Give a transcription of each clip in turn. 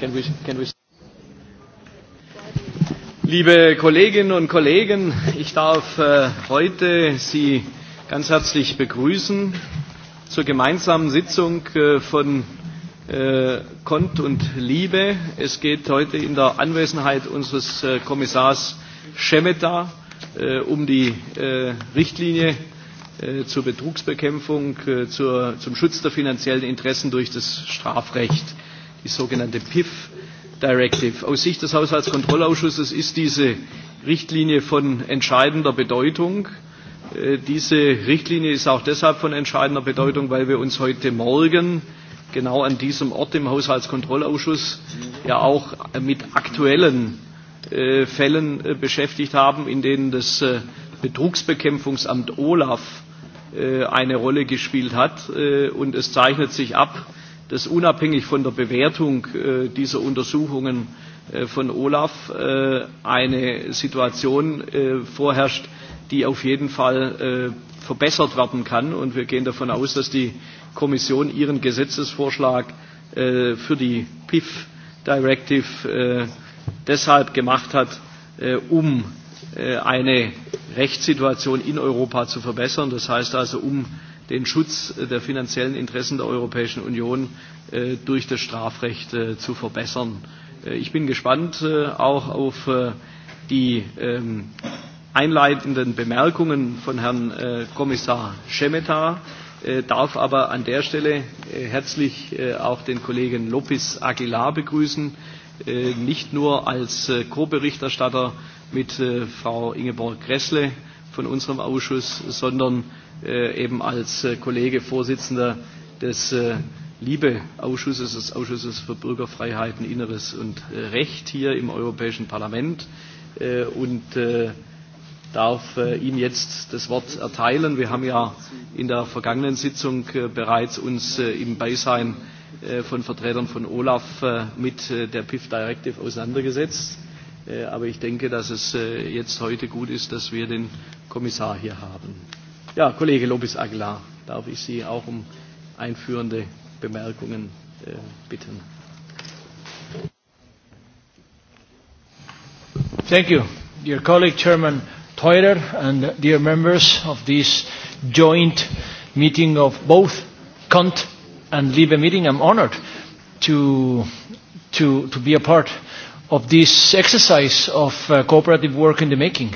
Can we, can we... Liebe Kolleginnen und Kollegen, ich darf äh, heute Sie ganz herzlich begrüßen zur gemeinsamen Sitzung äh, von äh, Kont und Liebe. Es geht heute in der Anwesenheit unseres äh, Kommissars Schemeta äh, um die äh, Richtlinie äh, zur Betrugsbekämpfung, äh, zur, zum Schutz der finanziellen Interessen durch das Strafrecht sogenannte PIF Directive. Aus Sicht des Haushaltskontrollausschusses ist diese Richtlinie von entscheidender Bedeutung. Äh, diese Richtlinie ist auch deshalb von entscheidender Bedeutung, weil wir uns heute Morgen genau an diesem Ort im Haushaltskontrollausschuss ja auch mit aktuellen äh, Fällen äh, beschäftigt haben, in denen das Betrugsbekämpfungsamt Olaf eine Rolle gespielt hat. Und es zeichnet sich ab, das unabhängig von der Bewertung äh, dieser Untersuchungen äh, von Olaf äh, eine Situation äh, vorherrscht, die auf jeden Fall äh, verbessert werden kann. Und wir gehen davon aus, dass die Kommission ihren Gesetzesvorschlag äh, für die PIF Directive äh, deshalb gemacht hat, äh, um äh, eine Rechtssituation in Europa zu verbessern. Das heißt also, um äh, den Schutz der finanziellen Interessen der Europäischen Union äh, durch das Strafrecht äh, zu verbessern. Äh, ich bin gespannt äh, auch auf äh, die äh, einleitenden Bemerkungen von Herrn äh, Kommissar Schemeta, äh, darf aber an der Stelle äh, herzlich äh, auch den Kollegen Lopez Aguilar begrüßen, äh, nicht nur als äh, Co-Berichterstatter mit äh, Frau Ingeborg Gressle, von unserem Ausschuss, sondern äh, eben als äh, Kollege Vorsitzender des äh, LIBE-Ausschusses, des Ausschusses für Bürgerfreiheiten, Inneres und äh, Recht hier im Europäischen Parlament äh, und äh, darf äh, Ihnen jetzt das Wort erteilen. Wir haben ja in der vergangenen Sitzung äh, bereits uns äh, im Beisein äh, von Vertretern von Olaf äh, mit äh, der PIF Directive auseinandergesetzt. Äh, aber ich denke, dass es äh, jetzt heute gut ist, dass wir den Kommissar hier haben. Ja, Kollege Lobis Aguilar, darf ich Sie auch um einführende Bemerkungen äh, bitten. Thank you, dear colleague Chairman Teurer and dear members of this joint meeting of both Kant and Liebe meeting. I'm honored to, to, to be a part of this exercise of uh, cooperative work in the making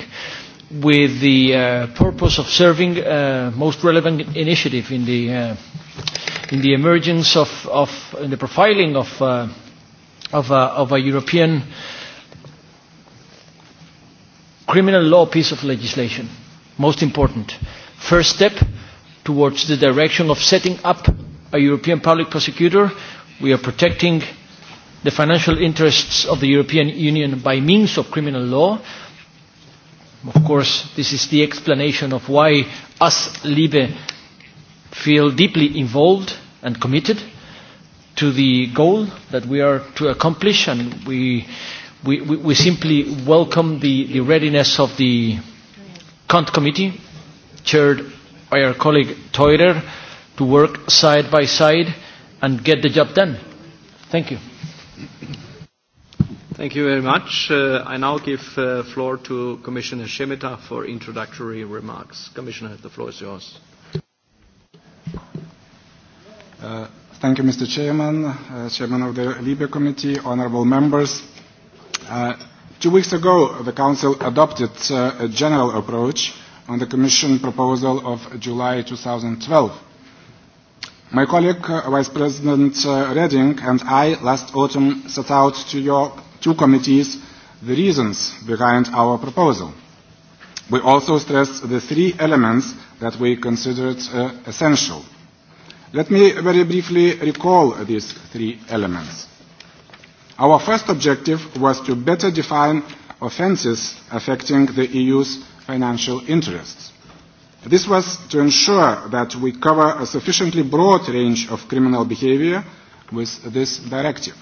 with the uh, purpose of serving uh, most relevant initiative in the, uh, in the emergence of, of in the profiling of, uh, of, a, uh, of a European criminal law piece of legislation. Most important. First step towards the direction of setting up a European public prosecutor. We are protecting the financial interests of the European Union by means of criminal law Of course, this is the explanation of why us, Liebe, feel deeply involved and committed to the goal that we are to accomplish, and we, we, we, we simply welcome the, the readiness of the Kant Committee, chaired by our colleague Teurer, to work side by side and get the job done. Thank you. Thank you very much. Uh, I now give the uh, floor to Commissioner Shemita for introductory remarks. Commissioner, the floor is yours. Uh, thank you, Mr. Chairman, uh, Chairman of the Libya Committee, honorable members. Uh, two weeks ago, the Council adopted uh, a general approach on the Commission proposal of July 2012. My colleague, uh, Vice President uh, Redding, and I last autumn set out to York two committees the reasons behind our proposal. We also stressed the three elements that we considered uh, essential. Let me very briefly recall these three elements. Our first objective was to better define offences affecting the EU's financial interests. This was to ensure that we cover a sufficiently broad range of criminal behavior with this directive.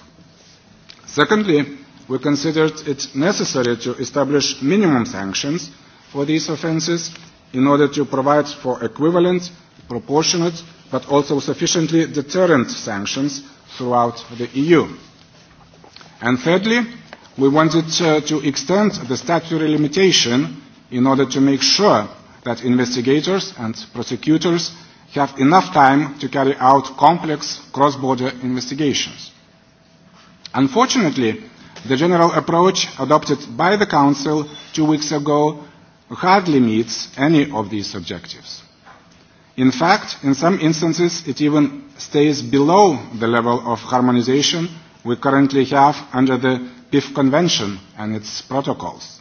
Secondly, we considered it necessary to establish minimum sanctions for these offences in order to provide for equivalent, proportionate, but also sufficiently deterrent sanctions throughout the EU. And thirdly, we wanted to, uh, to extend the statutory limitation in order to make sure that investigators and prosecutors have enough time to carry out complex cross-border investigations. Unfortunately, The general approach adopted by the Council two weeks ago hardly meets any of these objectives. In fact, in some instances, it even stays below the level of harmonization we currently have under the PIF Convention and its protocols.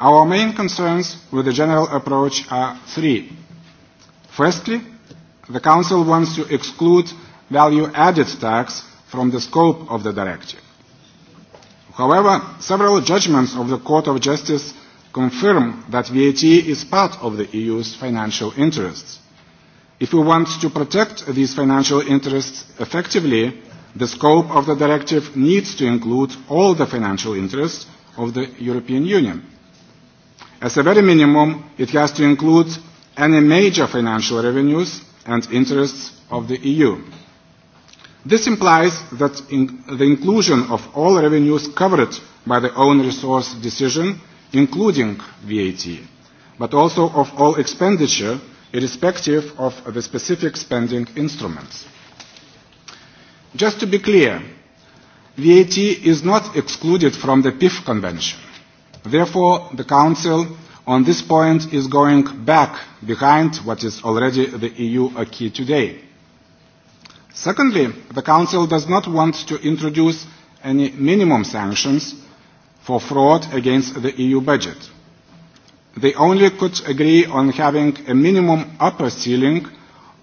Our main concerns with the general approach are three. Firstly, the Council wants to exclude value-added tax from the scope of the directive. However, several judgments of the Court of Justice confirm that VAT is part of the EU's financial interests. If we want to protect these financial interests effectively, the scope of the directive needs to include all the financial interests of the European Union. As a very minimum, it has to include any major financial revenues and interests of the EU. This implies that in the inclusion of all revenues covered by the own resource decision, including VAT, but also of all expenditure, irrespective of the specific spending instruments. Just to be clear, VAT is not excluded from the PIF Convention. Therefore, the Council on this point is going back behind what is already the EU acquis today. Secondly, the Council does not want to introduce any minimum sanctions for fraud against the EU budget. They only could agree on having a minimum upper ceiling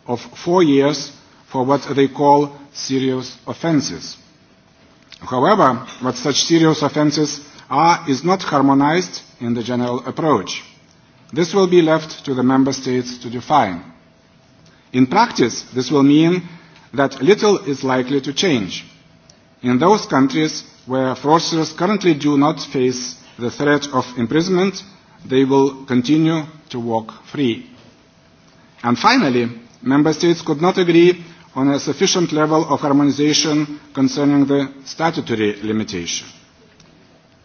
of four years for what they call serious offences. However, what such serious offences are is not harmonized in the general approach. This will be left to the Member States to define. In practice, this will mean that little is likely to change. In those countries where forcers currently do not face the threat of imprisonment, they will continue to walk free. And finally, member states could not agree on a sufficient level of harmonization concerning the statutory limitation.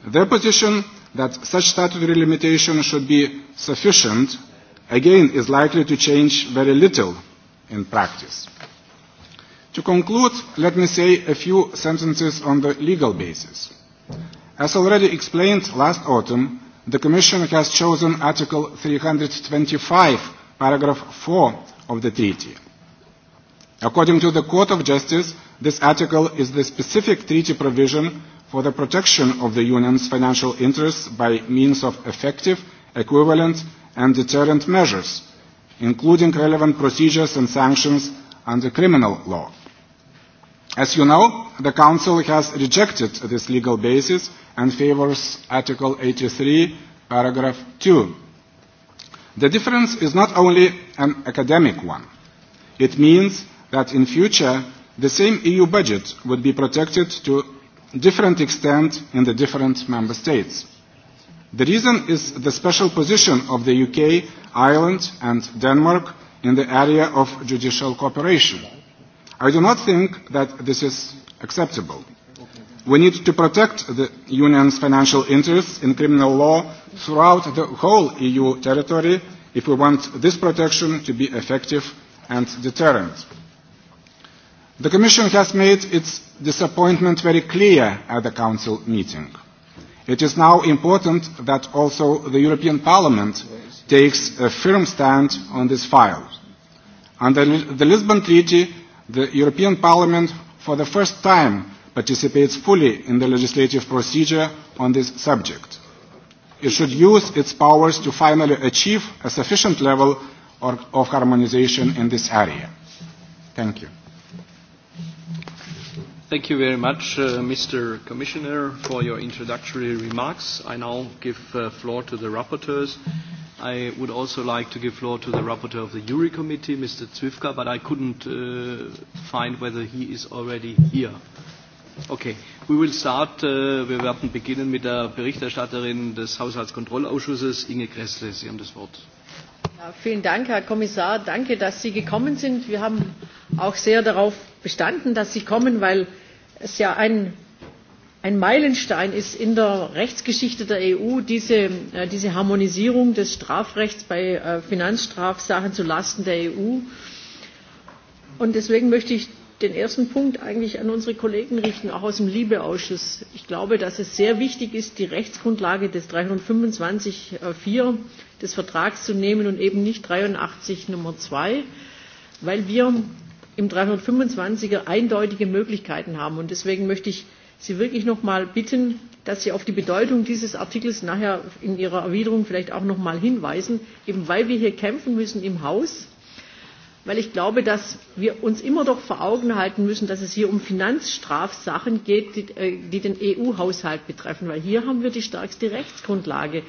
Their position that such statutory limitation should be sufficient, again, is likely to change very little in practice. To conclude, let me say a few sentences on the legal basis. As already explained last autumn, the Commission has chosen Article 325, paragraph 4 of the treaty. According to the Court of Justice, this article is the specific treaty provision for the protection of the Union's financial interests by means of effective, equivalent and deterrent measures, including relevant procedures and sanctions under criminal law. As you know, the Council has rejected this legal basis and favors Article 83, paragraph 2. The difference is not only an academic one. It means that in future, the same EU budget would be protected to different extent in the different member states. The reason is the special position of the UK, Ireland and Denmark in the area of judicial cooperation. I do not think that this is acceptable. We need to protect the Union's financial interests in criminal law throughout the whole EU territory if we want this protection to be effective and deterrent. The Commission has made its disappointment very clear at the Council meeting. It is now important that also the European Parliament takes a firm stand on this file. Under the Lisbon Treaty, the European Parliament for the first time participates fully in the legislative procedure on this subject. It should use its powers to finally achieve a sufficient level of harmonization in this area. Thank you. Thank you very much, uh, Mr. Commissioner, for your introductory remarks. I now give uh, floor to the rapporteurs. I would also like to give floor to the rapporteur of the Jury Committee, Mr. Zwifka, but I couldn't uh, find whether he is already here. Okay, we will start. Uh, wir werden beginnen mit der Berichterstatterin des Haushaltskontrollausschusses, Inge Kressle. Sie haben das Wort. Ja, vielen Dank, Herr Kommissar. Danke, dass Sie gekommen sind. Wir haben auch sehr darauf bestanden, dass Sie kommen, weil es ja ein, ein Meilenstein ist in der Rechtsgeschichte der EU, diese, äh, diese Harmonisierung des Strafrechts bei äh, Finanzstrafsachen zu Lasten der EU. Und deswegen möchte ich den ersten Punkt eigentlich an unsere Kollegen richten, auch aus dem Liebeausschuss. Ich glaube, dass es sehr wichtig ist, die Rechtsgrundlage des 325.4 des Vertrags zu nehmen und eben nicht 83 Nummer 2, weil wir im 325er eindeutige Möglichkeiten haben. Und deswegen möchte ich Sie wirklich noch mal bitten, dass Sie auf die Bedeutung dieses Artikels nachher in Ihrer Erwiderung vielleicht auch noch mal hinweisen, eben weil wir hier kämpfen müssen im Haus, weil ich glaube, dass wir uns immer doch vor Augen halten müssen, dass es hier um Finanzstrafsachen geht, die, äh, die den EU-Haushalt betreffen, weil hier haben wir die stärkste Rechtsgrundlage.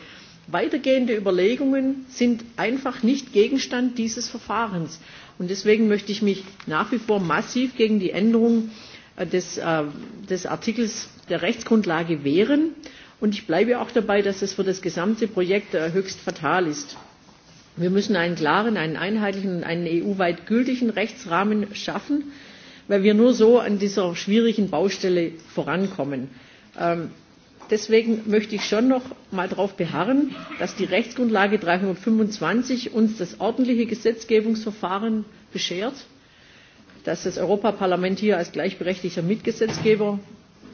Weitergehende Überlegungen sind einfach nicht Gegenstand dieses Verfahrens. Und deswegen möchte ich mich nach wie vor massiv gegen die Änderung äh, des, äh, des Artikels der Rechtsgrundlage wehren. Und ich bleibe auch dabei, dass es für das gesamte Projekt äh, höchst fatal ist. Wir müssen einen klaren, einen einheitlichen und einen EU-weit gültigen Rechtsrahmen schaffen, weil wir nur so an dieser schwierigen Baustelle vorankommen. Ähm, Deswegen möchte ich schon noch mal darauf beharren, dass die Rechtsgrundlage 325 uns das ordentliche Gesetzgebungsverfahren beschert, dass das Europaparlament hier als gleichberechtigter Mitgesetzgeber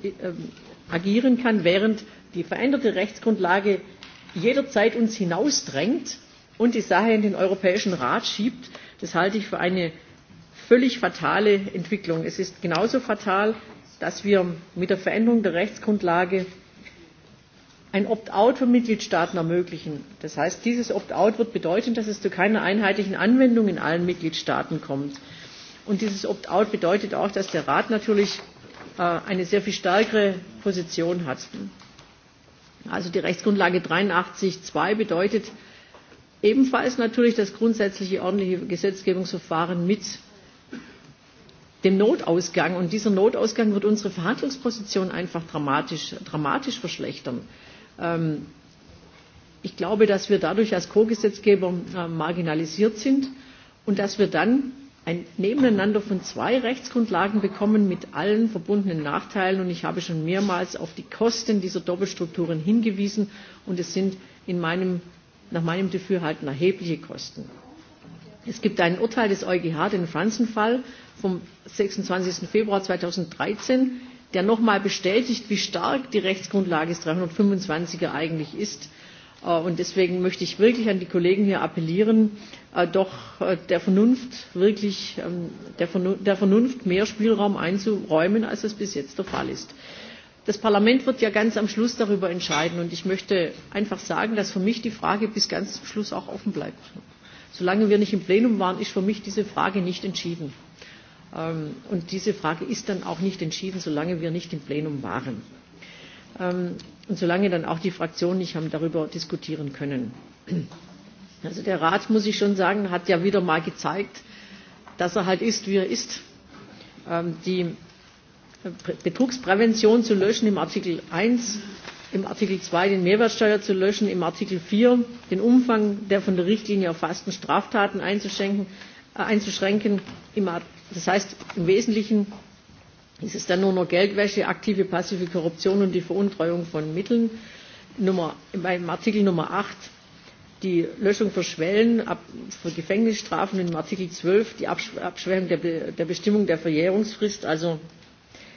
äh, agieren kann, während die veränderte Rechtsgrundlage jederzeit uns hinausdrängt und die Sache in den Europäischen Rat schiebt. Das halte ich für eine völlig fatale Entwicklung. Es ist genauso fatal, dass wir mit der Veränderung der Rechtsgrundlage ein Opt-out von Mitgliedstaaten ermöglichen. Das heißt, dieses Opt-out wird bedeuten, dass es zu keiner einheitlichen Anwendung in allen Mitgliedstaaten kommt. Und dieses Opt-out bedeutet auch, dass der Rat natürlich äh, eine sehr viel stärkere Position hat. Also die Rechtsgrundlage 83.2 bedeutet ebenfalls natürlich das grundsätzliche ordentliche Gesetzgebungsverfahren mit dem Notausgang. Und dieser Notausgang wird unsere Verhandlungsposition einfach dramatisch, dramatisch verschlechtern. Ähm, ich glaube, dass wir dadurch als Co-Gesetzgeber äh, marginalisiert sind und dass wir dann ein Nebeneinander von zwei Rechtsgrundlagen bekommen mit allen verbundenen Nachteilen. Und ich habe schon mehrmals auf die Kosten dieser Doppelstrukturen hingewiesen. Und es sind in meinem, nach meinem Dafürhalten erhebliche Kosten. Es gibt ein Urteil des EuGH, den Franzenfall vom 26. Februar 2013, der nochmal bestätigt, wie stark die Rechtsgrundlage des 325er eigentlich ist. Äh, und deswegen möchte ich wirklich an die Kollegen hier appellieren, äh, doch äh, der Vernunft wirklich, ähm, der Vernunft mehr Spielraum einzuräumen, als es bis jetzt der Fall ist. Das Parlament wird ja ganz am Schluss darüber entscheiden und ich möchte einfach sagen, dass für mich die Frage bis ganz zum Schluss auch offen bleibt. Solange wir nicht im Plenum waren, ist für mich diese Frage nicht entschieden. Ähm, und diese Frage ist dann auch nicht entschieden, solange wir nicht im Plenum waren. Ähm, und solange dann auch die Fraktionen nicht haben darüber diskutieren können. Also der Rat, muss ich schon sagen, hat ja wieder mal gezeigt, dass er halt ist, wie er ist. Ähm, die Betrugsprävention zu löschen im Artikel 1, im Artikel 2 den Mehrwertsteuer zu löschen, im Artikel 4 den Umfang der von der Richtlinie erfassten Straftaten einzuschränken, äh, einzuschränken im Das heißt, im Wesentlichen ist es dann nur noch Geldwäsche, aktive, passive Korruption und die Veruntreuung von Mitteln. Nummer, beim Artikel Nummer 8 die Löschung für Schwellen ab, für Gefängnisstrafen in Artikel 12, die Abschwellung der, Be der Bestimmung der Verjährungsfrist. Also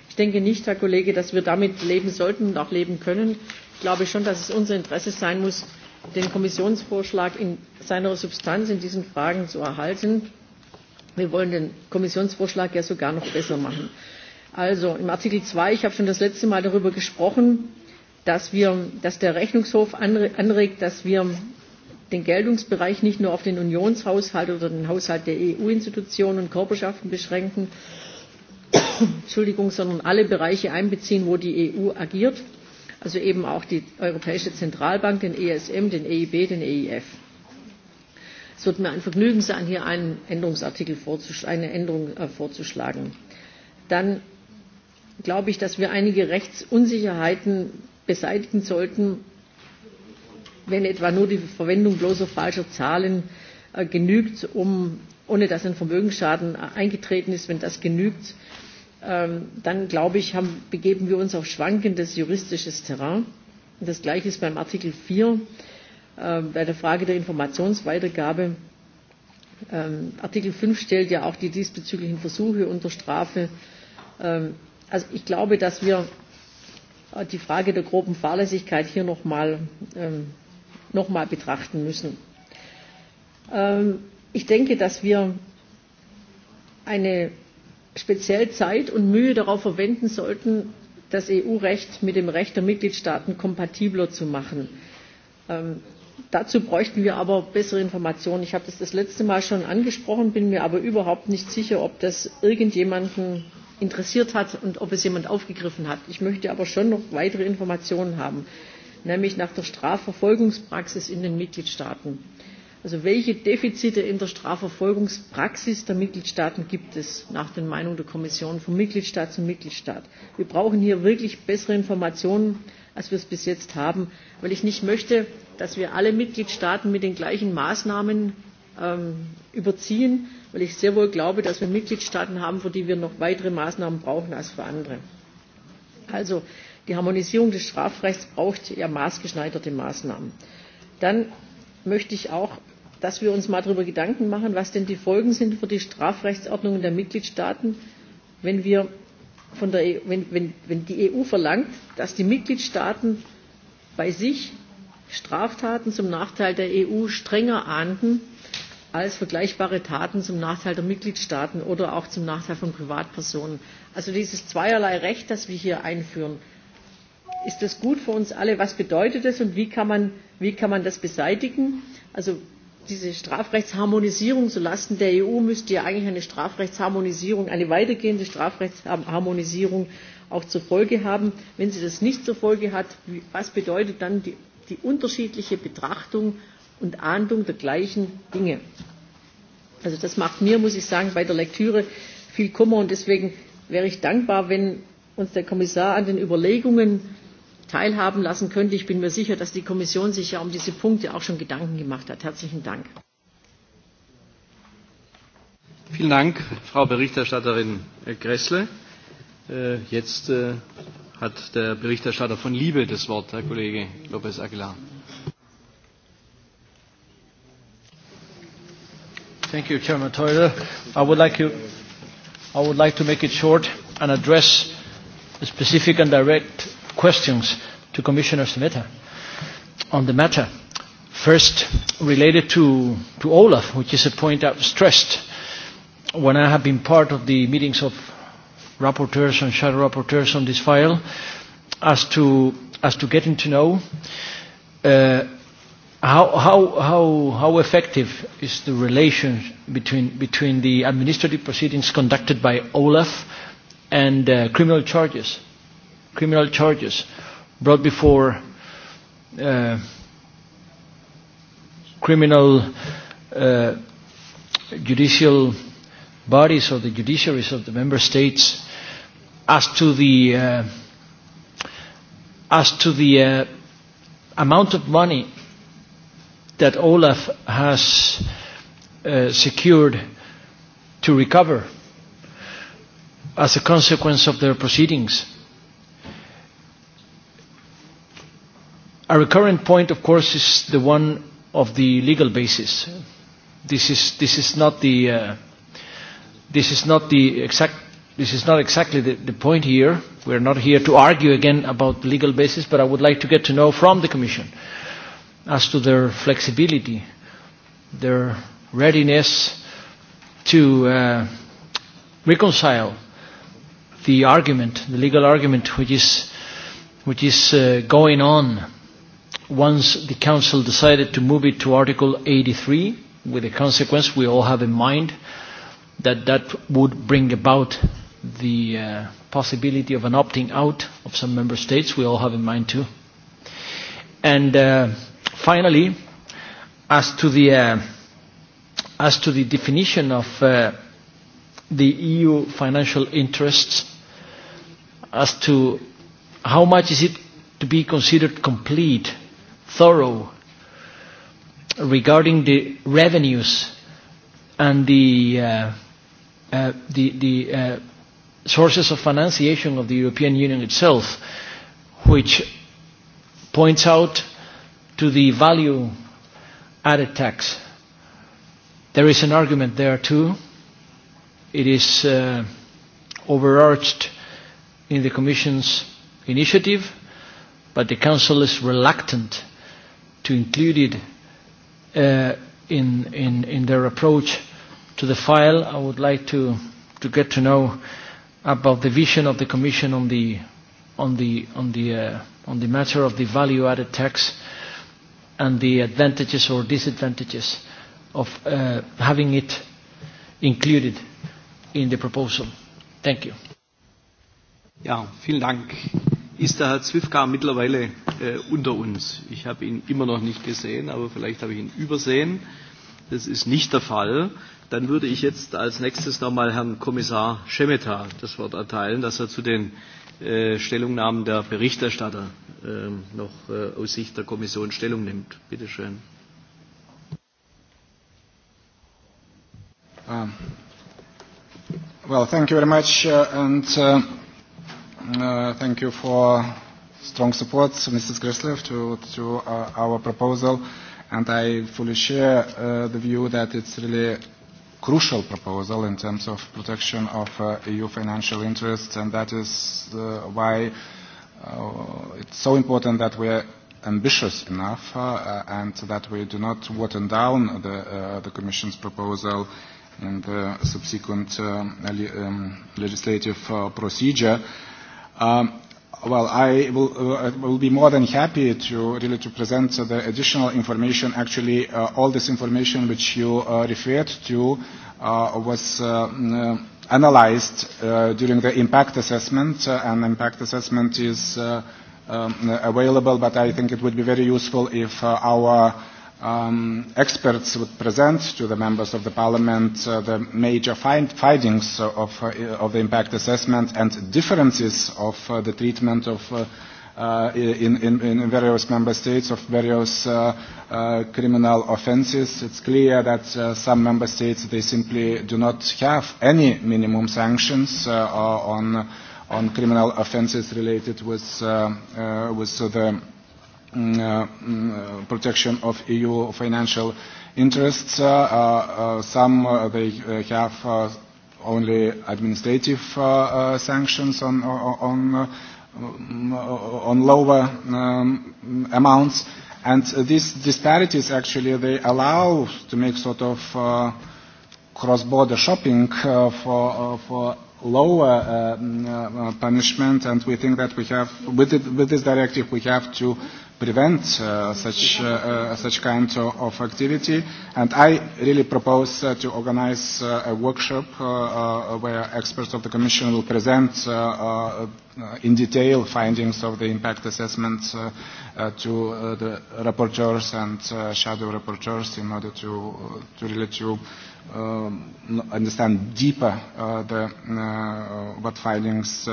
ich denke nicht, Herr Kollege, dass wir damit leben sollten und auch leben können. Ich glaube schon, dass es unser Interesse sein muss, den Kommissionsvorschlag in seiner Substanz in diesen Fragen zu erhalten. Wir wollen den Kommissionsvorschlag ja sogar noch besser machen. Also im Artikel 2, ich habe schon das letzte Mal darüber gesprochen, dass, wir, dass der Rechnungshof anregt, dass wir den Geltungsbereich nicht nur auf den Unionshaushalt oder den Haushalt der EU-Institutionen und Körperschaften beschränken, Entschuldigung, sondern alle Bereiche einbeziehen, wo die EU agiert, also eben auch die Europäische Zentralbank, den ESM, den EIB, den EIF. Es wird mir ein Vergnügen sein, hier einen Änderungsartikel eine Änderung äh, vorzuschlagen. Dann glaube ich, dass wir einige Rechtsunsicherheiten beseitigen sollten, wenn etwa nur die Verwendung bloßer falscher Zahlen äh, genügt, um, ohne dass ein Vermögensschaden äh, eingetreten ist, wenn das genügt, ähm, dann glaube ich, haben, begeben wir uns auf schwankendes juristisches Terrain. das Gleiche ist beim Artikel 4. Ähm, bei der Frage der Informationsweitergabe. Ähm, Artikel 5 stellt ja auch die diesbezüglichen Versuche unter Strafe. Ähm, also ich glaube, dass wir äh, die Frage der groben Fahrlässigkeit hier nochmal ähm, noch betrachten müssen. Ähm, ich denke, dass wir eine speziell Zeit und Mühe darauf verwenden sollten, das EU-Recht mit dem Recht der Mitgliedstaaten kompatibler zu machen. Ähm, Dazu bräuchten wir aber bessere Informationen. Ich habe das das letzte Mal schon angesprochen, bin mir aber überhaupt nicht sicher, ob das irgendjemanden interessiert hat und ob es jemand aufgegriffen hat. Ich möchte aber schon noch weitere Informationen haben, nämlich nach der Strafverfolgungspraxis in den Mitgliedstaaten. Also welche Defizite in der Strafverfolgungspraxis der Mitgliedstaaten gibt es nach den Meinungen der Kommission von Mitgliedstaat zu Mitgliedstaat? Wir brauchen hier wirklich bessere Informationen als wir es bis jetzt haben, weil ich nicht möchte, dass wir alle Mitgliedstaaten mit den gleichen Maßnahmen ähm, überziehen, weil ich sehr wohl glaube, dass wir Mitgliedstaaten haben, für die wir noch weitere Maßnahmen brauchen als für andere. Also die Harmonisierung des Strafrechts braucht ja maßgeschneiderte Maßnahmen. Dann möchte ich auch, dass wir uns mal darüber Gedanken machen, was denn die Folgen sind für die Strafrechtsordnungen der Mitgliedstaaten, wenn wir von der, EU, wenn, wenn, wenn die EU verlangt, dass die Mitgliedstaaten bei sich Straftaten zum Nachteil der EU strenger ahnden als vergleichbare Taten zum Nachteil der Mitgliedstaaten oder auch zum Nachteil von Privatpersonen. Also dieses zweierlei Recht, das wir hier einführen, ist das gut für uns alle? Was bedeutet das und wie kann man, wie kann man das beseitigen? Also diese Strafrechtsharmonisierung zu Lasten der EU müsste ja eigentlich eine Strafrechtsharmonisierung, eine weitergehende Strafrechtsharmonisierung auch zur Folge haben. Wenn sie das nicht zur Folge hat, was bedeutet dann die, die unterschiedliche Betrachtung und Ahndung der gleichen Dinge? Also das macht mir, muss ich sagen, bei der Lektüre viel Kummer und deswegen wäre ich dankbar, wenn uns der Kommissar an den Überlegungen teilhaben lassen könnte. Ich bin mir sicher, dass die Kommission sich ja um diese Punkte auch schon Gedanken gemacht hat. Herzlichen Dank. Vielen Dank, Frau Berichterstatterin Gressle. Äh, jetzt äh, hat der Berichterstatter von Liebe das Wort, Herr Kollege Lopez Aguilar. Thank you, Chairman Teuler. I would like you, I would like to make it short and address a specific and direct questions to Commissioner Semeta on the matter. First, related to, to Olaf, which is a point I've stressed when I have been part of the meetings of rapporteurs and shadow rapporteurs on this file, as to, as to getting to know uh, how, how, how, how effective is the relation between, between the administrative proceedings conducted by Olaf and uh, criminal charges criminal charges brought before uh, criminal uh, judicial bodies or the judiciaries of the member states as to the uh, as to the uh, amount of money that Olaf has uh, secured to recover as a consequence of their proceedings A recurrent point, of course, is the one of the legal basis. This is, this is not the, uh, this is not the exact this is not exactly the, the point here. We're not here to argue again about the legal basis, but I would like to get to know from the Commission as to their flexibility, their readiness to uh, reconcile the argument, the legal argument which is, which is uh, going on once the Council decided to move it to Article 83, with the consequence we all have in mind that that would bring about the uh, possibility of an opting out of some member states, we all have in mind too. And uh, finally, as to the, uh, as to the definition of uh, the EU financial interests, as to how much is it to be considered complete thorough regarding the revenues and the, uh, uh, the, the uh, sources of financiation of the European Union itself, which points out to the value added tax. There is an argument there too. It is uh, overarched in the Commission's initiative, but the Council is reluctant to include it uh, in, in, in their approach to the file. I would like to, to get to know about the vision of the Commission on the, on the, on the, uh, on the matter of the value-added tax and the advantages or disadvantages of uh, having it included in the proposal. Thank you. Ja, vielen Dank. Ist der Herr Zwifka mittlerweile äh, unter uns? Ich habe ihn immer noch nicht gesehen, aber vielleicht habe ich ihn übersehen. Das ist nicht der Fall. Dann würde ich jetzt als nächstes nochmal Herrn Kommissar Schemeta das Wort erteilen, dass er zu den äh, Stellungnahmen der Berichterstatter äh, noch äh, aus Sicht der Kommission Stellung nimmt. Bitte schön. Um, well, thank you very much. Uh, and, uh, Uh, thank you for strong support, Mrs. Gressler, to, to uh, our proposal. And I fully share uh, the view that it's really crucial proposal in terms of protection of uh, EU financial interests, and that is uh, why uh, it's so important that we are ambitious enough uh, uh, and that we do not water down the, uh, the Commission's proposal in the subsequent um, le um, legislative uh, procedure. Um, well, I will, uh, will be more than happy to really to present uh, the additional information. Actually, uh, all this information which you uh, referred to uh, was uh, mm, uh, analyzed uh, during the impact assessment, uh, and impact assessment is uh, um, available, but I think it would be very useful if uh, our um, experts would present to the members of the parliament uh, the major find findings of, uh, of the impact assessment and differences of uh, the treatment of uh, uh, in, in, in various member states of various uh, uh, criminal offenses. It's clear that uh, some member states, they simply do not have any minimum sanctions uh, on, on criminal offenses related with, uh, uh, with the Mm, uh, mm, protection of EU financial interests. Uh, uh, some uh, they uh, have uh, only administrative uh, uh, sanctions on, on, uh, mm, on lower um, amounts. And uh, these disparities actually they allow to make sort of uh, cross-border shopping uh, for, uh, for lower uh, uh, punishment and we think that we have, with, it, with this directive we have to prevent uh, such, uh, uh such kind of activity. And I really propose uh, to organize uh, a workshop uh, uh, where experts of the Commission will present uh, uh, uh in detail findings of the impact assessment uh, uh, to uh, the rapporteurs and uh, shadow rapporteurs in order to, uh, to really to um, understand deeper uh, the, uh, what findings uh,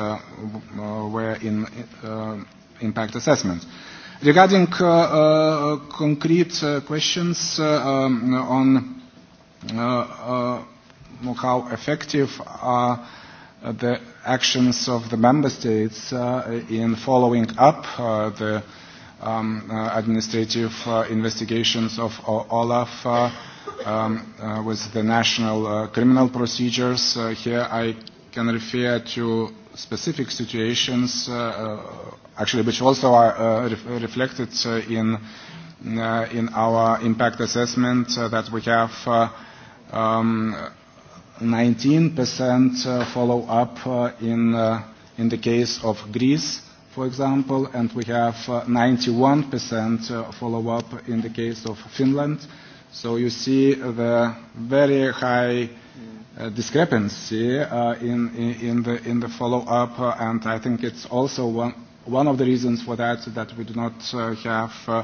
uh, were in uh, impact assessment. Uh, Regarding uh, uh, concrete uh, questions uh, um, on uh, uh, how effective are the actions of the member states uh, in following up uh, the um, uh, administrative uh, investigations of o Olaf uh, um, uh, with the national uh, criminal procedures. Uh, here I can refer to specific situations uh, uh actually which also are uh, ref reflected uh, in, uh, in our impact assessment uh, that we have uh, um, 19% uh, follow-up uh, in, uh, in the case of Greece, for example, and we have uh, 91% uh, follow-up in the case of Finland. So you see the very high uh, discrepancy uh, in, in, in the, in the follow-up, uh, and I think it's also one, one of the reasons for that is that we do not uh, have uh,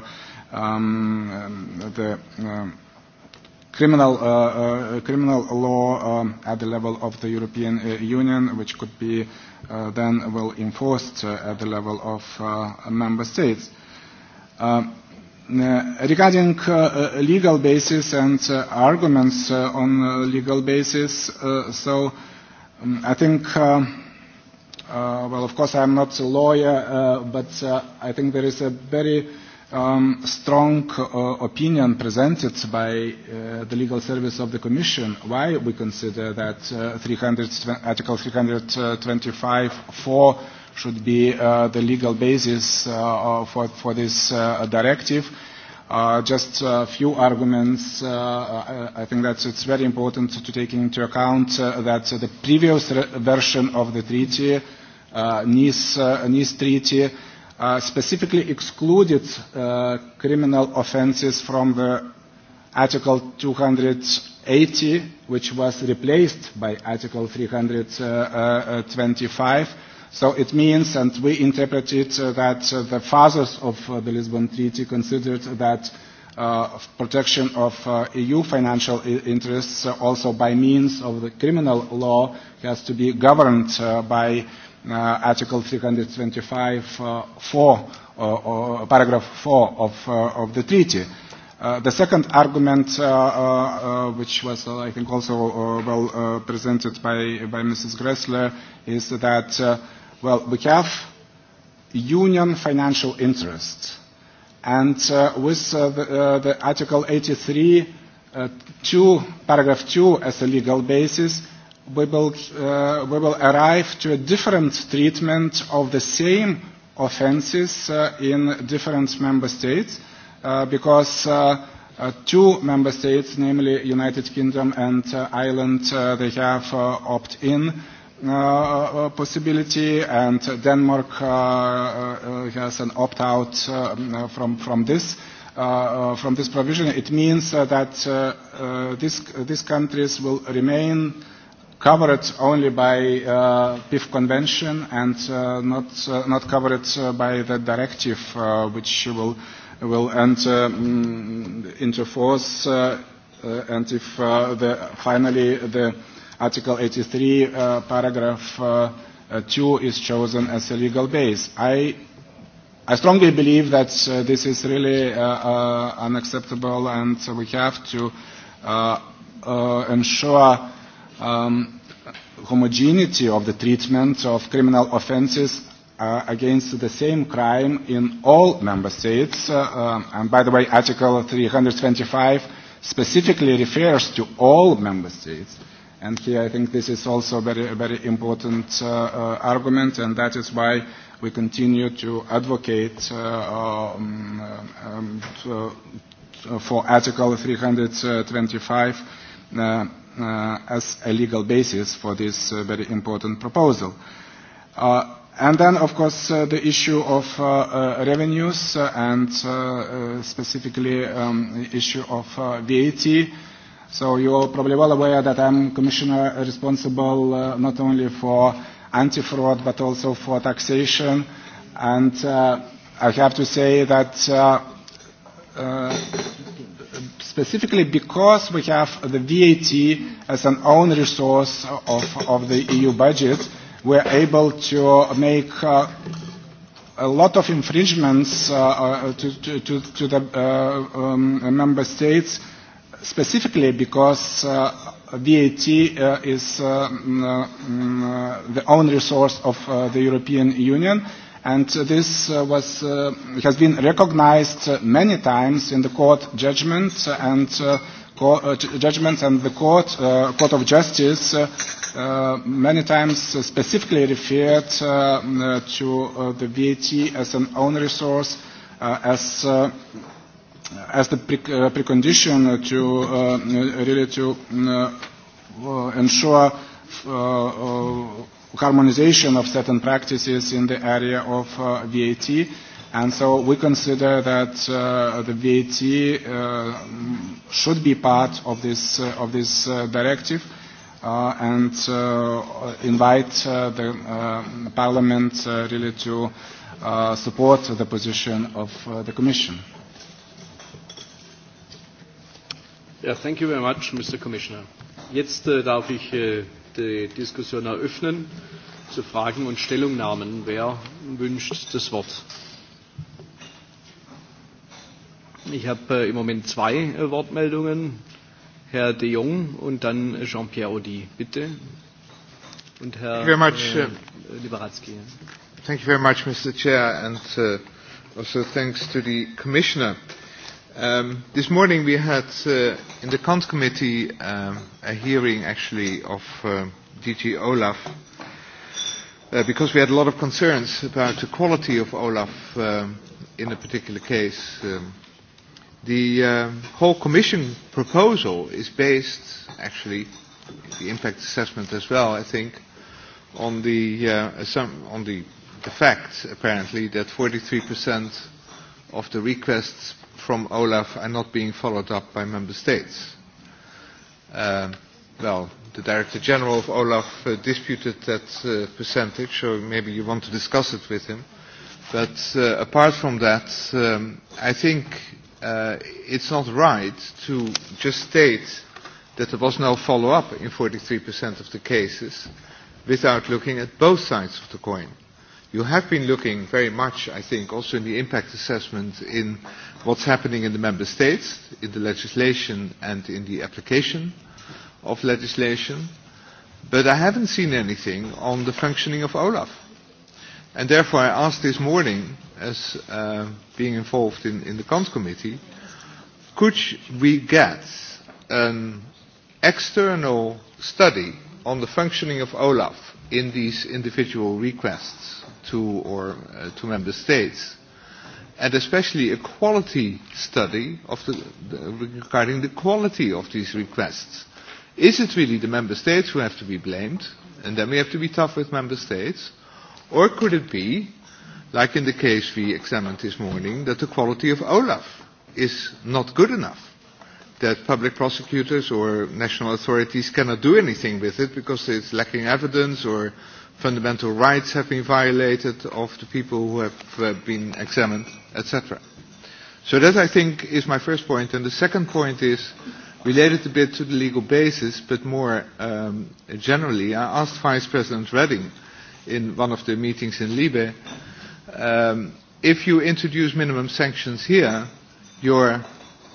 um, um the uh, criminal, uh, uh, criminal law um, at the level of the European uh, Union, which could be uh, then well enforced uh, at the level of uh, member states. Uh, uh, regarding uh, uh, legal basis and uh, arguments uh, on uh, legal basis, uh, so um, I think uh, Uh, well, of course, I'm not a lawyer, uh, but uh, I think there is a very um, strong uh, opinion presented by uh, the legal service of the Commission why we consider that uh, 300, Article 325.4 should be uh, the legal basis uh, for, for this uh, directive. Uh, just a few arguments. Uh, I, I think that it's very important to take into account uh, that the previous version of the treaty NIS, uh, NIS Treaty uh, specifically excluded uh, criminal offenses from the Article 280, which was replaced by Article 325. So it means, and we interpreted uh, that uh, the fathers of uh, the Lisbon Treaty considered that uh, protection of uh, EU financial interests uh, also by means of the criminal law has to be governed uh, by uh, Article 325 uh, 4, or, or paragraph 4 of, uh, of the treaty. Uh, the second argument, uh, uh, uh, which was, uh, I think, also uh, well uh, presented by, by Mrs. Gressler, is that, uh, well, we have union financial interests. And uh, with uh, the, uh, the Article 83, uh, two, paragraph 2 as a legal basis, we will, uh, we will arrive to a different treatment of the same offenses uh, in different member states uh, because uh, uh, two member states, namely United Kingdom and uh, Ireland, uh, they have uh, opt-in uh, uh possibility and Denmark uh, uh, uh, has an opt-out uh, from, from this. Uh, uh from this provision, it means uh, that uh, uh, uh, these countries will remain covered only by uh, PIF convention and uh, not, uh, not covered uh, by the directive uh, which will, will enter um, uh, mm, into force uh, uh, and if uh, the, finally the Article 83 uh, paragraph uh, uh, 2 is chosen as a legal base. I I strongly believe that uh, this is really uh, uh, unacceptable and we have to uh, uh, ensure um, homogeneity of the treatment of criminal offenses uh, against the same crime in all member states. Uh, uh, and by the way, Article 325 specifically refers to all member states. And here I think this is also a very, very important uh, uh, argument, and that is why we continue to advocate uh, um, um, to, uh, for Article 325 uh, uh, as a legal basis for this uh, very important proposal. Uh, and then, of course, uh, the issue of uh, uh, revenues uh, and uh, uh, specifically um, issue of uh, VAT. So you are probably well aware that I'm commissioner responsible uh, not only for anti-fraud but also for taxation. And uh, I have to say that uh, uh, specifically because we have the VAT as an own resource of, of the EU budget, we are able to make uh, a lot of infringements uh, uh, to, to, to, to the uh, um, member states, specifically because uh, VAT uh, is uh, mm, uh, mm, uh, the own resource of uh, the European Union And this uh, was, uh, has been recognized uh, many times in the court judgments and uh, co uh, judgments and the court, uh, court of justice uh, uh, many times specifically referred uh, uh, to uh, the VAT as an own resource, uh, as, uh, as the pre uh, precondition to uh, really to uh, uh ensure uh, uh harmonization of certain practices in the area of uh, VAT. And so we consider that uh, the VAT uh, should be part of this, uh, of this uh, directive uh, and uh, invite uh, the uh, Parliament uh, really to uh, support the position of uh, the Commission. Yeah, thank you very much, Mr. Commissioner. Jetzt äh, darf ich äh, die Diskussion eröffnen zu Fragen und Stellungnahmen. Wer wünscht das Wort? Ich habe äh, im Moment zwei äh, Wortmeldungen. Herr de Jong und dann Jean-Pierre Audi, bitte. Und Herr Thank you very much, äh, uh, Liberatsky. Thank you very much, Mr. Chair, and uh, also thanks to the Commissioner. Um, this morning we had uh, in the Cont Committee, um, a hearing actually of uh, DG Olaf, uh, because we had a lot of concerns about the quality of Olaf um, in a particular case. Um, the uh, whole Commission proposal is based, actually, the impact assessment as well, I think, on the, uh, on the, the fact, apparently, that 43% of the requests from Olaf are not being followed up by member states. Uh, well, the Director General of Olaf uh, disputed that uh, percentage, so maybe you want to discuss it with him. But uh, apart from that, um, I think uh, it's not right to just state that there was no follow-up in 43% of the cases without looking at both sides of the coin. You have been looking very much, I think, also in the impact assessment in what's happening in the member states, in the legislation and in the application of legislation, but I haven't seen anything on the functioning of Olaf. And therefore I asked this morning, as uh, being involved in, in the Cons Committee, could we get an external study on the functioning of Olaf in these individual requests to, or, uh, to member states and especially a quality study of the, the, regarding the quality of these requests. Is it really the member states who have to be blamed, and then we have to be tough with member states, or could it be, like in the case we examined this morning, that the quality of OLAF is not good enough? that public prosecutors or national authorities cannot do anything with it because it's lacking evidence or fundamental rights have been violated of the people who have uh, been examined, etc. So that, I think, is my first point. And the second point is related a bit to the legal basis, but more um, generally. I asked Vice President Redding in one of the meetings in Libe, um, if you introduce minimum sanctions here, your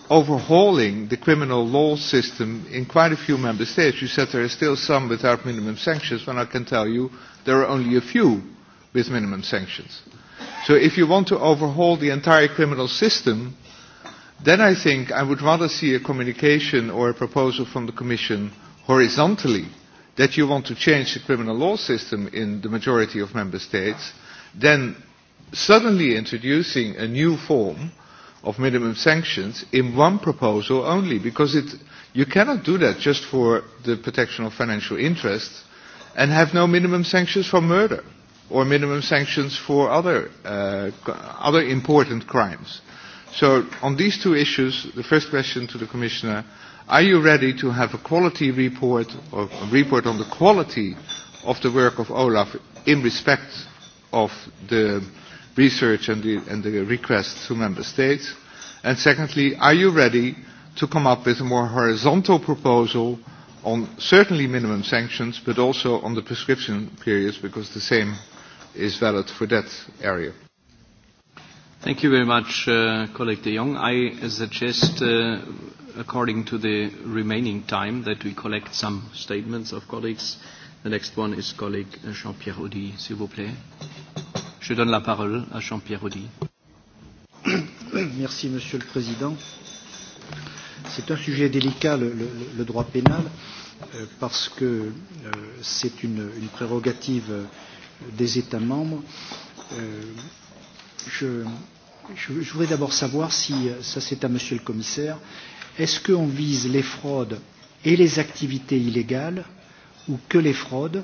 overhauling the criminal law system in quite a few member states. You said there are still some without minimum sanctions, when I can tell you there are only a few with minimum sanctions. So if you want to overhaul the entire criminal system, then I think I would rather see a communication or a proposal from the Commission horizontally that you want to change the criminal law system in the majority of member states, than suddenly introducing a new form of minimum sanctions in one proposal only because it, you cannot do that just for the protection of financial interests and have no minimum sanctions for murder or minimum sanctions for other, uh, other important crimes. So on these two issues, the first question to the Commissioner, are you ready to have a quality report or a report on the quality of the work of Olaf in respect of the research and the, and the requests to member states? And secondly, are you ready to come up with a more horizontal proposal on certainly minimum sanctions, but also on the prescription periods, because the same is valid for that area? Thank you very much, uh, colleague de Jong. I suggest, uh, according to the remaining time, that we collect some statements of colleagues. The next one is colleague uh, Jean-Pierre Audi, s'il vous plaît. Je donne la parole à Jean-Pierre Audi. Merci, Monsieur le Président. C'est un sujet délicat, le, le, le droit pénal, euh, parce que euh, c'est une, une prérogative euh, des États membres. Euh, je, je, je voudrais d'abord savoir si, euh, ça c'est à Monsieur le Commissaire, est-ce qu'on vise les fraudes et les activités illégales ou que les fraudes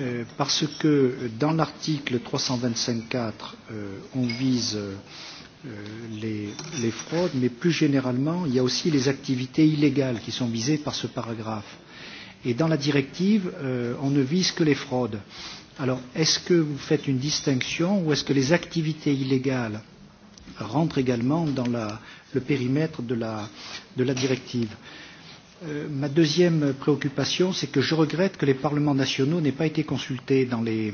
Euh, parce que dans l'article 325.4, euh, on vise euh, les, les fraudes, mais plus généralement, il y a aussi les activités illégales qui sont visées par ce paragraphe. Et dans la directive, euh, on ne vise que les fraudes. Alors, est-ce que vous faites une distinction ou est-ce que les activités illégales rentrent également dans la, le périmètre de la, de la directive euh, Euh, ma deuxième préoccupation, c'est que je regrette que les parlements nationaux n'aient pas été consultés dans, les,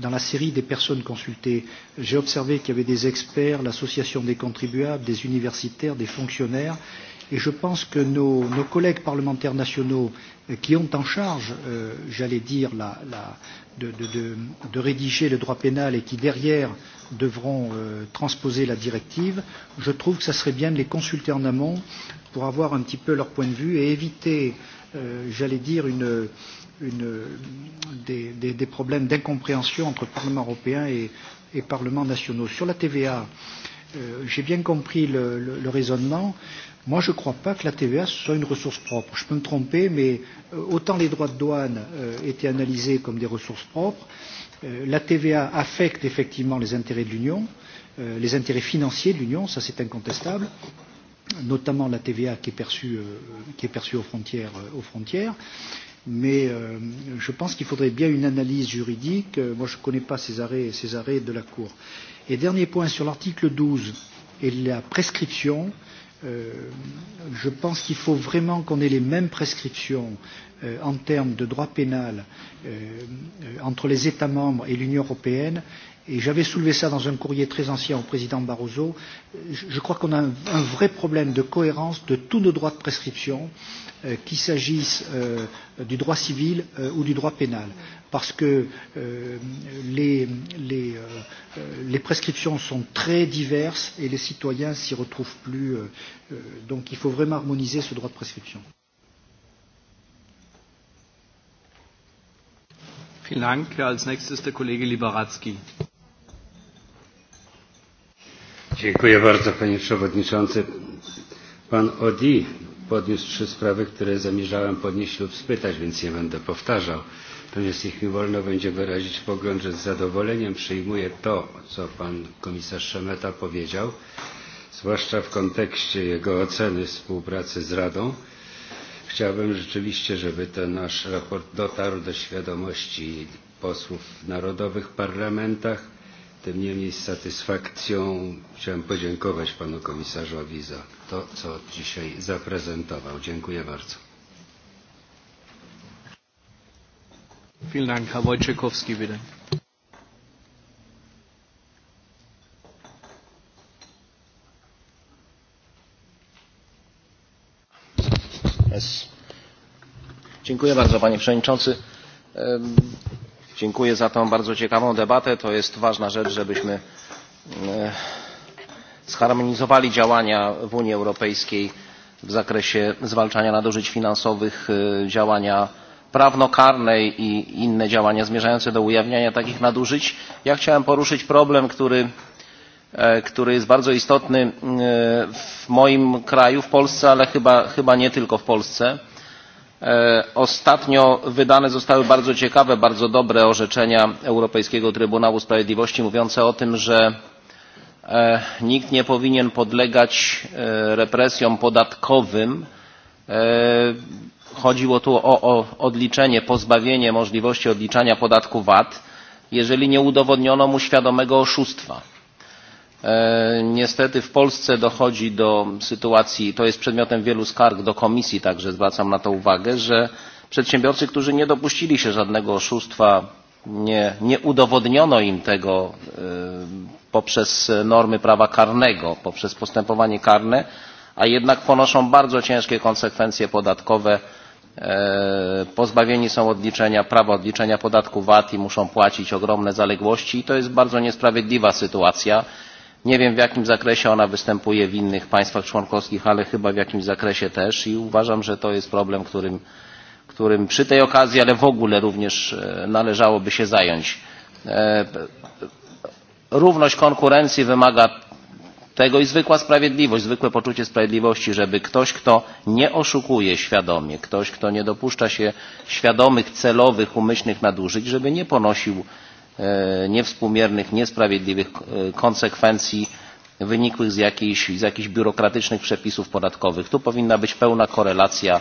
dans la série des personnes consultées. J'ai observé qu'il y avait des experts, l'association des contribuables, des universitaires, des fonctionnaires, et je pense que nos, nos collègues parlementaires nationaux euh, qui ont en charge, euh, j'allais dire, la, la, de, de, de, de rédiger le droit pénal et qui derrière euh, devront euh, transposer la directive, je trouve que ça serait bien de les consulter en amont pour avoir un petit peu leur point de vue et éviter, euh, j'allais dire, une, une, des, des, des problèmes d'incompréhension entre Parlement européen et, et Parlement nationaux. Sur la TVA, euh, j'ai bien compris le, le, le raisonnement. Moi, je ne crois pas que la TVA soit une ressource propre. Je peux me tromper, mais euh, autant les droits de douane euh, étaient analysés comme des ressources propres, Euh, la TVA affecte effectivement les intérêts de l'Union, euh, les intérêts financiers de l'Union, ça c'est incontestable, notamment la TVA qui est perçue, euh, qui est perçue aux, frontières, euh, aux frontières. Mais euh, je pense qu'il faudrait bien une analyse juridique. Euh, moi, je ne connais pas ces arrêts, ces arrêts de la Cour. Et dernier point sur l'article 12 et la prescription. Euh, je pense qu'il faut vraiment qu'on ait les mêmes prescriptions euh, en termes de droit pénal euh, euh, entre les États membres et l'Union européenne. Et j'avais soulevé ça dans un courrier très ancien au président Barroso. Je, je crois qu'on a un, un vrai problème de cohérence de tous nos droits de prescription, euh, qu'il s'agisse euh, du droit civil euh, ou du droit pénal parce que euh, les, les, euh, euh les prescriptions sont très diverses et les citoyens s'y retrouvent plus. Euh, euh donc il faut vraiment harmoniser ce droit de prescription. Vielen Dank. Als nächstes der Kollege Liberacki. Dziękuję bardzo panie przewodniczący. Pan Odi podniósł trzy sprawy, które zamierzałem podnieść lub spytać, więc nie będę powtarzał. Natomiast niech mi wolno będzie wyrazić pogląd, że z zadowoleniem przyjmuję to, co pan komisarz Szemeta powiedział, zwłaszcza w kontekście jego oceny współpracy z Radą Chciałbym rzeczywiście, żeby ten nasz raport dotarł do świadomości posłów w narodowych parlamentach. Tym niemniej z satysfakcją chciałem podziękować panu komisarzowi za to, co dzisiaj zaprezentował. Dziękuję bardzo. Vielen Dank, Herr Wojciechowski, bitte. Yes. Dziękuję bardzo Panie Przewodniczący. Dziękuję za tą bardzo ciekawą debatę. To jest ważna rzecz, żebyśmy e, zharmonizowali działania w Unii Europejskiej w zakresie zwalczania nadużyć finansowych, e, działania prawnokarnej i inne działania zmierzające do ujawniania takich nadużyć. Ja chciałem poruszyć problem, który E, który jest bardzo istotny e, w moim kraju, w Polsce, ale chyba, chyba nie tylko w Polsce. E, ostatnio wydane zostały bardzo ciekawe, bardzo dobre orzeczenia Europejskiego Trybunału Sprawiedliwości mówiące o tym, że nikt nie powinien podlegać represjom podatkowym. Chodziło tu o, o odliczenie, pozbawienie możliwości odliczania podatku VAT, jeżeli nie udowodniono mu świadomego oszustwa E, niestety w Polsce dochodzi do sytuacji, to jest przedmiotem wielu skarg do komisji, także zwracam na to uwagę, że przedsiębiorcy, którzy nie dopuścili się żadnego oszustwa, nie, nie udowodniono im tego e, poprzez normy prawa karnego, poprzez postępowanie karne, a jednak ponoszą bardzo ciężkie konsekwencje podatkowe, e, pozbawieni są odliczenia, prawa odliczenia podatku VAT i muszą płacić ogromne zaległości i to jest bardzo niesprawiedliwa sytuacja Nie wiem w jakim zakresie ona występuje w innych państwach członkowskich, ale chyba w jakimś zakresie też i uważam, że to jest problem, którym, którym przy tej okazji, ale w ogóle również e, należałoby się zająć. E, równość konkurencji wymaga tego i zwykła sprawiedliwość, zwykłe poczucie sprawiedliwości, żeby ktoś, kto nie oszukuje świadomie, ktoś, kto nie dopuszcza się świadomych, celowych, umyślnych nadużyć, żeby nie ponosił E, niewspółmiernych, niesprawiedliwych e, konsekwencji wynikłych z jakichś, z jakichś biurokratycznych przepisów podatkowych. Tu powinna być pełna korelacja.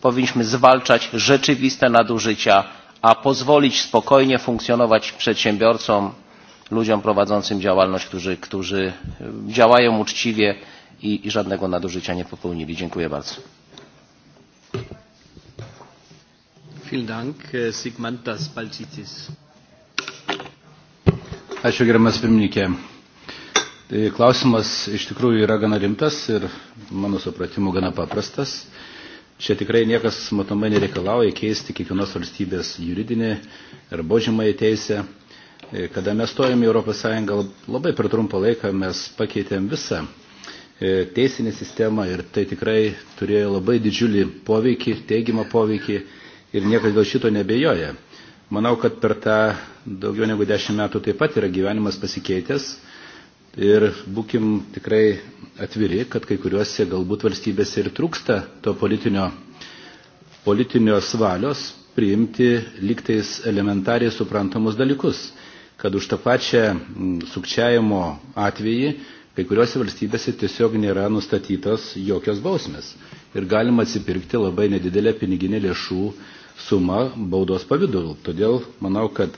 Powinniśmy zwalczać rzeczywiste nadużycia, a pozwolić spokojnie funkcjonować przedsiębiorcom, ludziom prowadzącym działalność, którzy, którzy działają uczciwie i, i żadnego nadużycia nie popełnili. Dziękuję bardzo. Vielen Dank, Sigmantas Balcicis. Ačiū gerimas pirmininkė. Klausimas iš tikrųjų yra gana rimtas ir mano supratimu gana paprastas. Čia tikrai niekas matomai nereikalauja keisti kiekvienos valstybės juridinį ir božimąją teisę. Kada mes stojame į Europos Sąjungą, labai per trumpą laiką mes pakeitėm visą e, teisinį sistemą ir tai tikrai turėjo labai didžiulį poveikį, teigiamą poveikį ir niekas dėl šito nebejoja. Manau, kad per tą daugiau negu dešimt metų taip pat yra gyvenimas pasikeitęs ir būkim tikrai atviri, kad kai kuriuose galbūt valstybėse ir trūksta to politinio, politinio svalios priimti liktais elementariai suprantamus dalykus, kad už tą pačią sukčiajimo atvejį kai kuriuose valstybėse tiesiog nėra nustatytos jokios bausmės ir galima atsipirkti labai nedidelę piniginę lėšų suma baudos pavidalu. Todėl manau, kad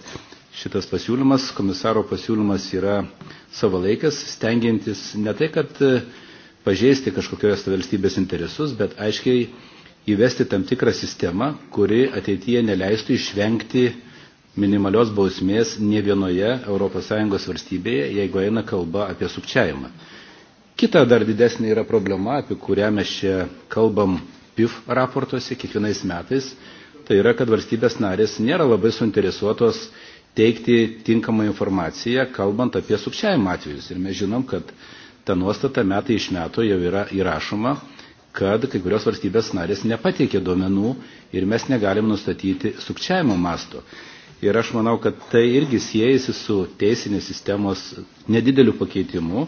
šitas pasiūlymas, komisaro pasiūlymas yra savalaikas, stengiantis ne tai, kad e, pažeisti kažkokios valstybės interesus, bet aiškiai įvesti tam tikrą sistemą, kuri ateityje neleistų išvengti minimalios bausmės ne vienoje ES valstybėje, jeigu eina kalba apie sukčiavimą. Kita dar didesnė yra problema, apie kurią mes čia kalbam PIF raportuose kiekvienais metais, tai yra, kad valstybės narės nėra labai suinteresuotos teikti tinkamą informaciją, kalbant apie sukčiavimo atvejus. Ir mes žinom, kad ta nuostata metai iš metų jau yra įrašoma, kad kai kurios valstybės narės nepateikė duomenų ir mes negalim nustatyti sukčiavimo masto. Ir aš manau, kad tai irgi siejasi su teisinės sistemos nedideliu pakeitimu.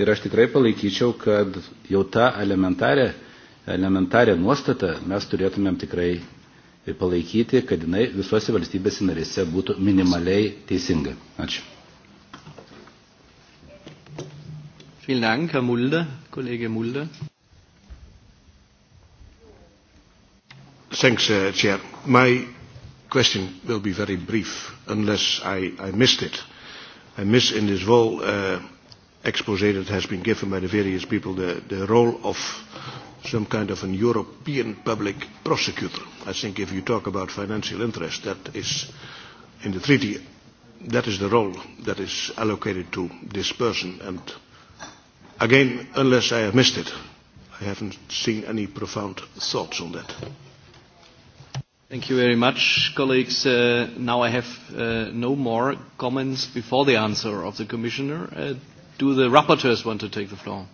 Ir aš tikrai palaikyčiau, kad jau tą elementarią, nuostatą mes turėtumėm tikrai palaikyti, kad jinai visose valstybėse narėse būtų minimaliai teisinga. Ačiū. Vielen Dank, Herr Mulder, Kollege Mulder. Thanks, uh, Chair. My question will be very brief, unless I, I missed it. I miss in this whole uh, expose that has been given by the various people the, the role of some kind of a European public prosecutor. I think if you talk about financial interest, that is in the treaty, that is the role that is allocated to this person. And again, unless I have missed it, I haven't seen any profound thoughts on that. Thank you very much, colleagues. Uh, now I have uh, no more comments before the answer of the Commissioner. Uh, do the rapporteurs want to take the floor?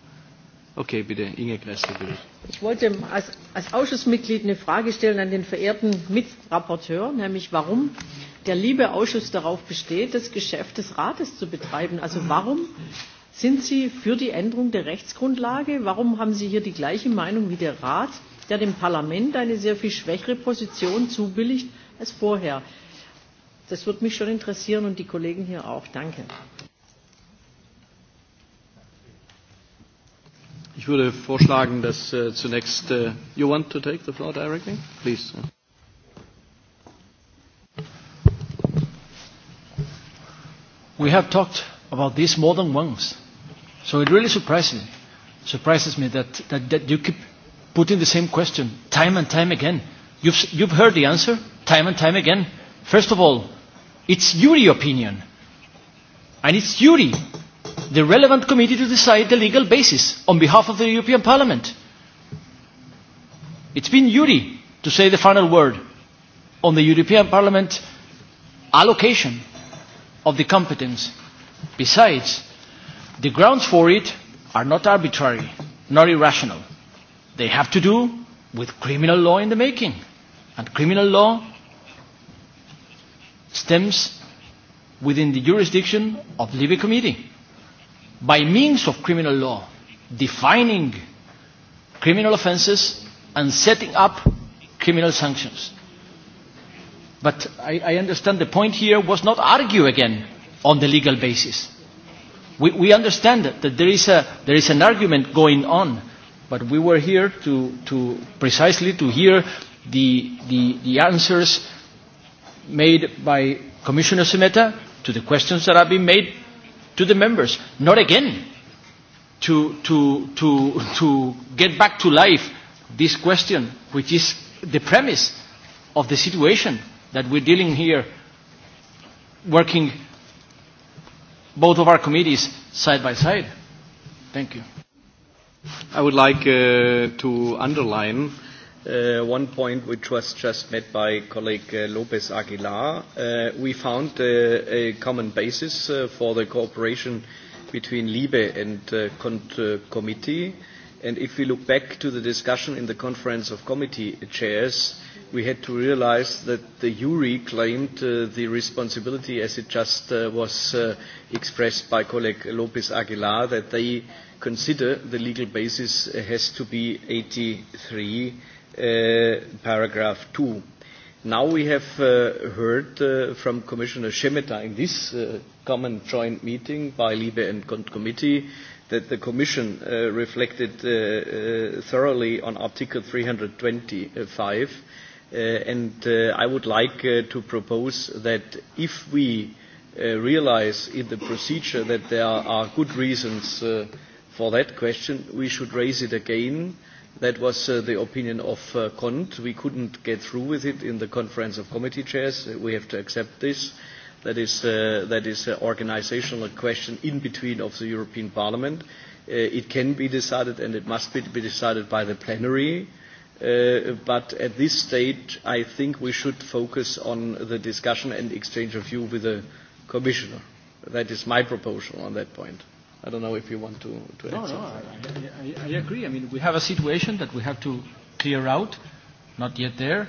Okay, bitte, Inge Kressel, bitte. Ich wollte als, als Ausschussmitglied eine Frage stellen an den verehrten Mitrapporteur, nämlich warum der liebe Ausschuss darauf besteht, das Geschäft des Rates zu betreiben. Also warum sind Sie für die Änderung der Rechtsgrundlage? Warum haben Sie hier die gleiche Meinung wie der Rat, der dem Parlament eine sehr viel schwächere Position zubilligt als vorher? Das würde mich schon interessieren und die Kollegen hier auch. Danke. Ich würde vorschlagen, dass uh, zunächst uh äh, you want to take the floor directly, please. We have talked about this more than once, so it really surprises surprises me that, that, that you keep putting the same question time and time again. You've, you've heard the answer time and time again. First of all, it's your opinion, and it's your the relevant committee to decide the legal basis on behalf of the European Parliament. It's been Yuri to say the final word on the European Parliament allocation of the competence. Besides, the grounds for it are not arbitrary nor irrational. They have to do with criminal law in the making. And criminal law stems within the jurisdiction of the Libby Committee by means of criminal law, defining criminal offenses and setting up criminal sanctions. But I, I understand the point here was not argue again on the legal basis. We, we understand that, that there, is a, there is an argument going on, but we were here to, to precisely to hear the, the, the answers made by Commissioner Semeta to the questions that have been made to the members, not again to, to, to, to get back to life this question, which is the premise of the situation that we're dealing here, working both of our committees side by side. Thank you. I would like uh, to underline uh, one point which was just made by colleague uh, Lopez Aguilar. Uh, we found uh, a common basis uh, for the cooperation between Libe and uh, Cont uh, Committee. And if we look back to the discussion in the Conference of Committee Chairs, we had to realize that the URI claimed uh, the responsibility, as it just uh, was uh, expressed by colleague Lopez Aguilar, that they consider the legal basis has to be 83 Uh, paragraph 2. Now we have uh, heard uh, from Commissioner Schemeta in this uh, common joint meeting by Libe and Cont Committee that the Commission uh, reflected uh, uh, thoroughly on Article 325 uh, and uh, I would like uh, to propose that if we uh, realize in the procedure that there are good reasons uh, for that question, we should raise it again uh, That was uh, the opinion of uh, CONT. We couldn't get through with it in the Conference of Committee Chairs. Uh, we have to accept this. That is, uh, that is an uh, organizational question in between of the European Parliament. Uh, it can be decided and it must be, be decided by the plenary. Uh, but at this stage, I think we should focus on the discussion and exchange of view with the Commissioner. That is my proposal on that point. I don't know if you want to, to add no, something. No, I, I, I agree. I mean, we have a situation that we have to clear out, not yet there,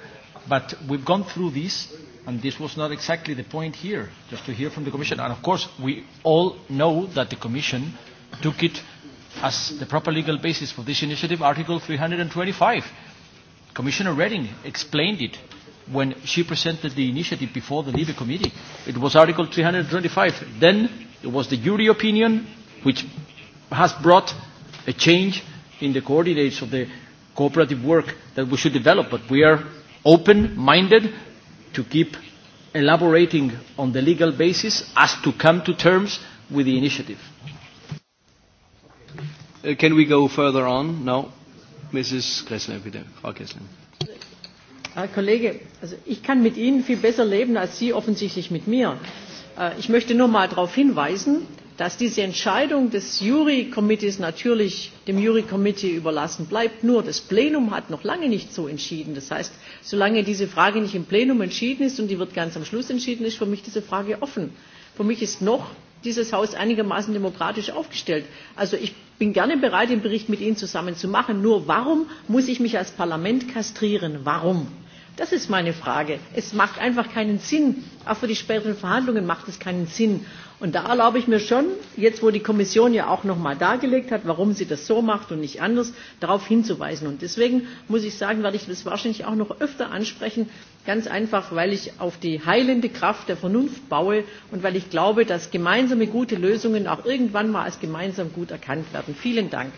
but we've gone through this, and this was not exactly the point here, just to hear from the Commission. And of course, we all know that the Commission took it as the proper legal basis for this initiative, Article 325. Commissioner Redding explained it when she presented the initiative before the Libby Committee. It was Article 325. Then it was the jury opinion which has brought a change in the coordinates of the cooperative work that we should develop, but we are open-minded to keep elaborating on the legal basis as to come to terms with the initiative. Uh, can we go further on? No. Mrs. Kressler, bitte. Frau Kressler. Herr Kollege, also ich kann mit Ihnen viel besser leben als Sie offensichtlich mit mir. Äh, ich möchte nur mal darauf hinweisen, dass diese Entscheidung des Jury Committees natürlich dem Jury Committee überlassen bleibt. Nur das Plenum hat noch lange nicht so entschieden. Das heißt, solange diese Frage nicht im Plenum entschieden ist und die wird ganz am Schluss entschieden, ist für mich diese Frage offen. Für mich ist noch dieses Haus einigermaßen demokratisch aufgestellt. Also ich bin gerne bereit, den Bericht mit Ihnen zusammen zu machen. Nur warum muss ich mich als Parlament kastrieren? Warum? Das ist meine Frage. Es macht einfach keinen Sinn. Auch für die späteren Verhandlungen macht es keinen Sinn. Und da erlaube ich mir schon, jetzt wo die Kommission ja auch noch mal dargelegt hat, warum sie das so macht und nicht anders, darauf hinzuweisen. Und deswegen muss ich sagen, werde ich das wahrscheinlich auch noch öfter ansprechen, ganz einfach, weil ich auf die heilende Kraft der Vernunft baue und weil ich glaube, dass gemeinsame gute Lösungen auch irgendwann mal als gemeinsam gut erkannt werden. Vielen Dank.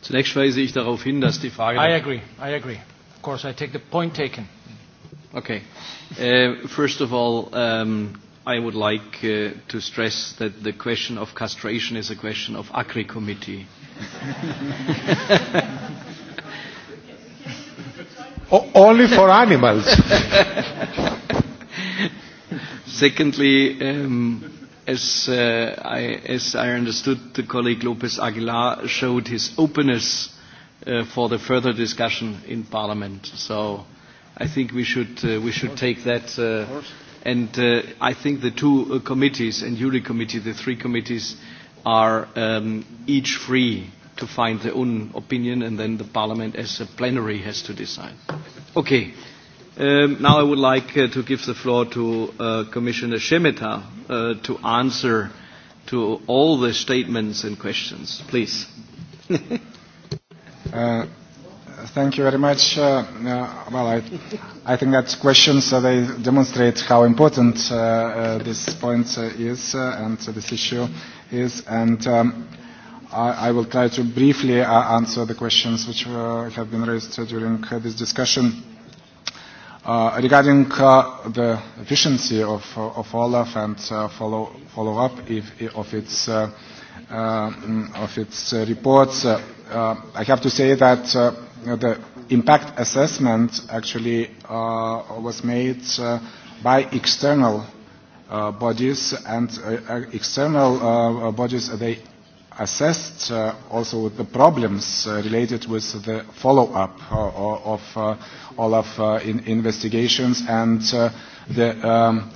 Zunächst weise ich darauf hin, dass die Frage... I agree, I agree. Of course, I take the point taken. Okay. Uh, first of all, um, I would like uh, to stress that the question of castration is a question of ACRI committee. o only for animals. Secondly, um, as, uh, I, as I understood, the colleague Lopez Aguilar showed his openness uh, for the further discussion in Parliament. So I think we should, uh, we should take that. Uh, and uh, I think the two uh, committees and Jury committee, the three committees, are um, each free to find their own opinion, and then the Parliament as a plenary has to decide. Okay. Um, now I would like uh, to give the floor to uh, Commissioner Shemeta uh, to answer to all the statements and questions. Please. uh, Thank you very much. Uh, uh, well, I, I think that questions uh, they demonstrate how important uh, uh, this point uh, is uh, and uh, this issue is. And um, I, I will try to briefly uh, answer the questions which uh, have been raised uh, during uh, this discussion. Uh, regarding uh, the efficiency of, uh, of Olaf and uh, follow, follow up if, of its, uh, uh, of its uh, reports, uh, uh, I have to say that uh, Uh, the impact assessment actually uh, was made uh, by external uh, bodies and uh, uh external uh, uh, bodies they assessed uh, also the problems uh, related with the follow-up uh, of uh, all of uh, in investigations and uh, the um,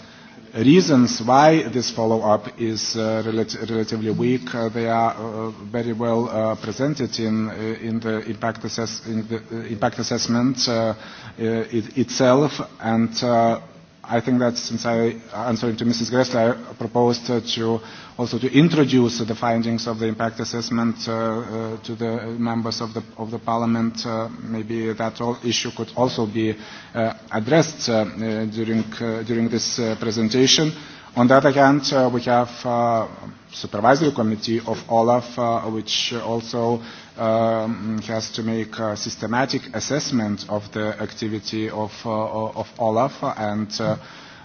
reasons why this follow-up is uh, relati relatively weak. Uh, they are uh, very well uh, presented in, uh, in the impact, assess in the, uh, impact assessment uh, uh, it itself, and uh, I think that since I answering to Mrs. Gressler, I proposed uh, to also to introduce uh, the findings of the impact assessment uh, uh, to the members of the, of the parliament. Uh, maybe that all issue could also be uh, addressed uh, uh, during, uh, during this uh, presentation. On the other hand, uh, we have uh, supervisory committee of OLAF, uh, which also um, has to make a systematic assessment of the activity of, uh, of Olaf and uh,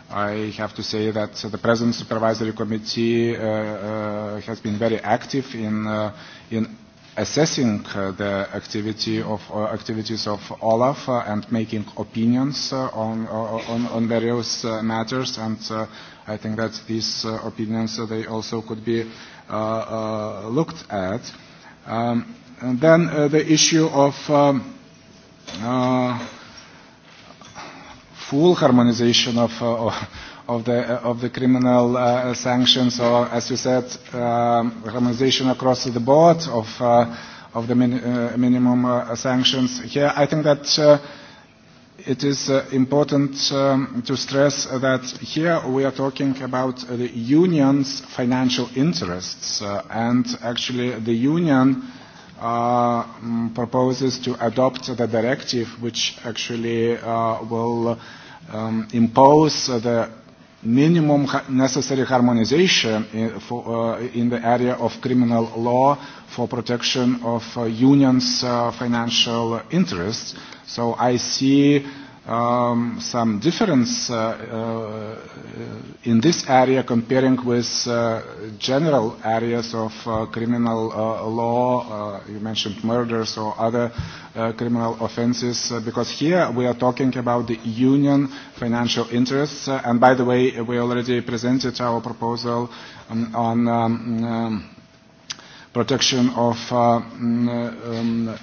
I have to say that the present supervisory committee uh, uh, has been very active in, uh, in assessing uh, the activity of uh, activities of Olaf uh, and making opinions uh, on, uh, on on various uh, matters and uh, I think that these uh, opinions uh, they also could be uh, uh, looked at um, And then uh, the issue of um, uh, full harmonization of, uh, of, the, uh, of the criminal uh, sanctions, or as you said, um, harmonization across the board of, uh, of the min uh, minimum uh, sanctions. Here, I think that uh, it is uh, important um, to stress that here we are talking about the union's financial interests, uh, and actually the union uh, mm, proposes to adopt the directive which actually uh, will um, impose the minimum necessary harmonization in, uh, for, uh, in the area of criminal law for protection of uh, unions' uh, financial interests. So I see um, some difference uh, uh, in this area comparing with uh, general areas of uh, criminal uh, law, uh, you mentioned murders or other uh, criminal offenses, uh, because here we are talking about the union financial interests, uh, and by the way, we already presented our proposal um, on um, um, protection of uh, mm, uh um,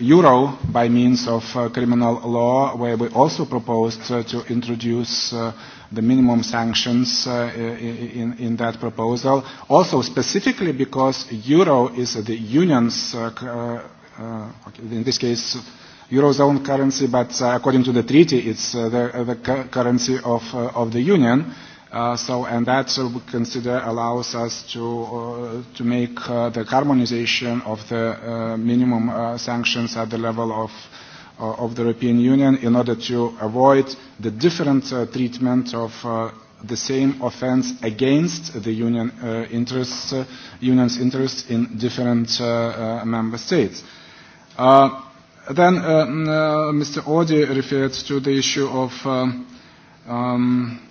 euro by means of uh, criminal law, where we also proposed uh, to introduce uh, the minimum sanctions uh, in, in that proposal. Also, specifically because euro is the union's, uh, uh, uh in this case, eurozone currency, but uh, according to the treaty, it's uh, the, uh, the currency of, uh, of the union. Uh, so, and that so uh, we consider allows us to, uh, to make uh, the harmonization of the uh, minimum uh, sanctions at the level of, uh, of the European Union in order to avoid the different uh, treatment of uh, the same offense against the union uh, interests, uh, union's interests in different uh, uh, member states. Uh, then uh, uh, Mr. Audi referred to the issue of um, um,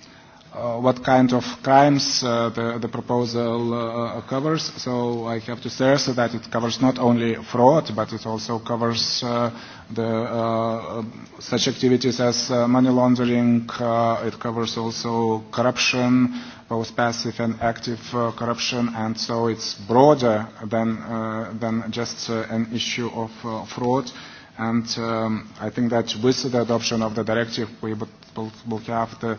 uh, what kind of crimes uh, the, the proposal uh, covers. So I have to stress that it covers not only fraud, but it also covers uh, the, uh, such activities as uh, money laundering. Uh, it covers also corruption, both passive and active uh, corruption, and so it's broader than, uh, than just uh, an issue of uh, fraud. And um, I think that with the adoption of the directive, we will, will have the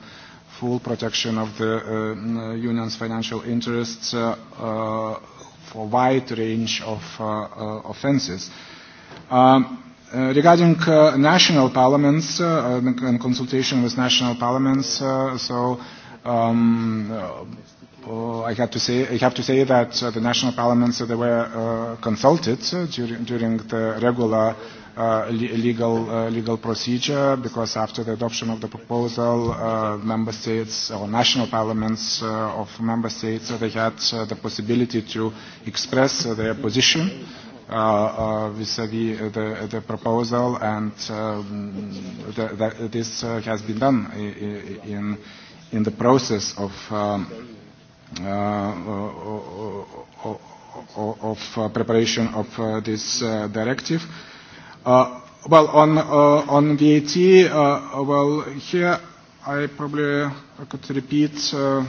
full protection of the uh, uh, union's financial interests uh, uh, for a wide range of uh, uh, offenses. Um, Uh, regarding uh, national parliaments uh, and consultation with national parliaments, uh, so um, uh, oh, I, have to say, I have to say that uh, the national parliaments uh, they were uh, consulted uh, during, during the regular uh, legal, uh, legal procedure because after the adoption of the proposal, uh, member states or national parliaments uh, of member states, uh, they had uh, the possibility to express uh, their position uh, uh, vis-a-vis uh, uh, vis, -vis the, the proposal and um, the, the, this uh, has been done in, in the process of um, uh, of uh, preparation of uh, this uh, directive. Uh, well, on, uh, on VAT, uh, well, here I probably I could repeat uh,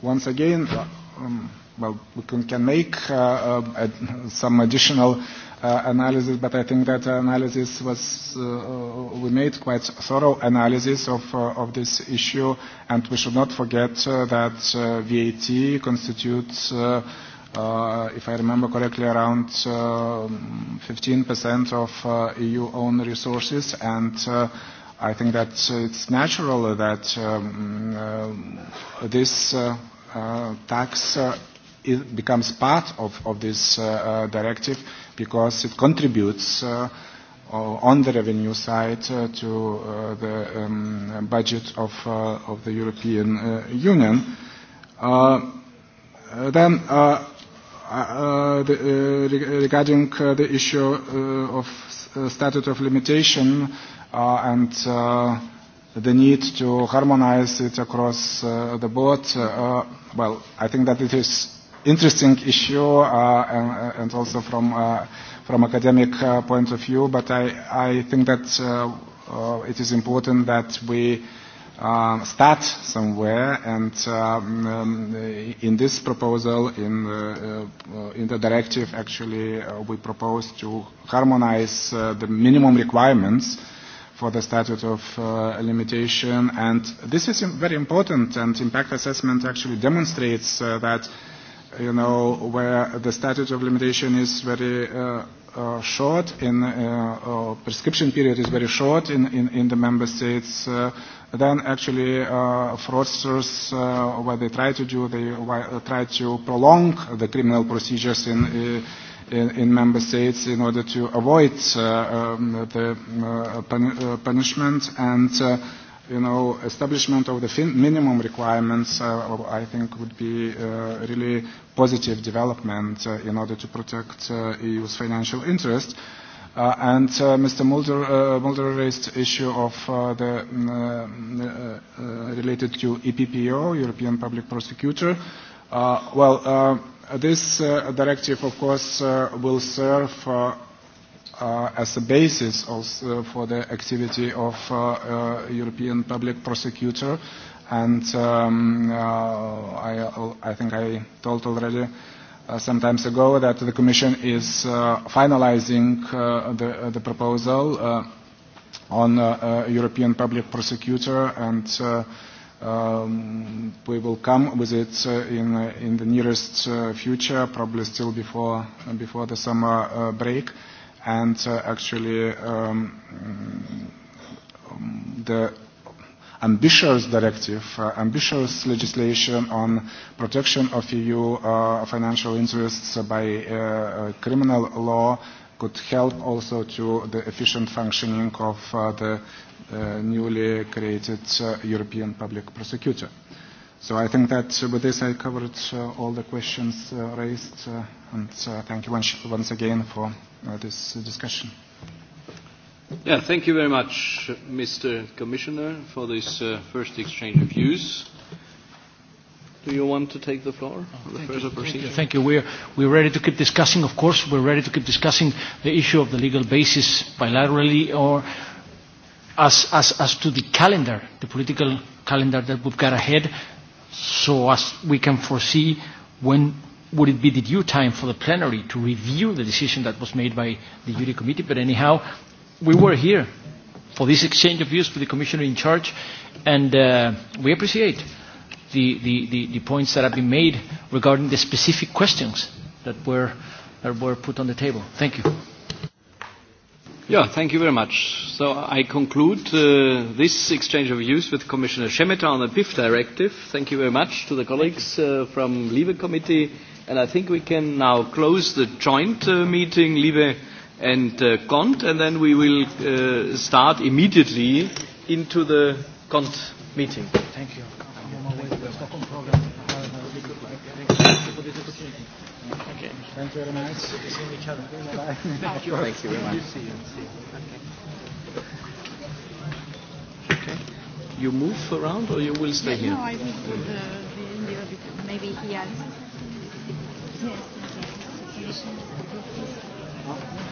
once again, uh, um, well, we can, can make uh, uh, ad some additional uh, analysis, but I think that analysis was, uh, we made quite thorough analysis of, uh, of this issue, and we should not forget uh, that uh, VAT constitutes uh, uh, if I remember correctly, around uh, 15% of uh, EU-owned resources, and uh, I think that it's natural that um, uh, this uh, uh, tax uh, it becomes part of, of this uh, uh, directive because it contributes uh, on the revenue side uh, to uh, the um, budget of, uh, of the European uh, Union. Uh, then uh, Uh, uh, the, uh, regarding uh, the issue uh, of uh, statute of limitation uh, and uh, the need to harmonize it across uh, the board, uh, well, I think that it is interesting issue uh, and, uh, and also from uh, from academic uh, point of view, but I, I think that uh, uh, it is important that we um start somewhere and um, um, in this proposal in, uh, uh, in the directive actually uh, we propose to harmonize uh, the minimum requirements for the statute of uh, limitation and this is very important and impact assessment actually demonstrates uh, that you know where the statute of limitation is very uh, uh, short in uh, uh, prescription period is very short in, in, in the member states uh, then actually uh, fraudsters, uh, what they try to do, they uh, try to prolong the criminal procedures in, uh, in, in member states in order to avoid uh, um, the uh, uh, punishment and uh, you know, establishment of the fin minimum requirements, uh, I think, would be uh, really positive development uh, in order to protect uh, EU's financial interests. Uh, and uh, Mr. Mulder, uh, Mulder raised issue of uh, the mm, uh, mm, uh, uh, related to EPPO, European Public Prosecutor. Uh, well, uh, this uh, directive, of course, uh, will serve uh, uh, as a basis also for the activity of uh, uh, European Public Prosecutor. And um, uh, I, I think I told already uh, some time ago that the Commission is uh, finalizing uh, the, uh, the proposal uh, on uh, uh, European Public Prosecutor and uh, um, we will come with it uh, in, uh, in the nearest uh, future, probably still before, uh, before the summer uh, break. And uh, actually, um, um the ambitious directive, uh, ambitious legislation on protection of EU uh, financial interests by uh, uh, criminal law could help also to the efficient functioning of uh, the uh, newly created uh, European public prosecutor. So I think that uh, with this I covered uh, all the questions uh, raised uh, and uh, thank you once, once again for uh, this discussion. Yeah, thank you very much, Mr. Commissioner, for this uh, first exchange of views. Do you want to take the floor? Oh, the thank, first you, thank you. Thank you. We're, we're ready to keep discussing, of course. We're ready to keep discussing the issue of the legal basis bilaterally or as, as, as to the calendar, the political calendar that we've got ahead, so as we can foresee when would it be the due time for the plenary to review the decision that was made by the Jury Committee. But anyhow, we were here for this exchange of views with the Commissioner in charge, and uh, we appreciate the, the, the, the points that have been made regarding the specific questions that were, that were put on the table. Thank you. Yeah, thank you very much. So I conclude uh, this exchange of views with Commissioner Shemeta on the PIF directive. Thank you very much to the colleagues uh, from LIBE committee. And I think we can now close the joint uh, meeting, LIBE and uh, Cont, and then we will uh, start immediately into the Cont meeting. Thank you. Thank you very much. Thank you. Thank you very much. you. you. Okay. You move around or you will stay here? No, I will put the, the India because maybe he has. Yes. Okay.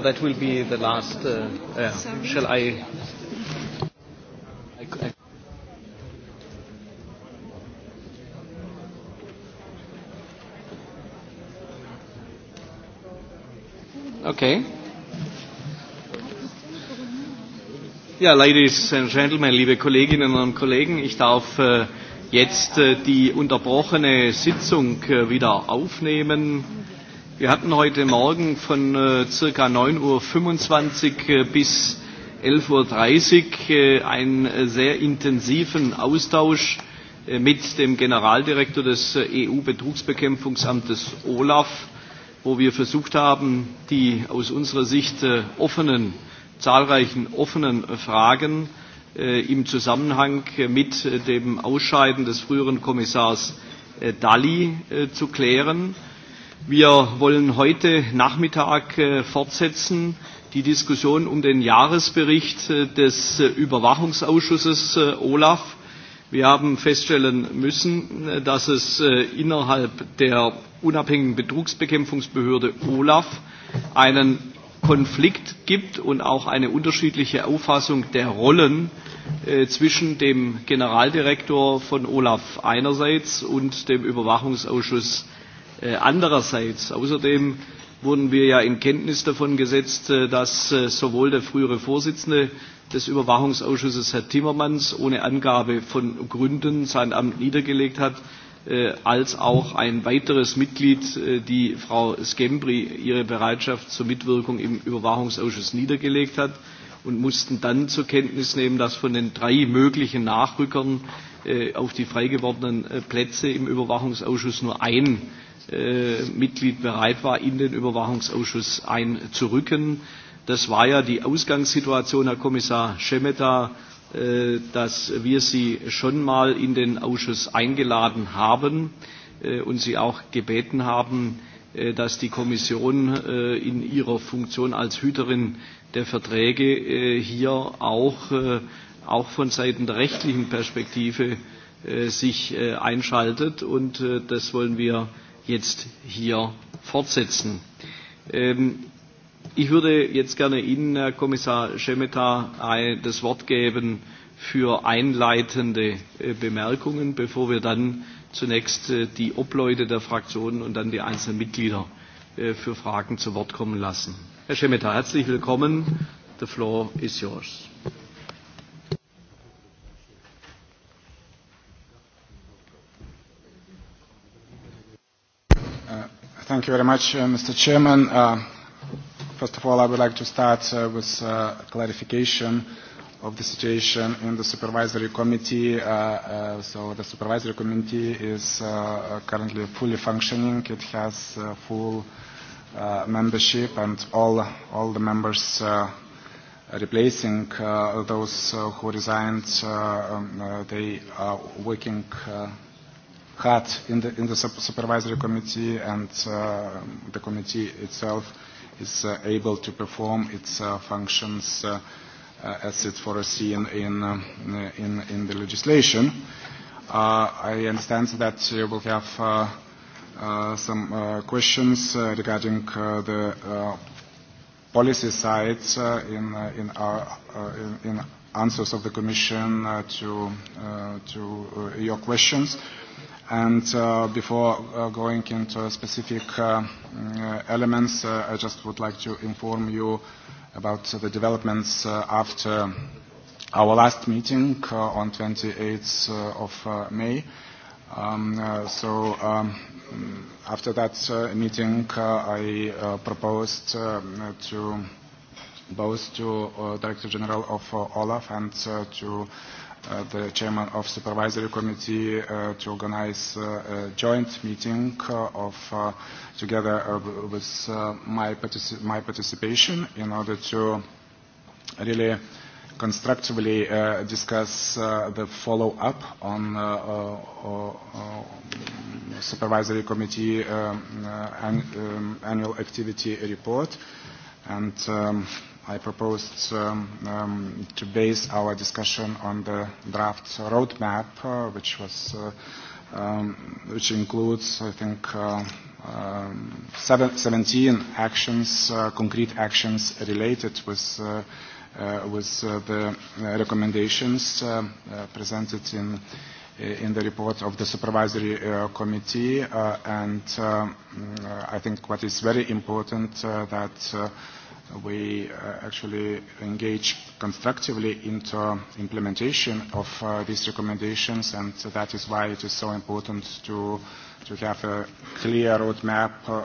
that will be the last. Uh, uh, shall I? I Okay. Ja, ladies and gentlemen, liebe Kolleginnen und Kollegen, ich darf äh, jetzt äh, die unterbrochene Sitzung äh, wieder aufnehmen. Wir hatten heute Morgen von äh, ca. 9.25 Uhr äh, bis 11.30 Uhr äh, einen äh, sehr intensiven Austausch mit dem Generaldirektor des EU-Betrugsbekämpfungsamtes Olaf, wo wir versucht haben, die aus unserer Sicht offenen, zahlreichen offenen Fragen im Zusammenhang mit dem Ausscheiden des früheren Kommissars Dalli zu klären. Wir wollen heute Nachmittag äh, fortsetzen die Diskussion um den Jahresbericht äh, des äh, Überwachungsausschusses Olaf. Wir haben feststellen müssen, dass es innerhalb der unabhängigen Betrugsbekämpfungsbehörde Olaf einen Konflikt gibt und auch eine unterschiedliche Auffassung der Rollen zwischen dem Generaldirektor von Olaf einerseits und dem Überwachungsausschuss Äh, andererseits. Außerdem wurden wir ja in Kenntnis davon gesetzt, äh, dass äh, sowohl der frühere Vorsitzende des Überwachungsausschusses, Herr Timmermans, ohne Angabe von Gründen sein Amt niedergelegt hat, als auch ein weiteres Mitglied, die Frau Skembri, ihre Bereitschaft zur Mitwirkung im Überwachungsausschuss niedergelegt hat und mussten dann zur Kenntnis nehmen, dass von den drei möglichen Nachrückern auf die freigewordenen Plätze im Überwachungsausschuss nur ein Äh, Mitglied bereit war, in den Überwachungsausschuss einzurücken. Das war ja die Ausgangssituation, Herr Kommissar Schemeta, äh, dass wir Sie schon mal in den Ausschuss eingeladen haben äh, und Sie auch gebeten haben, dass die Kommission in ihrer Funktion als Hüterin der Verträge hier auch, auch von Seiten der rechtlichen Perspektive sich einschaltet. Und das wollen wir jetzt hier fortsetzen. Ähm, ich würde jetzt gerne Ihnen, Herr Kommissar Schemeta, das Wort geben für einleitende äh, Bemerkungen, bevor wir dann zunächst äh, die Obleute der Fraktionen und dann die einzelnen Mitglieder äh, für Fragen zu Wort kommen lassen. Herr Schemeta, herzlich willkommen. The floor is yours. Thank you very much, uh, Mr. Chairman. Uh, first of all, I would like to start uh, with uh, clarification of the situation in the supervisory committee. Uh, uh, so the supervisory committee is uh, uh currently fully functioning. It has uh, full uh, membership and all, all the members uh, replacing uh, those uh, who resigned, uh, um, uh, they are working uh, had in the, in the supervisory committee and uh, the committee itself is uh, able to perform its uh, functions uh, uh, as it foreseen in, uh, in, in the legislation. Uh, I understand that you will have uh, uh, some uh, questions uh, regarding uh, the uh, policy side uh, in, uh, in, our, uh, in, in answers of the Commission uh, to, uh, to uh, your questions. And uh, before uh, going into specific uh, uh elements, uh, I just would like to inform you about uh, the developments uh, after our last meeting uh, on 28th uh, of uh, May. Um, uh, so um, mm, after that uh, meeting, uh, I uh, proposed uh, to both to uh, Director General of uh, Olaf and uh, to Uh, the chairman of supervisory committee uh, to organize uh, a joint meeting uh, of uh, together uh, with uh, my, particip my participation in order to really constructively uh, discuss uh, the follow-up on uh, uh, uh, supervisory committee um, uh, an, um, annual activity report and um, I proposed um, um, to base our discussion on the draft roadmap, uh, which was, uh, um, which includes, I think, uh, um, seven, 17 actions, uh, concrete actions related with, uh, uh, with uh, the uh, recommendations uh, uh, presented in uh, in the report of the supervisory uh, committee uh, and um, uh, I think what is very important uh, that uh, we uh, actually engage constructively into implementation of uh, these recommendations and that is why it is so important to, to have a clear roadmap, uh,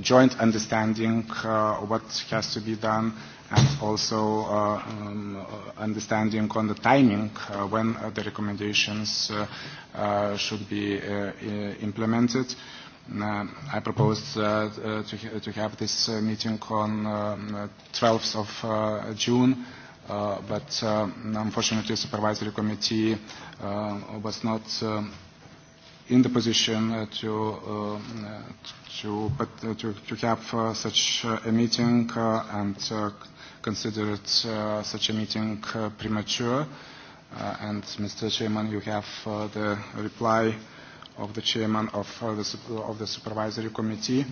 joint understanding uh, what has to be done and also uh, um, uh, understanding on the timing uh, when uh, the recommendations uh, uh, should be uh, implemented. Uh, Uh, I proposed uh, uh, to, uh, to have this uh, meeting on uh, 12th of uh, June, uh, but uh, unfortunately the Supervisory Committee uh, was not um, in the position uh, to, uh, to, but, uh, to, to have uh, such uh, a meeting uh, and uh, considered uh, such a meeting uh, premature. Uh, and Mr. Chairman, you have uh, the reply of the chairman of, uh, the, of the supervisory committee.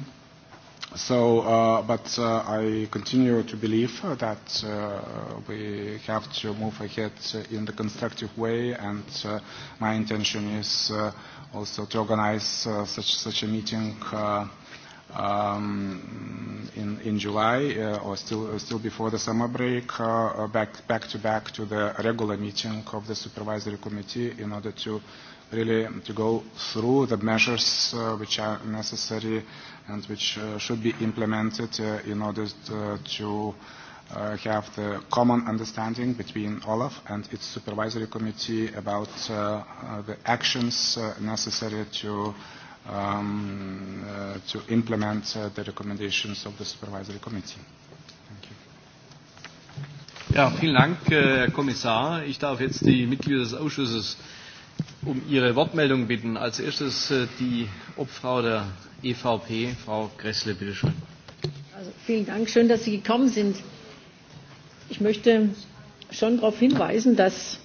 So, uh, but uh, I continue to believe that uh, we have to move ahead in the constructive way, and uh, my intention is uh, also to organize uh, such, such a meeting uh, um, in, in July uh, or still, uh, still before the summer break, uh, uh back, back to back to the regular meeting of the supervisory committee in order to really to go through the measures uh, which are necessary and which uh, should be implemented uh, in order to, uh, to uh, have the common understanding between Olaf and its supervisory committee about uh, uh, the actions uh, necessary to um, uh, to implement uh, the recommendations of the supervisory committee. Thank you. Ja, vielen Dank, äh, Herr Kommissar. Ich darf jetzt die Mitglieder des Ausschusses um Ihre Wortmeldung bitten. Als erstes äh, die Obfrau der EVP, Frau Gressle, schön. Also vielen Dank, schön, dass Sie gekommen sind. Ich möchte schon darauf hinweisen, dass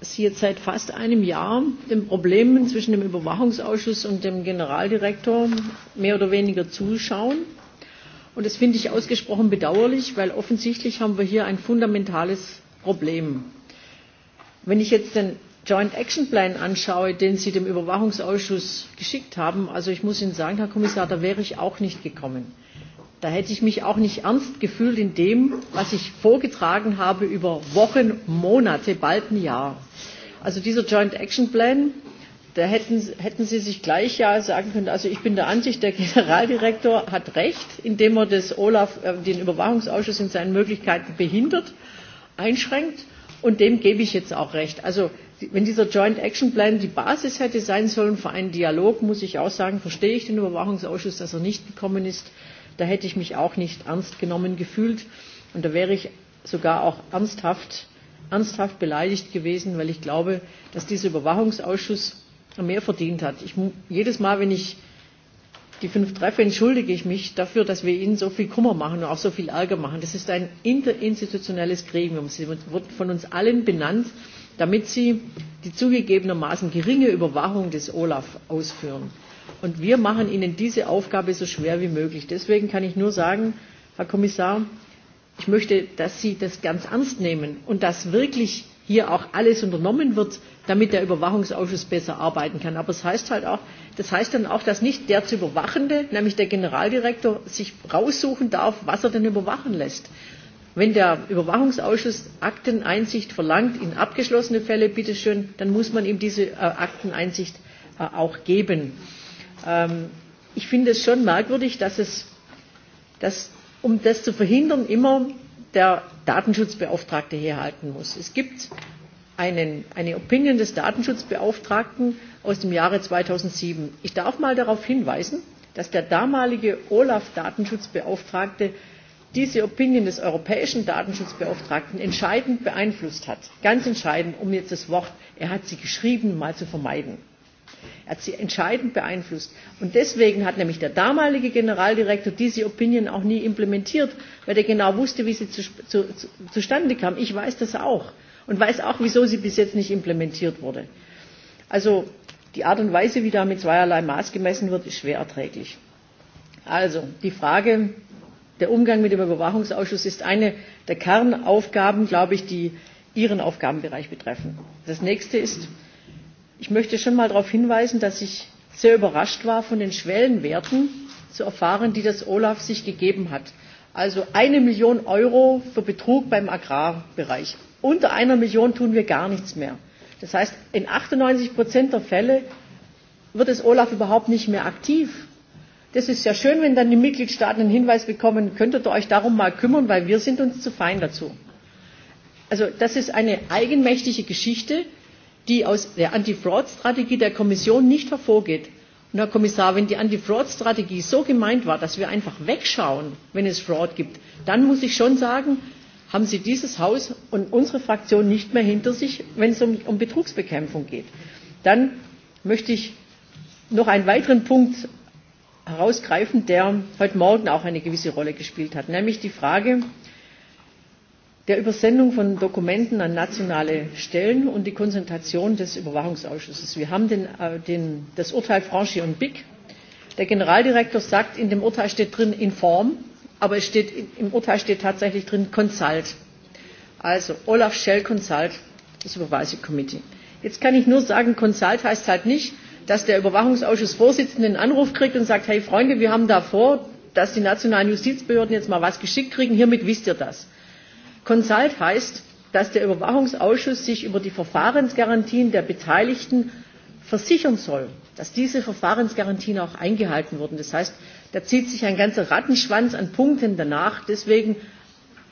Sie hier seit fast einem Jahr den Problemen zwischen dem Überwachungsausschuss und dem Generaldirektor mehr oder weniger zuschauen. Und das finde ich ausgesprochen bedauerlich, weil offensichtlich haben wir hier ein fundamentales Problem. Wenn ich jetzt den Joint Action Plan anschaue, den Sie dem Überwachungsausschuss geschickt haben, also ich muss Ihnen sagen, Herr Kommissar, da wäre ich auch nicht gekommen. Da hätte ich mich auch nicht ernst gefühlt in dem, was ich vorgetragen habe über Wochen, Monate, bald ein Jahr. Also dieser Joint Action Plan, da hätten, hätten Sie sich gleich ja sagen können, also ich bin der Ansicht, der Generaldirektor hat recht, indem er das Olaf, äh, den Überwachungsausschuss in seinen Möglichkeiten behindert, einschränkt und dem gebe ich jetzt auch recht. Also wenn dieser Joint Action Plan die Basis hätte sein sollen für einen Dialog, muss ich auch sagen, verstehe ich den Überwachungsausschuss, dass er nicht gekommen ist. Da hätte ich mich auch nicht ernst genommen gefühlt und da wäre ich sogar auch ernsthaft, ernsthaft beleidigt gewesen, weil ich glaube, dass dieser Überwachungsausschuss mehr verdient hat. Ich, jedes Mal, wenn ich die fünf treffe, entschuldige ich mich dafür, dass wir ihnen so viel Kummer machen und auch so viel Ärger machen. Das ist ein interinstitutionelles Gremium. Sie wird von uns allen benannt damit sie die zugegebenermaßen geringe Überwachung des Olaf ausführen. Und wir machen ihnen diese Aufgabe so schwer wie möglich. Deswegen kann ich nur sagen, Herr Kommissar, ich möchte, dass Sie das ganz ernst nehmen und dass wirklich hier auch alles unternommen wird, damit der Überwachungsausschuss besser arbeiten kann. Aber es das heißt halt auch, das heißt dann auch, dass nicht der zu überwachende, nämlich der Generaldirektor, sich raussuchen darf, was er denn überwachen lässt. Wenn der Überwachungsausschuss Akteneinsicht verlangt in abgeschlossene Fälle, bitteschön, dann muss man ihm diese äh, Akteneinsicht äh, auch geben. Ähm, ich finde es schon merkwürdig, dass es, dass, um das zu verhindern, immer der Datenschutzbeauftragte herhalten muss. Es gibt einen, eine Opinion des Datenschutzbeauftragten aus dem Jahre 2007. Ich darf mal darauf hinweisen, dass der damalige Olaf-Datenschutzbeauftragte diese Opinion des europäischen Datenschutzbeauftragten entscheidend beeinflusst hat, ganz entscheidend, um jetzt das Wort, er hat sie geschrieben, mal zu vermeiden. Er hat sie entscheidend beeinflusst. Und deswegen hat nämlich der damalige Generaldirektor diese Opinion auch nie implementiert, weil er genau wusste, wie sie zu, zu, zu, zustande kam. Ich weiß das auch und weiß auch, wieso sie bis jetzt nicht implementiert wurde. Also die Art und Weise, wie da mit zweierlei Maß gemessen wird, ist schwer erträglich. Also die Frage, der Umgang mit dem Überwachungsausschuss ist eine der Kernaufgaben, glaube ich, die Ihren Aufgabenbereich betreffen. Das nächste ist, ich möchte schon mal darauf hinweisen, dass ich sehr überrascht war von den Schwellenwerten zu erfahren, die das Olaf sich gegeben hat. Also eine Million Euro für Betrug beim Agrarbereich. Unter einer Million tun wir gar nichts mehr. Das heißt, in 98 Prozent der Fälle wird das Olaf überhaupt nicht mehr aktiv. Das ist ja schön, wenn dann die Mitgliedstaaten einen Hinweis bekommen, könntet ihr euch darum mal kümmern, weil wir sind uns zu fein dazu. Also das ist eine eigenmächtige Geschichte, die aus der Anti-Fraud-Strategie der Kommission nicht hervorgeht. Und Herr Kommissar, wenn die Anti-Fraud-Strategie so gemeint war, dass wir einfach wegschauen, wenn es Fraud gibt, dann muss ich schon sagen, haben Sie dieses Haus und unsere Fraktion nicht mehr hinter sich, wenn es um, um Betrugsbekämpfung geht. Dann möchte ich noch einen weiteren Punkt herausgreifen, der heute Morgen auch eine gewisse Rolle gespielt hat, nämlich die Frage der Übersendung von Dokumenten an nationale Stellen und die Konzentration des Überwachungsausschusses. Wir haben den, äh, den, das Urteil Franchi und Bick. Der Generaldirektor sagt, in dem Urteil steht drin in Form, aber es steht, im Urteil steht tatsächlich drin Consult. Also Olaf Schell Consult, das Überweise Committee. Jetzt kann ich nur sagen, Consult heißt halt nicht, dass der Überwachungsausschussvorsitzende einen Anruf kriegt und sagt, hey Freunde, wir haben da vor, dass die nationalen Justizbehörden jetzt mal was geschickt kriegen, hiermit wisst ihr das. Consult heißt, dass der Überwachungsausschuss sich über die Verfahrensgarantien der Beteiligten versichern soll, dass diese Verfahrensgarantien auch eingehalten wurden. Das heißt, da zieht sich ein ganzer Rattenschwanz an Punkten danach. Deswegen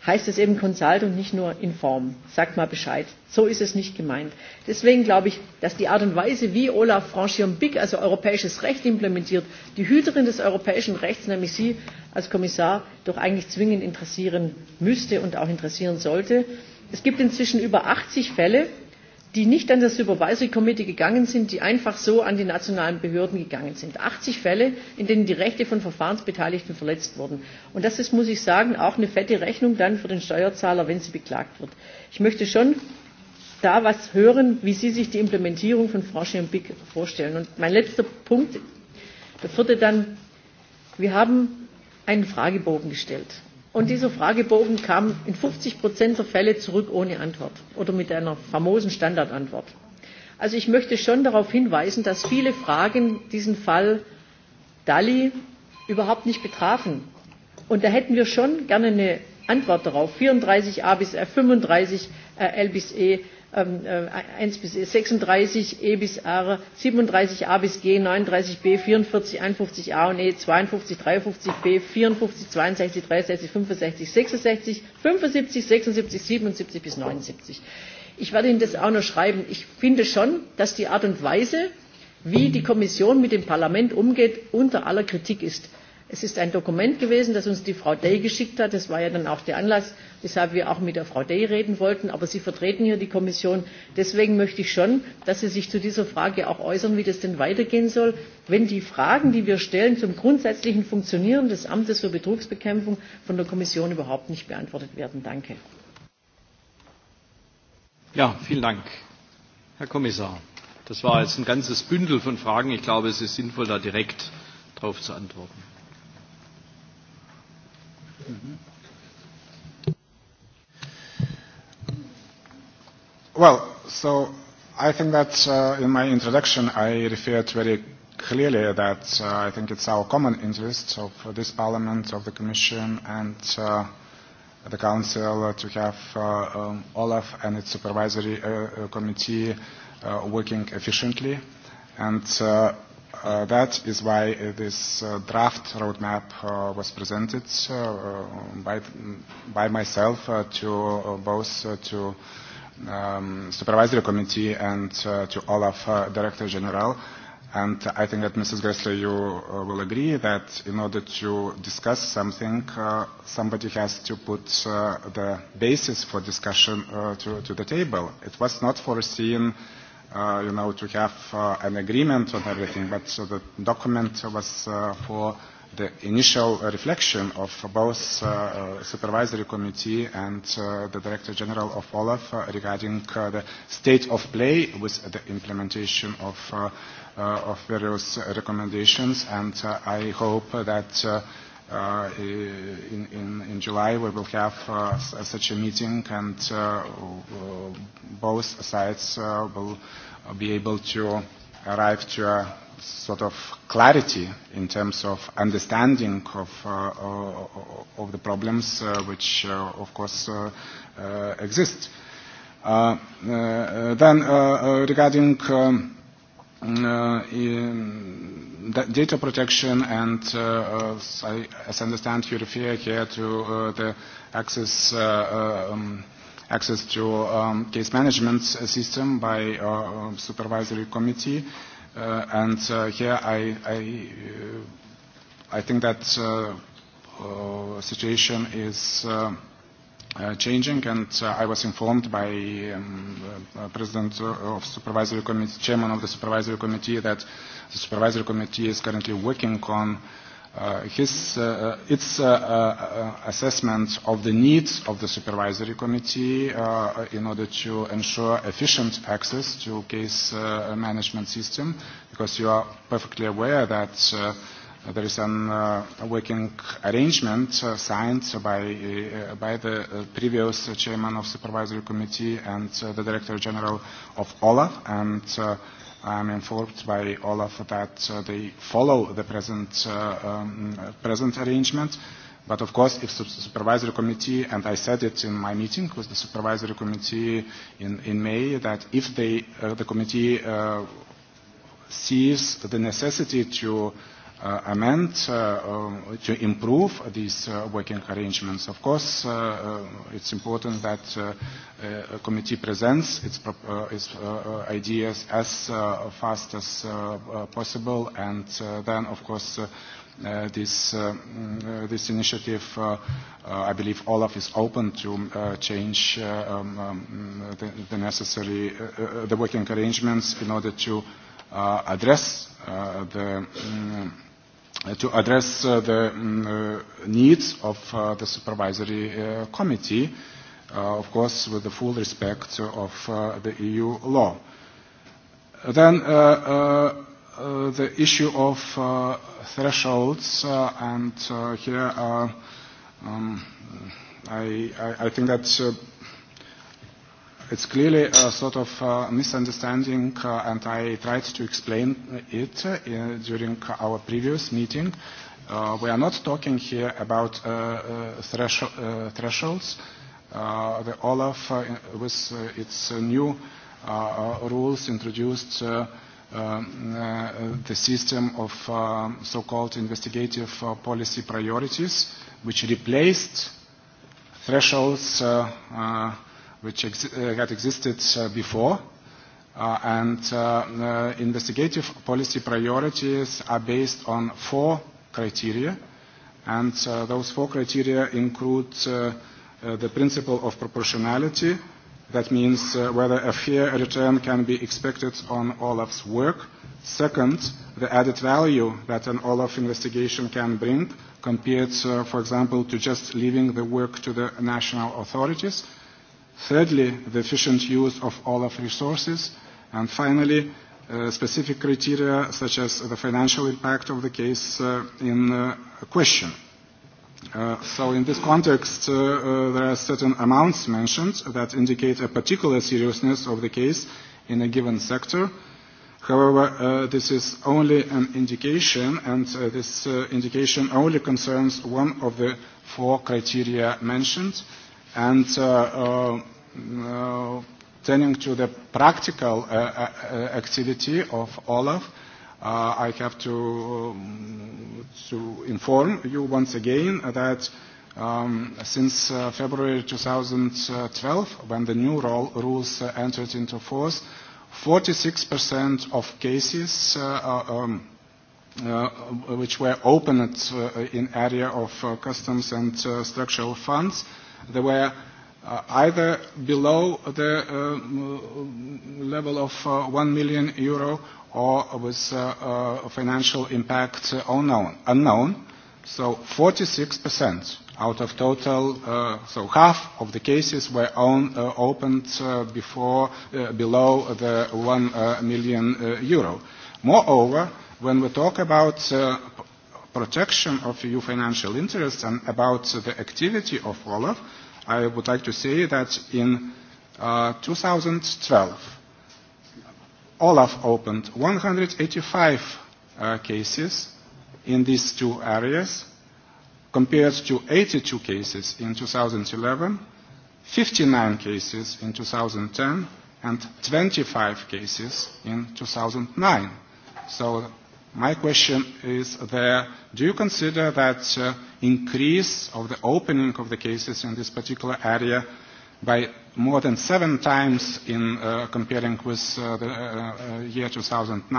heißt es eben Consult und nicht nur Inform. Sagt mal Bescheid. So ist es nicht gemeint. Deswegen glaube ich, dass die Art und Weise, wie Olaf Franchion Big, also europäisches Recht implementiert, die Hüterin des europäischen Rechts, nämlich Sie als Kommissar, doch eigentlich zwingend interessieren müsste und auch interessieren sollte. Es gibt inzwischen über 80 Fälle, die nicht an das Supervisory Committee gegangen sind, die einfach so an die nationalen Behörden gegangen sind. 80 Fälle, in denen die Rechte von Verfahrensbeteiligten verletzt wurden. Und das ist, muss ich sagen, auch eine fette Rechnung dann für den Steuerzahler, wenn sie beklagt wird. Ich möchte schon da was hören, wie Sie sich die Implementierung von Franchi und BIC vorstellen. Und mein letzter Punkt, der vierte dann, wir haben einen Fragebogen gestellt. Und dieser Fragebogen kam in 50 Prozent der Fälle zurück ohne Antwort oder mit einer famosen Standardantwort. Also ich möchte schon darauf hinweisen, dass viele Fragen diesen Fall Dali überhaupt nicht betrafen. Und da hätten wir schon gerne eine Antwort darauf. 34a bis F, 35 äh, L bis E 1 ähm, äh, bis 36, E bis R, 37 A bis G, 39 B, 44, 51 A und E, 52, 53 B, 54, 62, 63, 65, 66, 75, 76, 77 bis 79. Ich werde Ihnen das auch noch schreiben. Ich finde schon, dass die Art und Weise, wie die Kommission mit dem Parlament umgeht, unter aller Kritik ist. Es ist ein Dokument gewesen, das uns die Frau Day geschickt hat. Das war ja dann auch der Anlass, weshalb wir auch mit der Frau Day reden wollten. Aber Sie vertreten hier die Kommission. Deswegen möchte ich schon, dass Sie sich zu dieser Frage auch äußern, wie das denn weitergehen soll. Wenn die Fragen, die wir stellen, zum grundsätzlichen Funktionieren des Amtes für Betrugsbekämpfung von der Kommission überhaupt nicht beantwortet werden. Danke. Ja, vielen Dank, Herr Kommissar. Das war jetzt ein ganzes Bündel von Fragen. Ich glaube, es ist sinnvoll, da direkt darauf zu antworten. Mhm. Well, so I think that uh, in my introduction I referred very clearly that uh, I think it's our common interest of this Parliament, of the Commission and uh, the Council to have uh, um, Olaf and its supervisory uh, uh committee uh, working efficiently and uh, uh, that is why uh, this uh, draft roadmap uh, was presented uh, uh, by, by myself uh, to uh, both uh, to um, supervisory committee and uh, to Olaf uh, Director General. And I think that, Mrs. Gressler, you uh, will agree that in order to discuss something, uh, somebody has to put uh, the basis for discussion uh, to, to the table. It was not foreseen uh, uh, you know, to have uh, an agreement on everything, but so the document was uh, for the initial reflection of both uh, uh, supervisory committee and uh, the director general of Olaf uh, regarding uh, the state of play with the implementation of, uh, uh, of various recommendations and uh, I hope that uh, uh, in, in, in July we will have uh, such a meeting and uh, both sides uh, will Uh, be able to arrive to a sort of clarity in terms of understanding of, uh, uh, of the problems uh, which, uh, of course, uh, uh, exist. Uh, uh, then, uh, uh, regarding um, uh, in data protection and, uh, uh, I, as I understand, you refer here to uh, the access uh, um, access to um, case management uh, system by uh, um, supervisory committee. Uh, and uh, here I, I, uh, I think that uh, uh, situation is uh, uh, changing and uh, I was informed by um, uh, uh President uh, of Supervisory Committee, Chairman of the Supervisory Committee that the Supervisory Committee is currently working on uh, his, uh, uh, its uh, uh, assessment of the needs of the supervisory committee uh, uh, in order to ensure efficient access to case uh, management system, because you are perfectly aware that uh, there is uh, a uh, working arrangement uh, signed by, uh, by the uh, previous chairman of supervisory committee and uh, the director general of OLAF and uh, I'm informed by Olaf that uh, they follow the present, uh, um, present arrangement. But of course, if the supervisory committee, and I said it in my meeting with the supervisory committee in, in May, that if they, uh, the committee uh, sees the necessity to uh, uh, amend, uh, uh, to improve these uh, working arrangements. Of course, uh, uh, it's important that uh, uh, committee presents its, uh, its uh, uh, ideas as uh, fast as uh, uh, possible, and uh, then, of course, uh, uh, this, uh, mm, uh, this initiative, uh, uh, I believe Olaf is open to uh, change uh, um, um, the, the necessary, uh, uh, the working arrangements in order to uh, address uh, the um, to address uh, the um, uh, needs of uh, the supervisory uh, committee, uh, of course with the full respect of uh, the EU law. Then uh, uh, uh, the issue of uh, thresholds, uh, and uh, here uh, um, I, I, I think that uh, It's clearly a sort of uh, misunderstanding, uh, and I tried to explain it uh, during our previous meeting. Uh, we are not talking here about uh, uh, thresh uh, thresholds. Uh, the Olaf, uh, with uh, its uh, new uh, uh rules, introduced uh, um, uh, the system of uh, so-called investigative uh, policy priorities, which replaced thresholds uh, uh, which ex uh, had existed uh, before. Uh, and uh, uh, investigative policy priorities are based on four criteria. And uh, those four criteria include uh, uh, the principle of proportionality, that means uh, whether a fair return can be expected on Olaf's work. Second, the added value that an Olaf investigation can bring compared, uh, for example, to just leaving the work to the national authorities. Thirdly, the efficient use of OLAF resources. And finally, uh, specific criteria such as the financial impact of the case uh, in uh, question. Uh, so in this context, uh, uh, there are certain amounts mentioned that indicate a particular seriousness of the case in a given sector. However, uh, this is only an indication, and uh, this uh, indication only concerns one of the four criteria mentioned. And uh, uh, uh, turning to the practical uh, uh, activity of Olaf, uh, I have to, um, to inform you once again that um, since uh, February 2012, when the new role, rules uh, entered into force, 46% of cases uh, uh, um, uh, which were opened uh, in area of uh, customs and uh, structural funds They were uh, either below the uh, level of uh, 1 million euro or with uh, uh, financial impact unknown. unknown. So 46% out of total, uh, so half of the cases were on, uh, opened uh, before, uh, below the 1 uh, million uh, euro. Moreover, when we talk about uh, protection of EU financial interests and about the activity of Olaf, I would like to say that in uh, 2012, Olaf opened 185 uh, cases in these two areas, compared to 82 cases in 2011, 59 cases in 2010, and 25 cases in 2009. So My question is there, do you consider that uh, increase of the opening of the cases in this particular area by more than seven times in uh, comparing with uh, the uh, uh year 2009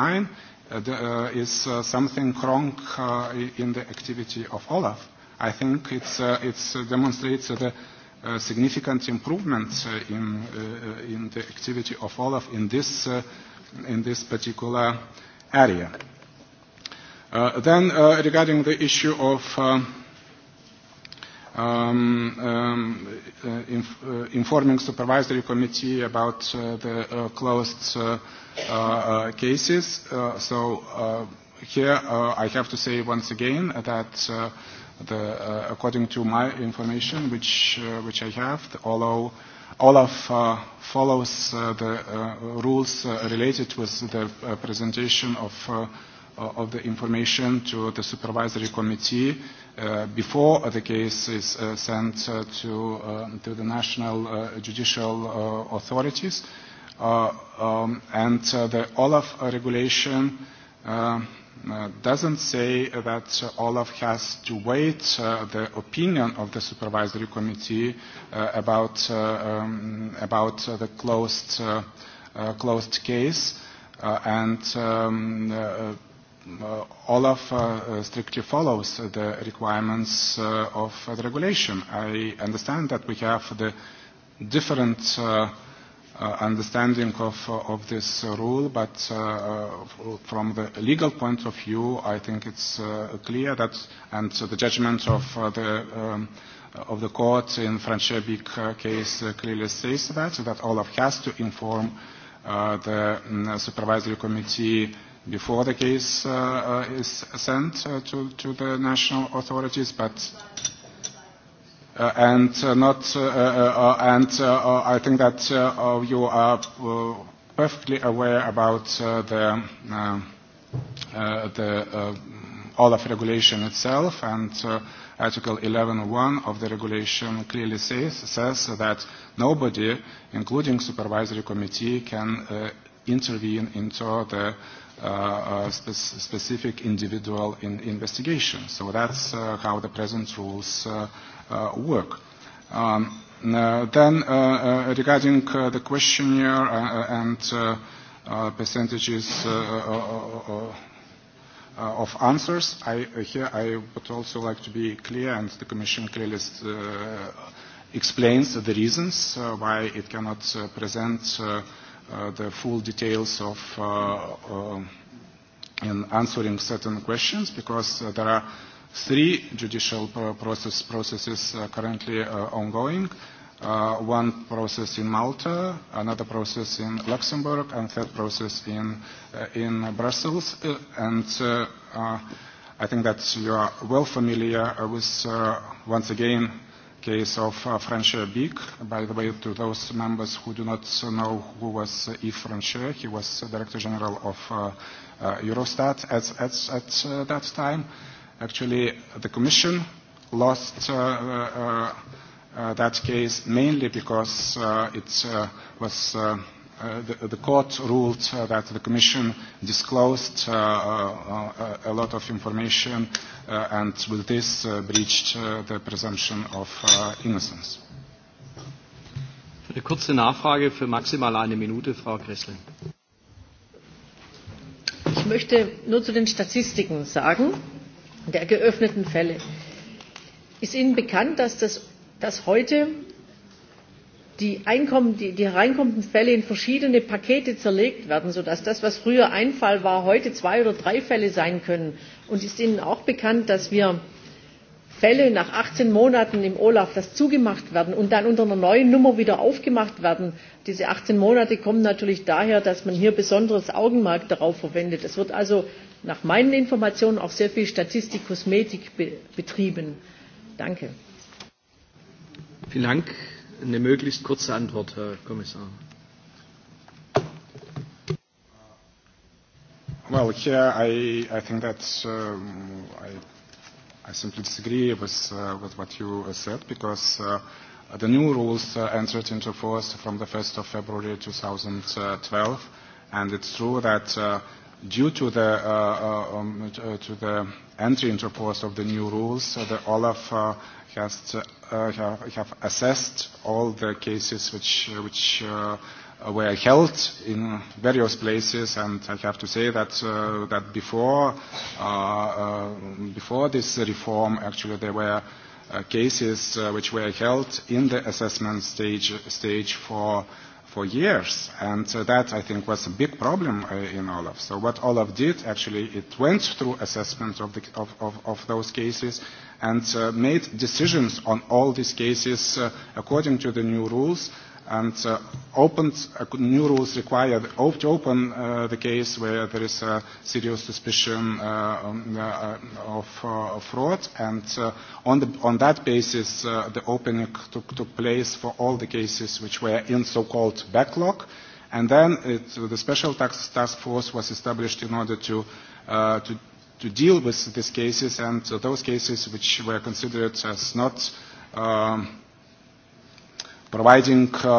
uh, the, uh, is uh, something wrong uh, in the activity of Olaf? I think it's, uh, it's uh, demonstrates the uh, significant improvement uh, in, uh, in the activity of Olaf in this, uh, in this particular area. Uh, then uh, regarding the issue of uh, um, um, uh, inf uh, informing supervisory committee about uh, the uh, closed uh, uh, uh, cases. Uh, so uh, here uh, I have to say once again that uh, the, uh, according to my information, which, uh, which I have, the OLO, Olaf uh, follows uh, the uh, rules uh, related with the uh, presentation of uh, Uh, of the information to the supervisory committee uh, before the case is uh, sent uh, to, uh, to the national uh, judicial uh, authorities. Uh, um, and uh, the Olaf regulation uh, uh, doesn't say that uh, Olaf has to wait uh, the opinion of the supervisory committee uh, about, uh, um, about uh, the closed, uh, uh, closed case. Uh, and um, uh, uh, Olaf uh, uh, strictly follows the requirements uh, of uh, the regulation. I understand that we have the different uh, uh, understanding of, uh, of this uh, rule, but uh, from the legal point of view, I think it's uh, clear that, and so the judgment of uh, the um, of the court in Franchebik uh, case uh, clearly says that, that Olaf has to inform uh, the um, supervisory committee before the case uh, uh, is sent uh, to, to the national authorities, but uh, and uh, not uh, uh, uh and uh, uh, I think that uh, uh, you are uh, perfectly aware about uh, the uh, uh, the uh, Olaf regulation itself and. Uh, Article 11.1 of the regulation clearly says, says that nobody, including supervisory committee, can uh, intervene into the uh, spe specific individual in investigation. So that's uh, how the present rules uh, uh, work. Um, uh, then uh, uh, regarding uh, the questionnaire uh, and uh, uh, percentages uh, uh, uh, uh, of answers, I, uh, here I would also like to be clear, and the Commission clearly uh, explains the reasons uh, why it cannot uh, present uh, Uh, the full details of uh, uh, in answering certain questions because uh, there are three judicial uh, process processes uh, currently uh, ongoing. Uh, one process in Malta, another process in Luxembourg, and third process in, uh, in Brussels. Uh, and uh, uh, I think that you are well familiar uh, with, uh, once again, case of uh, Francher Big. By the way, to those members who do not know who was uh, Yves Francher, he was uh, Director General of uh, uh, Eurostat at, at, at uh, that time. Actually, the Commission lost uh, uh, uh, that case mainly because uh, it uh, was uh, Uh, the, the court ruled uh, that the Commission disclosed uh, uh, uh, a lot of information uh, and with this uh, breached uh, the presumption of uh, innocence. Eine kurze Nachfrage für maximal eine Minute, Frau Kressling. Ich möchte nur zu den Statistiken sagen, der geöffneten Fälle. Ist Ihnen bekannt, dass, das, dass heute die, Einkommen, die, die hereinkommenden Fälle in verschiedene Pakete zerlegt werden, sodass das, was früher ein Fall war, heute zwei oder drei Fälle sein können. Und ist Ihnen auch bekannt, dass wir Fälle nach 18 Monaten im Olaf, das zugemacht werden und dann unter einer neuen Nummer wieder aufgemacht werden. Diese 18 Monate kommen natürlich daher, dass man hier besonderes Augenmerk darauf verwendet. Es wird also nach meinen Informationen auch sehr viel Statistik, Kosmetik be betrieben. Danke. Vielen Dank eine möglichst kurze Antwort, Herr Kommissar. Well, here I, I think that um, I, I simply disagree with, uh, with what you uh, said because uh, the new rules uh, entered into force from the 1st of February 2012 and it's true that uh, due to the, uh, uh, um, uh, to the entry into force of the new rules, uh, the Olaf uh, has uh, have assessed all the cases which, uh, which uh, were held in various places and I have to say that, uh, that before, uh, uh, before this reform actually there were uh, cases uh, which were held in the assessment stage, stage for for years, and uh, that I think was a big problem uh, in Olaf. So what Olaf did actually, it went through assessment of, the, of, of, of those cases, and uh, made decisions on all these cases uh, according to the new rules and uh, opened, uh, new rules required op to open uh, the case where there is a serious suspicion uh, um, uh, uh, of, uh, of fraud and uh, on, the, on that basis uh, the opening took, took place for all the cases which were in so-called backlog and then it, the special tax task force was established in order to uh, to to deal with these cases and those cases which were considered as not um, providing uh,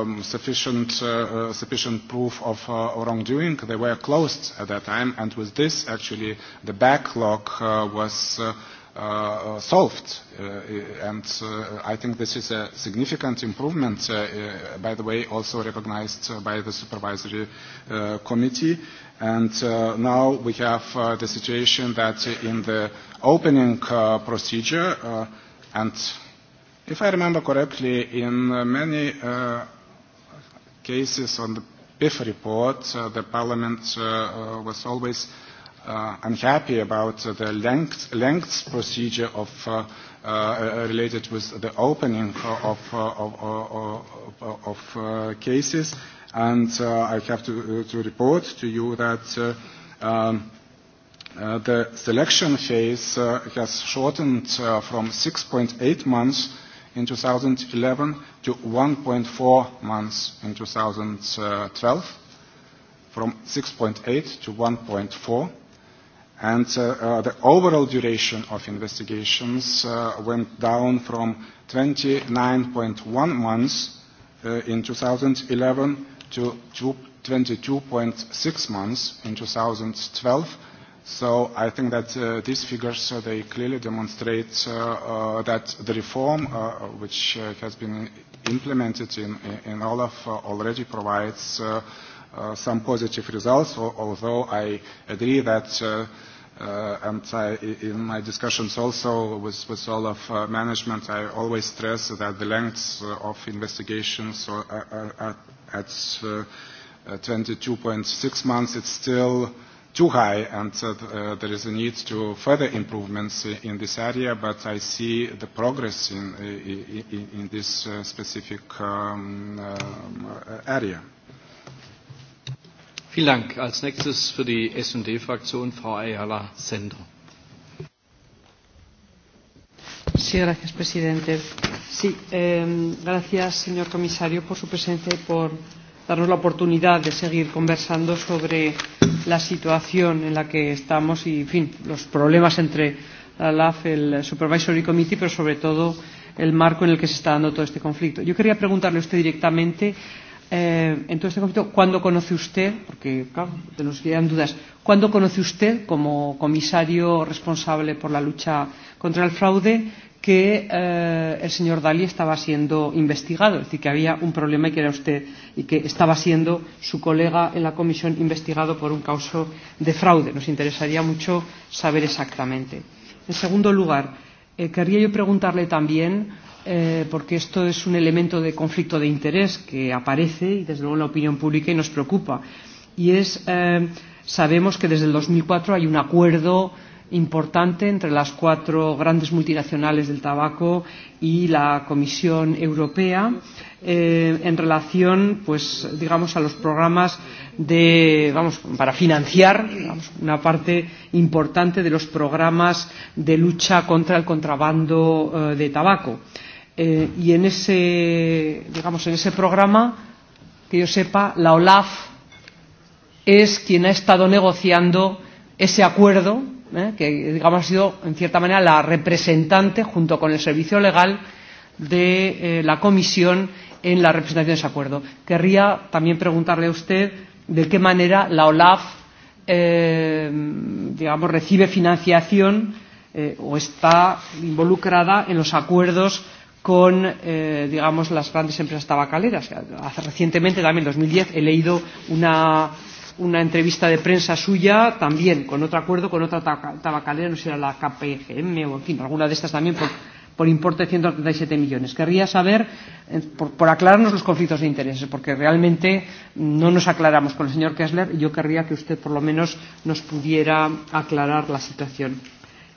um, sufficient, uh, uh, sufficient proof of uh, wrongdoing. They were closed at that time, and with this, actually, the backlog uh, was uh, uh, solved. Uh, and uh, I think this is a significant improvement, uh, uh, by the way, also recognized uh, by the supervisory uh, committee. And uh, now we have uh, the situation that in the opening uh, procedure, uh, and if I remember correctly, in uh, many uh, cases on the PIF report, uh, the Parliament uh, uh, was always uh, unhappy about uh, the length, length procedure of uh, uh, uh related with the opening uh, of, uh, of, of, of, of uh, cases And uh, I have to, uh, to report to you that uh, um, uh, the selection phase uh, has shortened uh, from 6.8 months in 2011 to 1.4 months in 2012, from 6.8 to 1.4. And uh, uh, the overall duration of investigations uh, went down from 29.1 months uh, in 2011 to 22.6 months in 2012. So I think that uh, these figures, uh, they clearly demonstrate uh, uh, that the reform uh, which uh, has been implemented in, in Olaf uh, already provides uh, uh, some positive results, although I agree that uh, Uh, and I, in my discussions also with, with all of uh, management, I always stress that the lengths of investigations are, are, are at uh, 22.6 uh, months, it's still too high and uh, uh, there is a need to further improvements in this area, but I see the progress in, in, in this uh, specific um, uh, area. Vielen Dank. Als nächstes für die S&D-Fraktion Frau Ayala Sender. Sí, gracias, presidente. Sí, eh, gracias, señor comisario, por su presencia y por darnos la oportunidad de seguir conversando sobre la situación en la que estamos y, en fin, los problemas entre la LAF, el Supervisory Committee, pero sobre todo el marco en el que se está dando todo este conflicto. Yo quería preguntarle a usted directamente Eh, en todo este conflicto, ¿cuándo conoce usted, porque claro, de nos quedan dudas, ¿cuándo conoce usted como comisario responsable por la lucha contra el fraude que eh, el señor Dalí estaba siendo investigado? Es decir, que había un problema y que era usted y que estaba siendo su colega en la comisión investigado por un caso de fraude. Nos interesaría mucho saber exactamente. En segundo lugar, Eh, querría yo preguntarle también, eh, porque esto es un elemento de conflicto de interés que aparece y desde luego en la opinión pública y nos preocupa, y es, eh, sabemos que desde el 2004 hay un acuerdo importante entre las cuatro grandes multinacionales del tabaco y la Comisión Europea eh, en relación, pues, digamos, a los programas de, vamos, para financiar digamos, una parte importante de los programas de lucha contra el contrabando eh, de tabaco. Eh, y en ese, digamos, en ese programa, que yo sepa, la OLAF es quien ha estado negociando ese acuerdo ¿eh? que digamos ha sido en cierta manera la representante junto con el servicio legal de eh, la comisión en la representación de ese acuerdo. Querría también preguntarle a usted de qué manera la OLAF eh, digamos, recibe financiación eh, o está involucrada en los acuerdos con eh, digamos, las grandes empresas tabacaleras. Hace, recientemente, también en 2010, he leído una una entrevista de prensa suya también con otro acuerdo con otra tabacalera, no sé, la KPGM o en fin, alguna de estas también por, por importe de 137 millones. Querría saber, eh, por, por aclararnos los conflictos de intereses, porque realmente no nos aclaramos con el señor Kessler y yo querría que usted por lo menos nos pudiera aclarar la situación.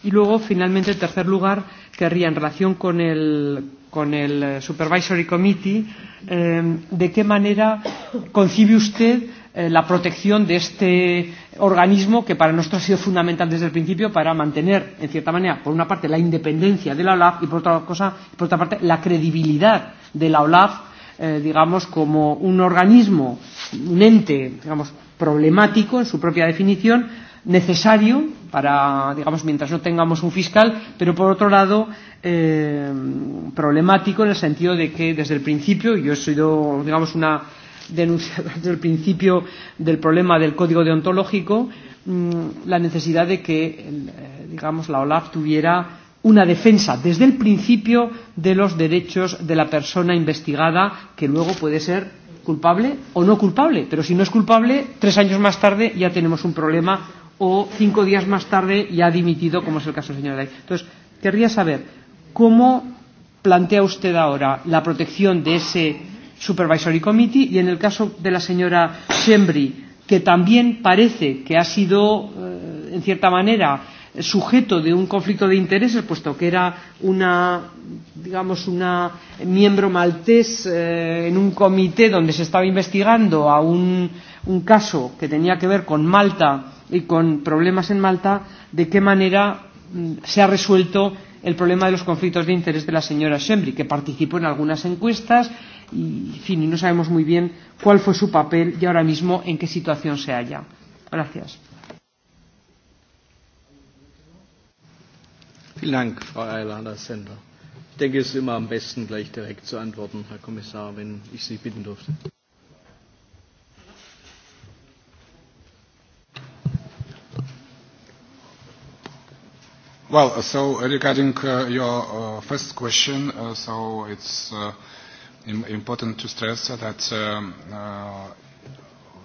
Y luego, finalmente, en tercer lugar, querría, en relación con el, con el eh, Supervisory Committee, eh, de qué manera concibe usted Eh, la protección de este organismo que para nosotros ha sido fundamental desde el principio para mantener, en cierta manera, por una parte la independencia de la OLAF y por otra, cosa, por otra parte la credibilidad de la OLAF, eh, digamos, como un organismo, un ente, digamos, problemático en su propia definición, necesario para, digamos, mientras no tengamos un fiscal, pero por otro lado eh, problemático en el sentido de que desde el principio yo he sido, digamos, una denunciado desde el principio del problema del código deontológico mm, la necesidad de que, eh, digamos, la OLAF tuviera una defensa desde el principio de los derechos de la persona investigada, que luego puede ser culpable o no culpable. Pero si no es culpable, tres años más tarde ya tenemos un problema o cinco días más tarde ya ha dimitido, como es el caso del señor Day. Entonces, querría saber cómo plantea usted ahora la protección de ese Supervisory Committee y en el caso de la señora Sembri, que también parece que ha sido, eh, en cierta manera, sujeto de un conflicto de intereses, puesto que era una, digamos, una miembro maltés eh, en un comité donde se estaba investigando a un, un caso que tenía que ver con Malta y con problemas en Malta, de qué manera mm, se ha resuelto el problema de los conflictos de interés de la señora Shembri, que participó en algunas encuestas, y, en fin, no sabemos muy bien cuál fue su papel y ahora mismo en qué situación se halla. Gracias. Vielen Dank, Frau Eilander-Sender. Ich denke, es ist immer am besten, gleich direkt zu antworten, Herr Kommissar, wenn ich Sie bitten durfte. Well, so regarding uh, your uh, first question, uh, so it's uh, important to stress that um, uh,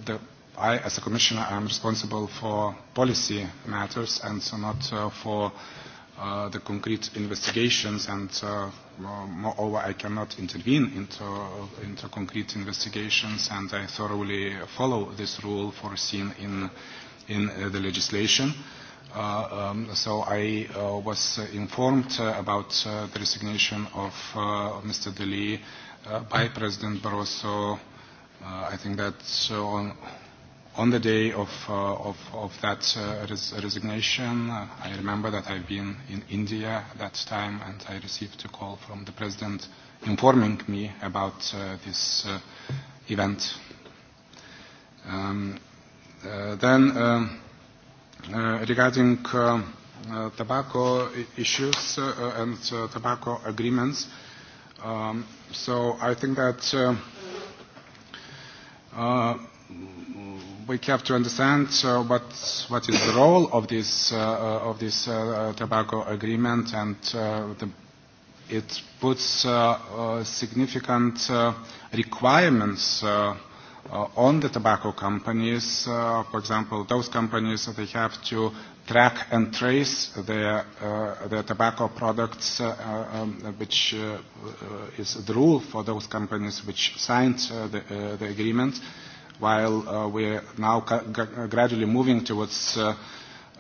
the, I, as a commissioner, am responsible for policy matters and so not uh, for uh, the concrete investigations and uh, moreover I cannot intervene into, into concrete investigations and I thoroughly follow this rule foreseen in, in uh, the legislation. Uh, um, so I uh, was informed uh, about uh, the resignation of uh, Mr. Deli uh, by President Barroso, uh, I think that so uh, on, on the day of, uh, of, of that uh, res resignation, uh, I remember that I've been in India at that time and I received a call from the President informing me about uh, this uh, event. Um, uh, then, uh, uh, regarding uh, uh, tobacco issues uh, and uh, tobacco agreements, um, So I think that uh, uh, we have to understand so what, what is the role of this, uh, uh of this uh, uh, tobacco agreement and uh, the, it puts uh, uh, significant uh, requirements uh, uh, on the tobacco companies. Uh, for example, those companies, they have to track and trace their, uh, their tobacco products, uh, um, which uh, uh, is the rule for those companies which signed uh, the, uh, the agreement, while uh, we are now gradually moving towards uh,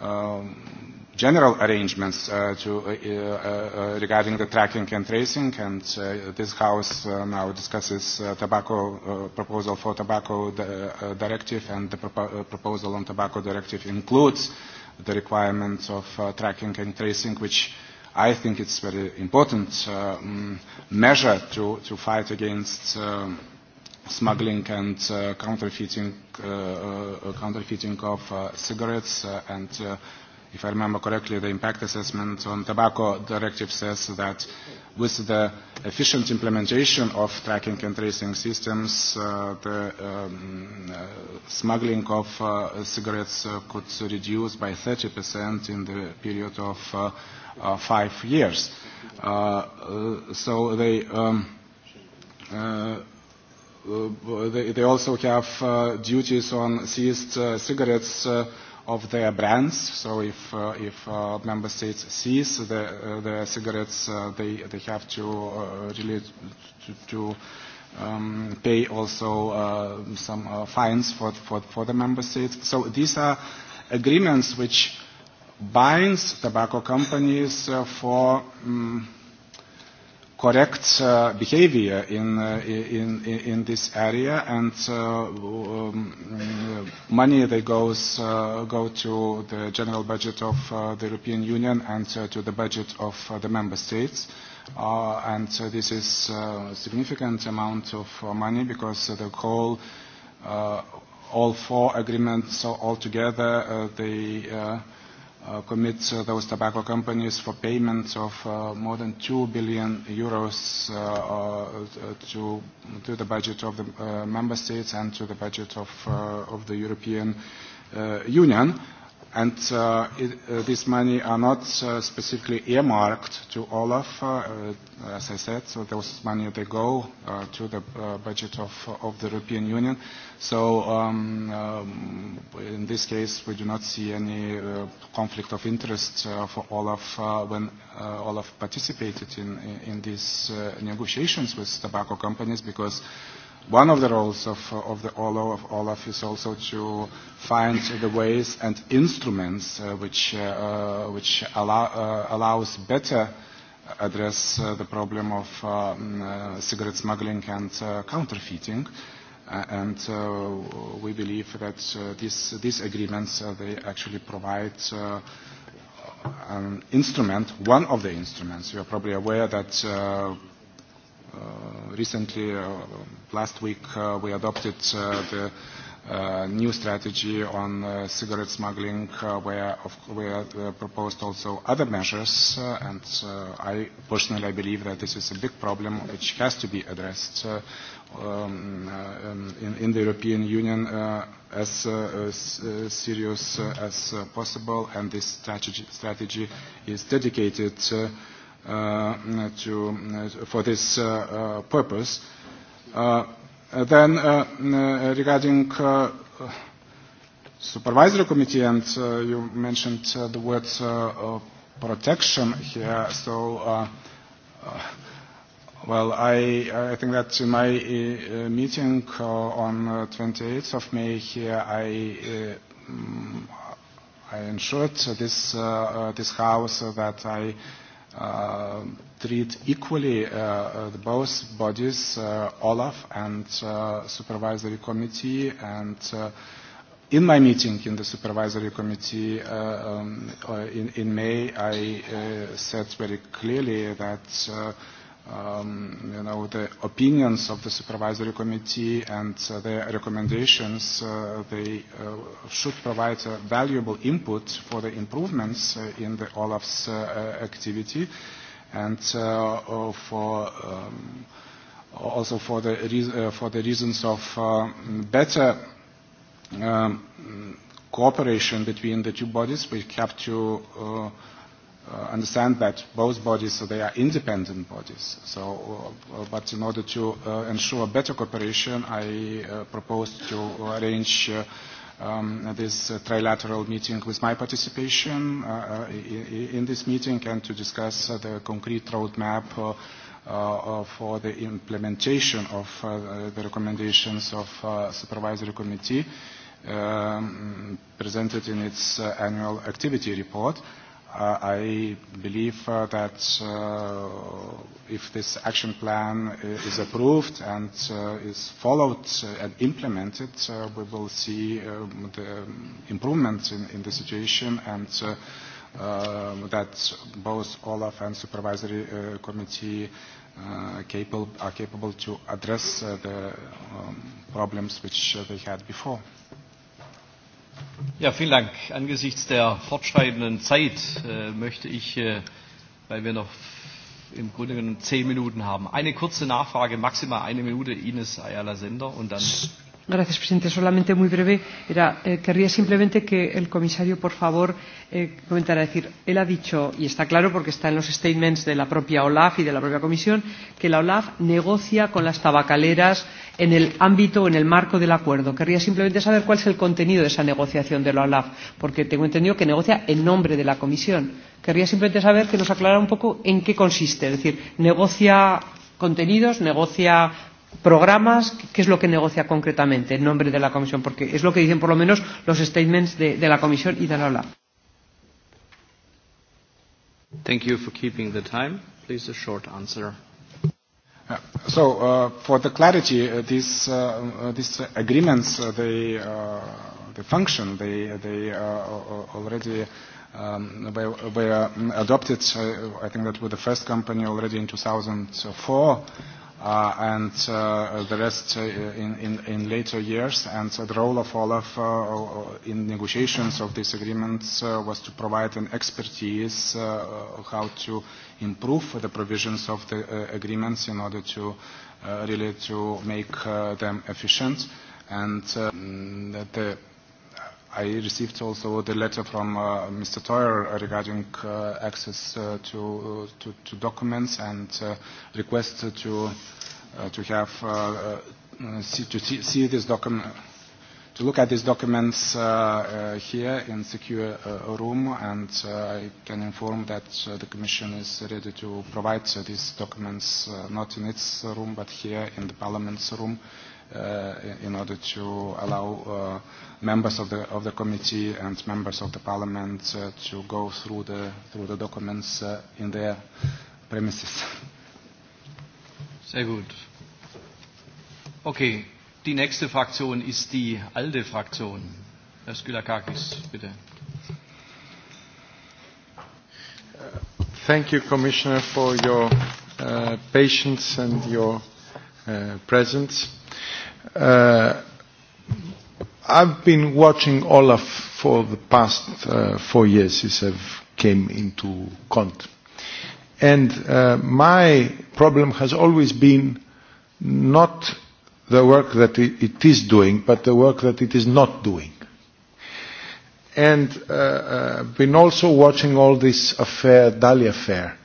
um, general arrangements uh, to, uh, uh, uh, regarding the tracking and tracing, and uh, this House uh, now discusses uh, tobacco uh, proposal for tobacco uh, directive, and the propo uh, proposal on tobacco directive includes the requirements of uh, tracking and tracing, which I think it's very important uh, measure to, to fight against uh, smuggling and uh, counterfeiting, uh, uh, counterfeiting of uh, cigarettes uh, and uh, if I remember correctly, the impact assessment on tobacco directive says that with the efficient implementation of tracking and tracing systems, uh, the um, uh, smuggling of uh, cigarettes uh, could reduce by 30% in the period of uh, uh, five years. Uh, uh, so they... Um, uh, uh, they, they also have uh, duties on seized uh, cigarettes uh, of their brands. So if, uh, if uh, member states seize the, uh, the cigarettes, uh, they, they have to uh, really to, to um, pay also uh, some uh, fines for, for, for the member states. So these are agreements which binds tobacco companies uh, for um, correct uh, behavior in, uh, in, in in this area and uh, um, uh, money that goes uh, go to the general budget of uh, the European Union and uh, to the budget of uh, the member states uh, and uh, this is uh, a significant amount of uh, money because uh, the whole uh, all four agreements so together uh, they uh, commits uh, commit uh, those tobacco companies for payments of uh, more than 2 billion euros uh, uh, to, to the budget of the uh, member states and to the budget of, uh, of the European uh, Union. And uh, it, uh, this money are not uh, specifically earmarked to Olaf. Uh, uh, as I said, so those money they go uh, to the uh, budget of, uh, of the European Union. So um, um, in this case, we do not see any uh, conflict of interest uh, for Olaf uh, when uh, Olaf participated in, in, in these uh, negotiations with tobacco companies because one of the roles of, uh, of the OLAF, of OLAF is also to find the ways and instruments uh, which, uh, uh, which allow, uh, allows better address uh, the problem of um, uh, cigarette smuggling and uh, counterfeiting. Uh, and uh, we believe that uh, this, these agreements, uh, they actually provide uh, an instrument, one of the instruments. You are probably aware that uh, uh, recently, uh, last week, uh, we adopted uh, the uh, new strategy on uh, cigarette smuggling, uh, where, of, where uh, proposed also other measures, uh, and uh, I personally believe that this is a big problem which has to be addressed uh, um, uh, um, in, in the European Union uh, as uh, as, uh, serious uh, as uh, possible, and this strategy, strategy is dedicated uh, uh, to, uh, for this uh, uh, purpose. Uh, uh then uh, uh, regarding uh, uh, supervisory committee, and uh, you mentioned uh, the word uh, uh, protection here, so uh, uh, Well, I, I think that in my uh, meeting uh, on uh, 28th of May here, I, uh, mm, I ensured this, uh, uh, this House that I uh, treat equally uh, uh, both bodies, uh, Olaf and uh, Supervisory Committee. And uh, in my meeting in the Supervisory Committee uh, um, uh in, in May, I uh, said very clearly that uh, um, you know, the opinions of the supervisory committee and uh, their recommendations, uh, they uh, should provide a uh, valuable input for the improvements uh, in the OLAF's uh, uh activity and uh, uh, for um, also for the, uh, for the reasons of uh, better um, cooperation between the two bodies, we have to uh, uh, understand that both bodies, so they are independent bodies. So, uh, uh but in order to uh, ensure better cooperation, I uh, propose to arrange uh, um, this uh, trilateral meeting with my participation uh, uh in, in this meeting and to discuss uh, the concrete roadmap uh, uh, uh, for the implementation of uh, the recommendations of uh, supervisory committee um, presented in its uh, annual activity report. Uh, Uh, I believe uh, that uh, if this action plan uh, is approved and uh, is followed and implemented, uh, we will see um, the improvements in, in the situation and uh, uh, that both Olaf and Supervisory uh, Committee uh, capable, are capable to address uh, the um, problems which uh, they had before. Ja, vielen Dank. Angesichts der fortschreitenden Zeit äh, möchte ich, äh, weil wir noch im Grunde genommen zehn Minuten haben, eine kurze Nachfrage, maximal eine Minute, Ines Ayala-Sender und dann Gracias, presidente. Solamente muy breve. Era, eh, querría simplemente que el comisario, por favor, eh, comentara. Es decir, él ha dicho, y está claro porque está en los statements de la propia OLAF y de la propia Comisión, que la OLAF negocia con las tabacaleras en el ámbito o en el marco del acuerdo. Querría simplemente saber cuál es el contenido de esa negociación de la OLAF, porque tengo entendido que negocia en nombre de la Comisión. Querría simplemente saber que nos aclara un poco en qué consiste. Es decir, negocia contenidos, negocia programas, ¿qué es lo que negocia concretamente en nombre de la Comisión? Porque es lo que dicen por lo menos los statements de, de la Comisión y de la OLAF. Thank you for keeping the time. Please a short answer. Uh, so, uh, for the clarity, uh, these, uh, uh these agreements, uh, they, uh, they function, they, they uh, uh, already um, were, were adopted, uh, I think that with the first company already in 2004 uh, and uh, the rest uh, in, in, in later years. And uh, the role of Olaf uh, uh, in negotiations of these agreements uh, was to provide an expertise uh, uh, how to improve the provisions of the uh, agreements in order to uh, really to make uh, them efficient. And uh, mm, the I received also the letter from uh, Mr. Toyer regarding uh, access uh, to, uh, to, to documents and uh, request to, uh, to have uh, uh, see, to see, see this document to look at these documents uh, uh, here in secure uh, room and uh, I can inform that uh, the Commission is ready to provide uh, these documents uh, not in its room but here in the Parliament's room uh, in order to allow uh, members of the, of the committee and members of the parliament uh, to go through the, through the documents uh, in their premises. Sehr gut. Okay, die nächste Fraktion ist die ALDE-Fraktion. Herr Skylakakis, bitte. Uh, thank you, Commissioner, for your uh, patience and your uh, presence. Uh, I've been watching Olaf for the past uh, four years since I've came into Cont. And uh, my problem has always been not the work that it, it is doing, but the work that it is not doing. And uh, uh, been also watching all this affair, Dali affair.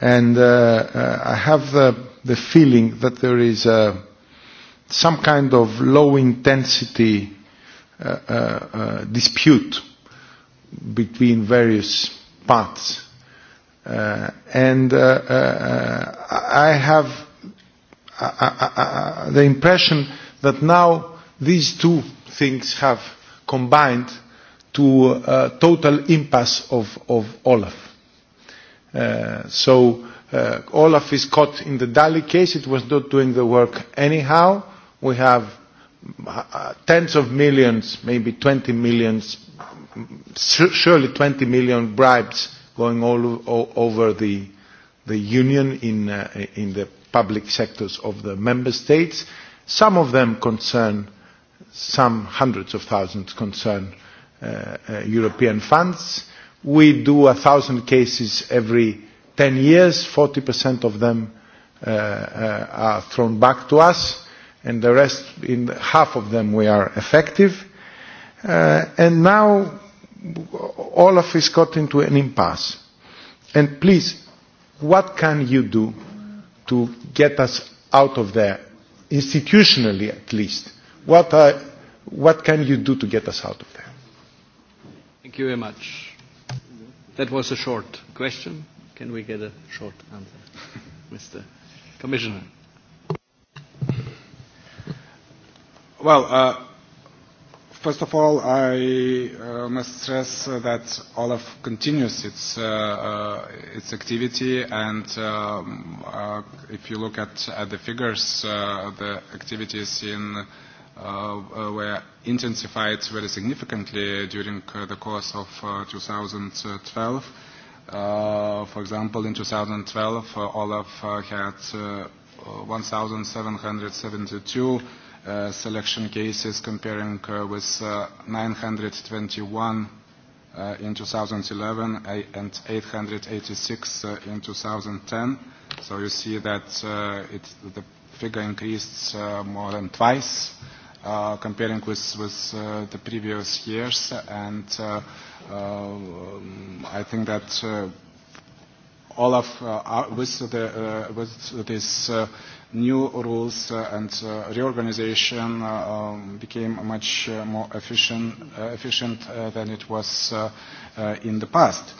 And uh, uh, I have the the feeling that there is a some kind of low-intensity uh, uh, uh, dispute between various parts. Uh, and uh, uh, I have the impression that now these two things have combined to a total impasse of, of Olaf. Uh, so uh, Olaf is caught in the Dali case. It was not doing the work anyhow. We have uh, tens of millions, maybe 20 millions, surely 20 million bribes going all, all over the, the union in, uh, in the public sectors of the member states. Some of them concern, some hundreds of thousands concern uh, uh, European funds. We do a thousand cases every 10 years, 40% of them uh, uh, are thrown back to us, and the rest, in half of them, we are effective. Uh, and now all of us got into an impasse. And please, what can you do to get us out of there, institutionally at least? What, are, what can you do to get us out of there? Thank you very much. That was a short question. Can we get a short answer, Mr. Commissioner? Well, uh, first of all, I uh, must stress uh, that Olaf continues its, uh, uh, its activity, and um, uh, if you look at, at the figures, uh, the activities in uh, uh were intensified very significantly during uh, the course of uh, 2012 Uh, for example, in 2012, uh, Olaf uh, had uh, 1,772 uh, selection cases comparing uh, with uh, 921 uh, in 2011 and 886 uh, in 2010. So you see that uh, it, the figure increased uh, more than twice. Uh, uh, comparing with, with uh, the previous years. And uh, uh, I think that uh, all of uh, uh, with, the, uh, with this uh, new rules uh, and uh, reorganization uh, um, became much uh, more efficient, uh, efficient uh, than it was uh, uh, in the past.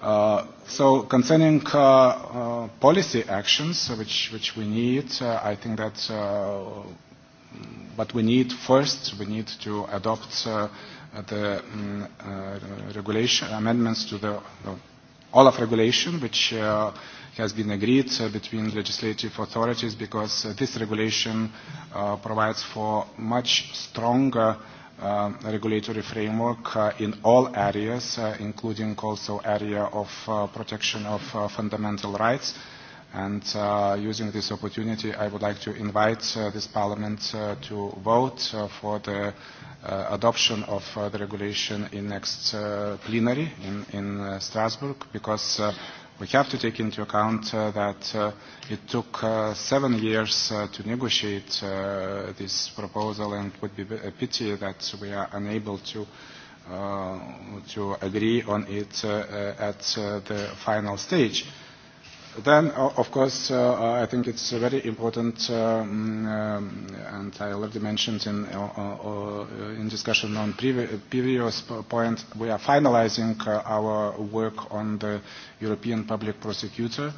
Uh, so concerning uh, uh, policy actions which, which we need, uh, I think that uh, but we need first, we need to adopt uh, the um, uh, regulation amendments to the uh, Olaf regulation, which uh, has been agreed uh, between legislative authorities because uh, this regulation uh, provides for much stronger uh, regulatory framework uh, in all areas, uh, including also area of uh, protection of uh, fundamental rights And uh, using this opportunity, I would like to invite uh, this Parliament uh, to vote uh, for the uh, adoption of uh, the regulation in next uh, plenary in, in uh, Strasbourg, because uh, we have to take into account uh, that uh, it took uh, seven years uh, to negotiate uh, this proposal and it would be a pity that we are unable to, uh, to agree on it uh, uh at uh, the final stage. Then, of course, uh, uh, I think it's very important, um, um, and I already mentioned in, uh, uh, in discussion on previ previous point, we are finalizing uh, our work on the European Public Prosecutor,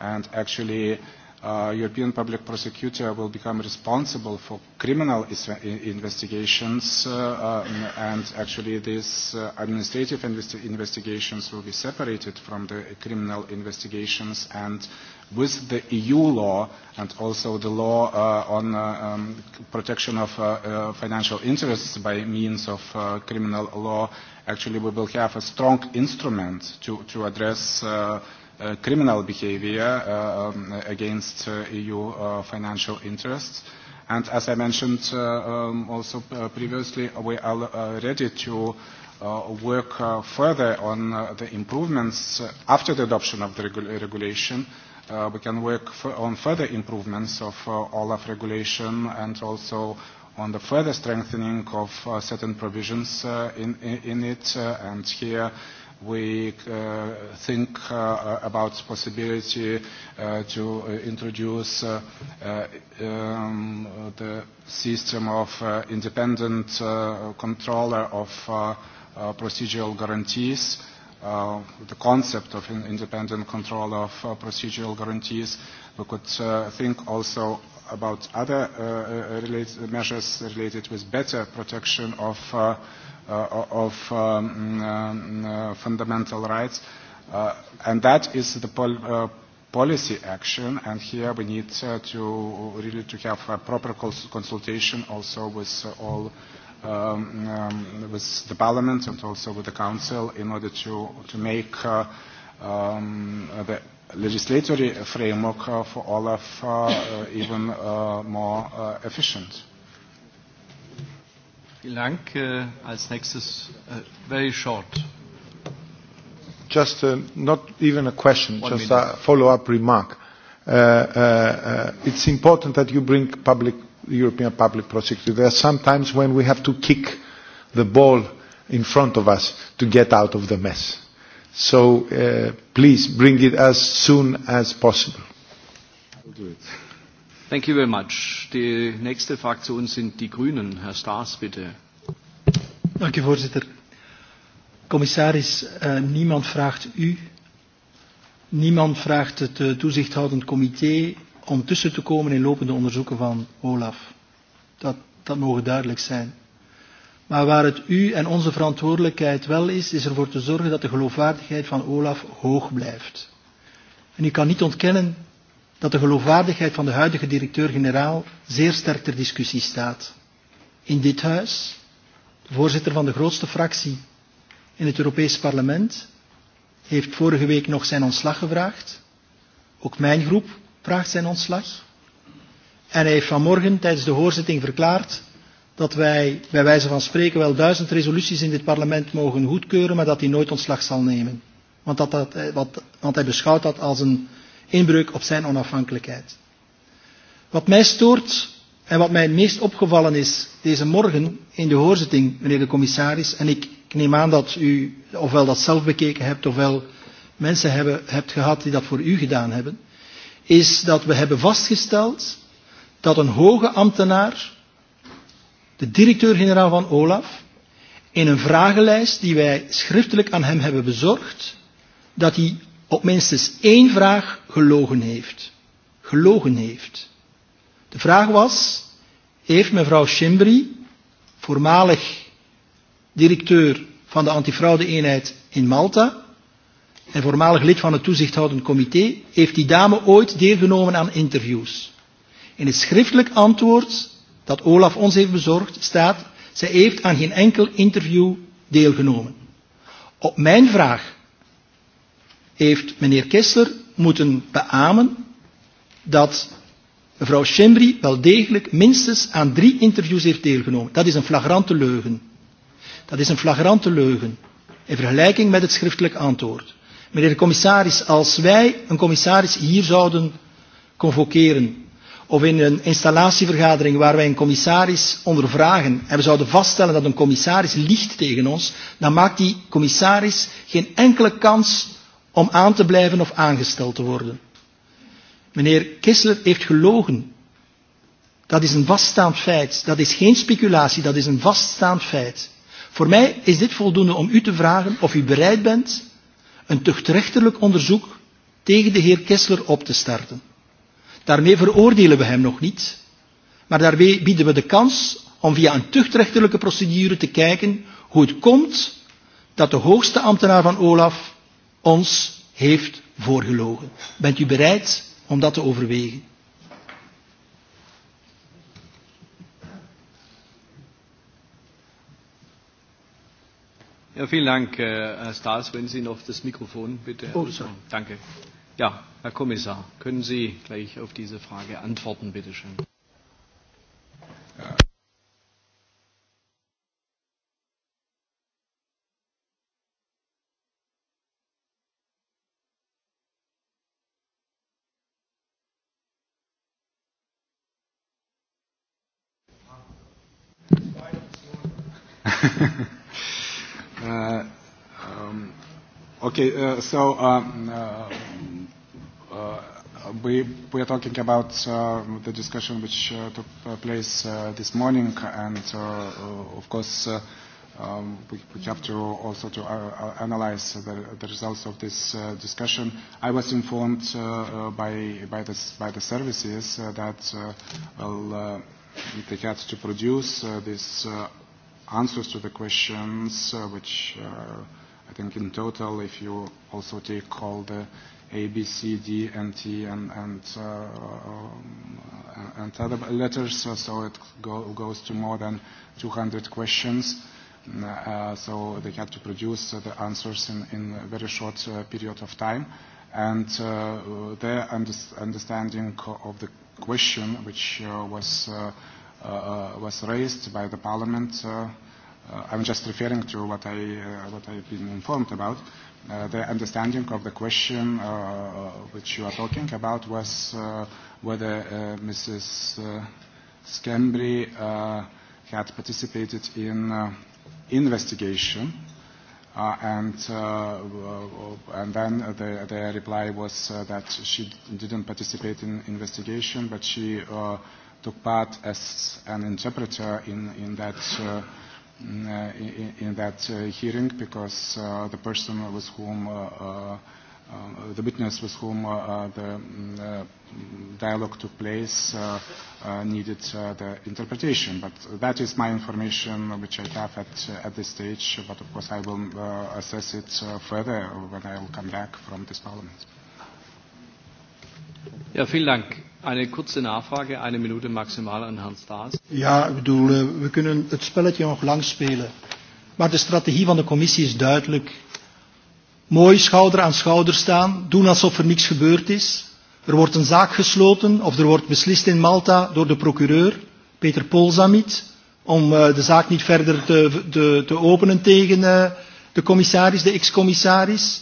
and actually uh, European Public Prosecutor will become responsible for criminal investigations uh, um, and actually these uh, administrative investi investigations will be separated from the criminal investigations and with the EU law and also the law uh, on uh, um, protection of uh, uh, financial interests by means of uh, criminal law, actually we will have a strong instrument to, to address uh, Uh, criminal behavior uh, um, against uh, EU uh, financial interests. And as I mentioned uh, um, also uh, previously, we are uh, ready to uh, work uh, further on uh, the improvements uh, after the adoption of the regu regulation. Uh, we can work on further improvements of uh, OLAF regulation and also on the further strengthening of uh, certain provisions uh, in, in, in it. Uh, and here we uh, think uh, uh about the possibility uh, to uh, introduce uh, uh, um, the system of uh, independent uh, controller of uh, uh, procedural guarantees, uh, the concept of an independent control of uh, procedural guarantees. We could uh, think also about other uh, uh related measures related with better protection of uh, uh, of um, um, uh, fundamental rights. Uh, and that is the pol uh, policy action, and here we need uh, to really to have a proper cons consultation also with uh, all um, um, with the Parliament and also with the Council in order to, to make uh, um, the legislatory framework uh, for all of uh, uh, even uh, more uh, efficient. Vielen Dank. Uh, als nächstes, uh, very short. Just uh, not even a question, One just minute. a follow-up remark. Uh, uh, uh, it's important that you bring public, European public prosecutors. There are some times when we have to kick the ball in front of us to get out of the mess. So uh, please bring it as soon as possible. I'll do it. Thank you very much. Die nächste Fraktion sind die Grünen. Herr Staas, bitte. Dank u, voorzitter. Commissaris, eh, niemand vraagt u, niemand vraagt het uh, toezichthoudend comité om tussen te komen in lopende onderzoeken van Olaf. Dat, dat mogen duidelijk zijn. Maar waar het u en onze verantwoordelijkheid wel is, is ervoor te zorgen dat de geloofwaardigheid van Olaf hoog blijft. En u kan niet ontkennen dat de geloofwaardigheid van de huidige directeur-generaal zeer sterk ter discussie staat. In dit huis, de voorzitter van de grootste fractie in het Europees Parlement, heeft vorige week nog zijn ontslag gevraagd. Ook mijn groep vraagt zijn ontslag. En hij heeft vanmorgen tijdens de hoorzitting verklaard dat wij bij wijze van spreken wel duizend resoluties in dit parlement mogen goedkeuren, maar dat hij nooit ontslag zal nemen. Want, dat, dat, eh, wat, want hij beschouwt dat als een inbreuk op zijn onafhankelijkheid. Wat mij stoort en wat mij het meest opgevallen is deze morgen in de hoorzitting, meneer de commissaris, en ik, ik neem aan dat u ofwel dat zelf bekeken hebt ofwel mensen hebben, hebt gehad die dat voor u gedaan hebben, is dat we hebben vastgesteld dat een hoge ambtenaar, de directeur-generaal van OLAF, in een vragenlijst die wij schriftelijk aan hem hebben bezorgd, dat hij op minstens één vraag gelogen heeft. Gelogen heeft. De vraag was, heeft mevrouw Schimbri, voormalig directeur van de antifraude-eenheid in Malta en voormalig lid van het toezichthoudend comité, heeft die dame ooit deelgenomen aan interviews. In het schriftelijk antwoord dat Olaf ons heeft bezorgd staat, zij heeft aan geen enkel interview deelgenomen. Op mijn vraag heeft meneer Kessler moeten beamen dat mevrouw Schembri wel degelijk minstens aan drie interviews heeft deelgenomen. Dat is een flagrante leugen. Dat is een flagrante leugen in vergelijking met het schriftelijk antwoord. Meneer de commissaris, als wij een commissaris hier zouden convoceren of in een installatievergadering waar wij een commissaris ondervragen en we zouden vaststellen dat een commissaris liegt tegen ons, dan maakt die commissaris geen enkele kans om aan te blijven of aangesteld te worden. Meneer Kessler heeft gelogen. Dat is een vaststaand feit. Dat is geen speculatie, dat is een vaststaand feit. Voor mij is dit voldoende om u te vragen of u bereid bent een tuchtrechterlijk onderzoek tegen de heer Kessler op te starten. Daarmee veroordelen we hem nog niet, maar daarmee bieden we de kans om via een tuchtrechterlijke procedure te kijken hoe het komt dat de hoogste ambtenaar van Olaf ons heeft voorgelogen. Bent u bereid om dat te overwegen? Ja, vielen Dank, eh, Herr Staes. Wenn Sie noch das Mikrofon bitte. Oh, sorry. Danke. Ja, Herr Kommissar, können Sie gleich auf diese Frage antworten, bitte schön. Ja. Uh, um, okay, uh, so um, uh, uh, we, we are talking about uh, the discussion which uh, took uh, place uh, this morning, and uh, uh, of course. Uh, um, we, we have to also to uh, analyze the, the results of this uh, discussion. I was informed uh, uh by, by, this, by the services uh, that uh, well, uh, they had to produce uh, this uh, answers to the questions, uh, which uh, I think in total, if you also take all the A, B, C, D, and T, and, and, uh, um, and other letters, uh, so it go, goes to more than 200 questions. Uh, so they had to produce uh, the answers in, in a very short uh, period of time. And uh, their under understanding of the question, which uh, was uh, Uh, uh, was raised by the Parliament. Uh, uh, I'm just referring to what, I, uh, what I've been informed about. Uh, the understanding of the question uh, which you are talking about was uh, whether uh, Mrs. Uh, Scambri uh, had participated in uh, investigation uh, and, uh, uh, and then the, the reply was uh, that she didn't participate in investigation but she uh, took part as an interpreter in, in that, uh, mm, uh, in, in that uh, hearing because uh, the person with whom uh, uh, Uh, the witness with whom uh, uh the mm, uh, dialogue took place uh, uh, needed uh, the interpretation. But that is my information which I have at, uh, at this stage. But of course I will uh, assess it uh, further when I will come back from this parliament. Ja, vielen Dank. Eine kurze Nachfrage, eine Minute maximal an Herrn Staes. Ja, ik bedoel, eh, we kunnen het spelletje nog lang spelen. Maar de strategie van de commissie is duidelijk. Mooi schouder aan schouder staan, doen alsof er niks gebeurd is. Er wordt een zaak gesloten of er wordt beslist in Malta door de procureur, Peter Polzamit, om eh, de zaak niet verder te, te, te openen tegen eh, de commissaris, de ex-commissaris.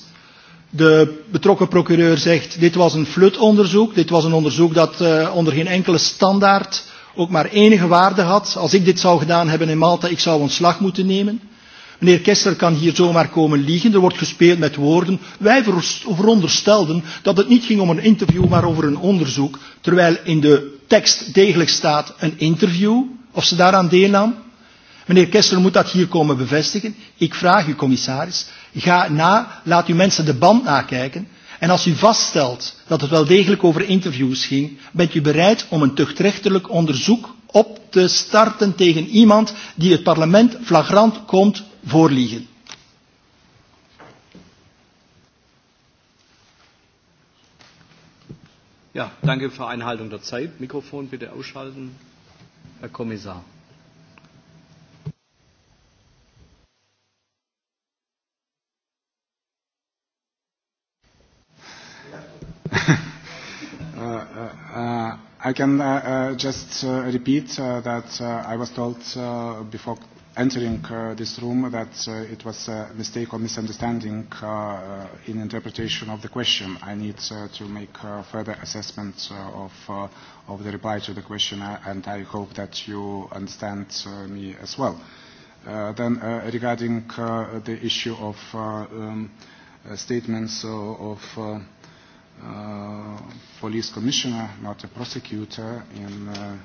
De betrokken procureur zegt, dit was een flutonderzoek, dit was een onderzoek dat uh, onder geen enkele standaard ook maar enige waarde had. Als ik dit zou gedaan hebben in Malta, ik zou ontslag moeten nemen. Meneer Kessler kan hier zomaar komen liegen, er wordt gespeeld met woorden. Wij veronderstelden dat het niet ging om een interview, maar over een onderzoek, terwijl in de tekst degelijk staat een interview, of ze daaraan deelnam. Meneer Kessler moet dat hier komen bevestigen. Ik vraag u, commissaris, ga na, laat u mensen de band nakijken. En als u vaststelt dat het wel degelijk over interviews ging, bent u bereid om een tuchtrechtelijk onderzoek op te starten tegen iemand die het parlement flagrant komt voorliegen. Ja, danke für Einhaltung der Zeit. Mikrofon bitte ausschalten. Herr Kommissar. Uh, uh, uh, I can uh, uh, just uh, repeat uh, that uh, I was told uh, before entering uh, this room that uh, it was a mistake or misunderstanding uh, uh, in interpretation of the question. I need uh, to make uh, further assessment uh, of, uh, of the reply to the question uh, and I hope that you understand uh, me as well. Uh, then uh, regarding uh, the issue of uh, um, uh, statements uh, of uh, uh, police commissioner, not a prosecutor in, uh,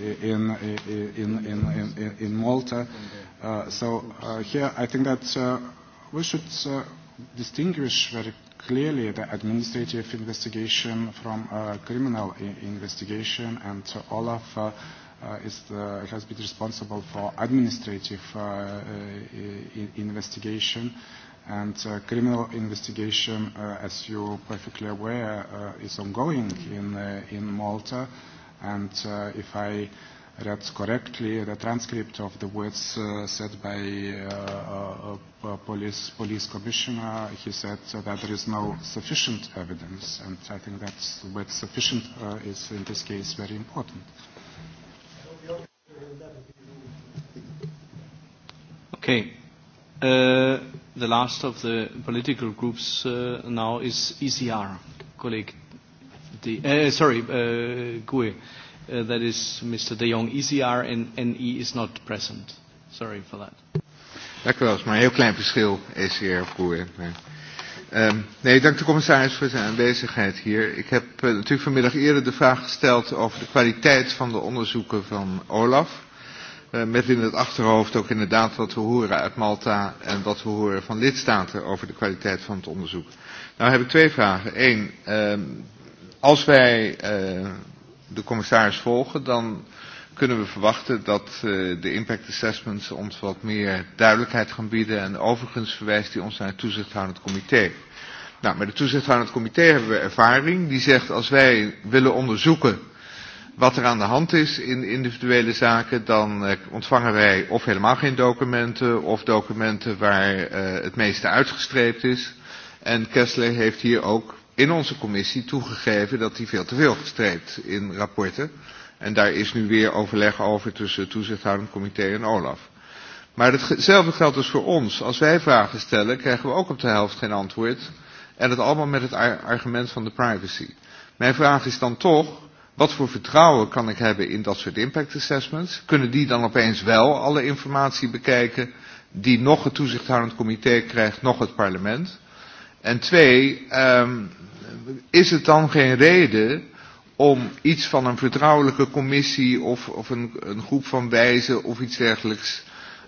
in, in, in, in, in, in Malta. Uh, so uh, here I think that uh, we should uh, distinguish very clearly the administrative investigation from uh, criminal I investigation and uh, Olaf uh, uh, is, uh, has been responsible for administrative uh, uh, investigation And uh, criminal investigation, uh, as you're perfectly aware, uh, is ongoing in, uh, in Malta. And uh, if I read correctly the transcript of the words uh, said by uh, uh, police, police commissioner, he said that there is no sufficient evidence. And I think that's the word sufficient uh, is in this case very important. Okay. Uh, the last of the political groups uh, now is ECR, colleague. De, uh, sorry, uh, GUE. Uh, that is Mr. De Jong. ECR and NE is not present. Sorry for that. Dank u wel, maar een heel klein verschil, ECR of GUE. Um, ehm, nee, dank de commissaris voor zijn aanwezigheid hier. Ik heb uh, natuurlijk vanmiddag eerder de vraag gesteld over de kwaliteit van de onderzoeken van OLAF. Eh, met in het achterhoofd ook inderdaad wat we horen uit Malta en wat we horen van lidstaten over de kwaliteit van het onderzoek. Nou heb ik twee vragen. Eén, eh, als wij eh, de commissaris volgen, dan kunnen we verwachten dat eh, de impact assessments ons wat meer duidelijkheid gaan bieden. En overigens verwijst hij ons naar het toezichthoudend comité. Nou, met het toezichthoudend comité hebben we ervaring. Die zegt als wij willen onderzoeken wat er aan de hand is in individuele zaken, dan uh, ontvangen wij of helemaal geen documenten of documenten waar uh, het meeste uitgestreept is. En Kessler heeft hier ook in onze commissie toegegeven dat hij veel te veel gestreept in rapporten. En daar is nu weer overleg over tussen het toezichthoudend comité en OLAF. Maar hetzelfde geldt dus voor ons. Als wij vragen stellen, krijgen we ook op de helft geen antwoord. En dat allemaal met het argument van de privacy. Mijn vraag is dan toch, Wat voor vertrouwen kan ik hebben in dat soort impact assessments? Kunnen die dan opeens wel alle informatie bekijken die nog het toezichthoudend comité krijgt, nog het parlement? En twee, um, is het dan geen reden om iets van een vertrouwelijke commissie of, of een, een groep van wijzen of iets dergelijks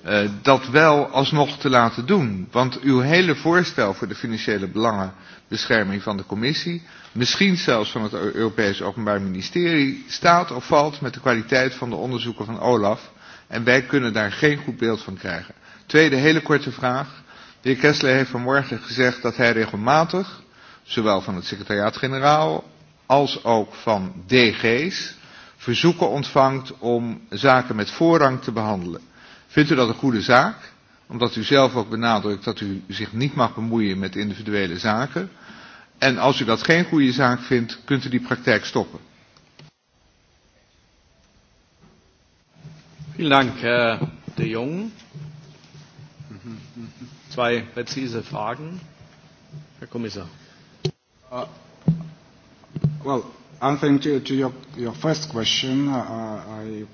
uh, dat wel alsnog te laten doen? Want uw hele voorstel voor de financiële belangen bescherming van de commissie, misschien zelfs van het Europees Openbaar Ministerie, staat of valt met de kwaliteit van de onderzoeken van Olaf en wij kunnen daar geen goed beeld van krijgen. Tweede hele korte vraag. De heer Kessler heeft vanmorgen gezegd dat hij regelmatig, zowel van het secretariaat-generaal als ook van DG's, verzoeken ontvangt om zaken met voorrang te behandelen. Vindt u dat een goede zaak? omdat u zelf ook benadrukt dat u zich niet mag bemoeien met individuele zaken. En als u dat geen goede zaak vindt, kunt u die praktijk stoppen. Vielen Dank, uh, de Jong. Zwei precieze vragen. Herr Kommissar. Uh, well, answering to, to your, your first question, uh, I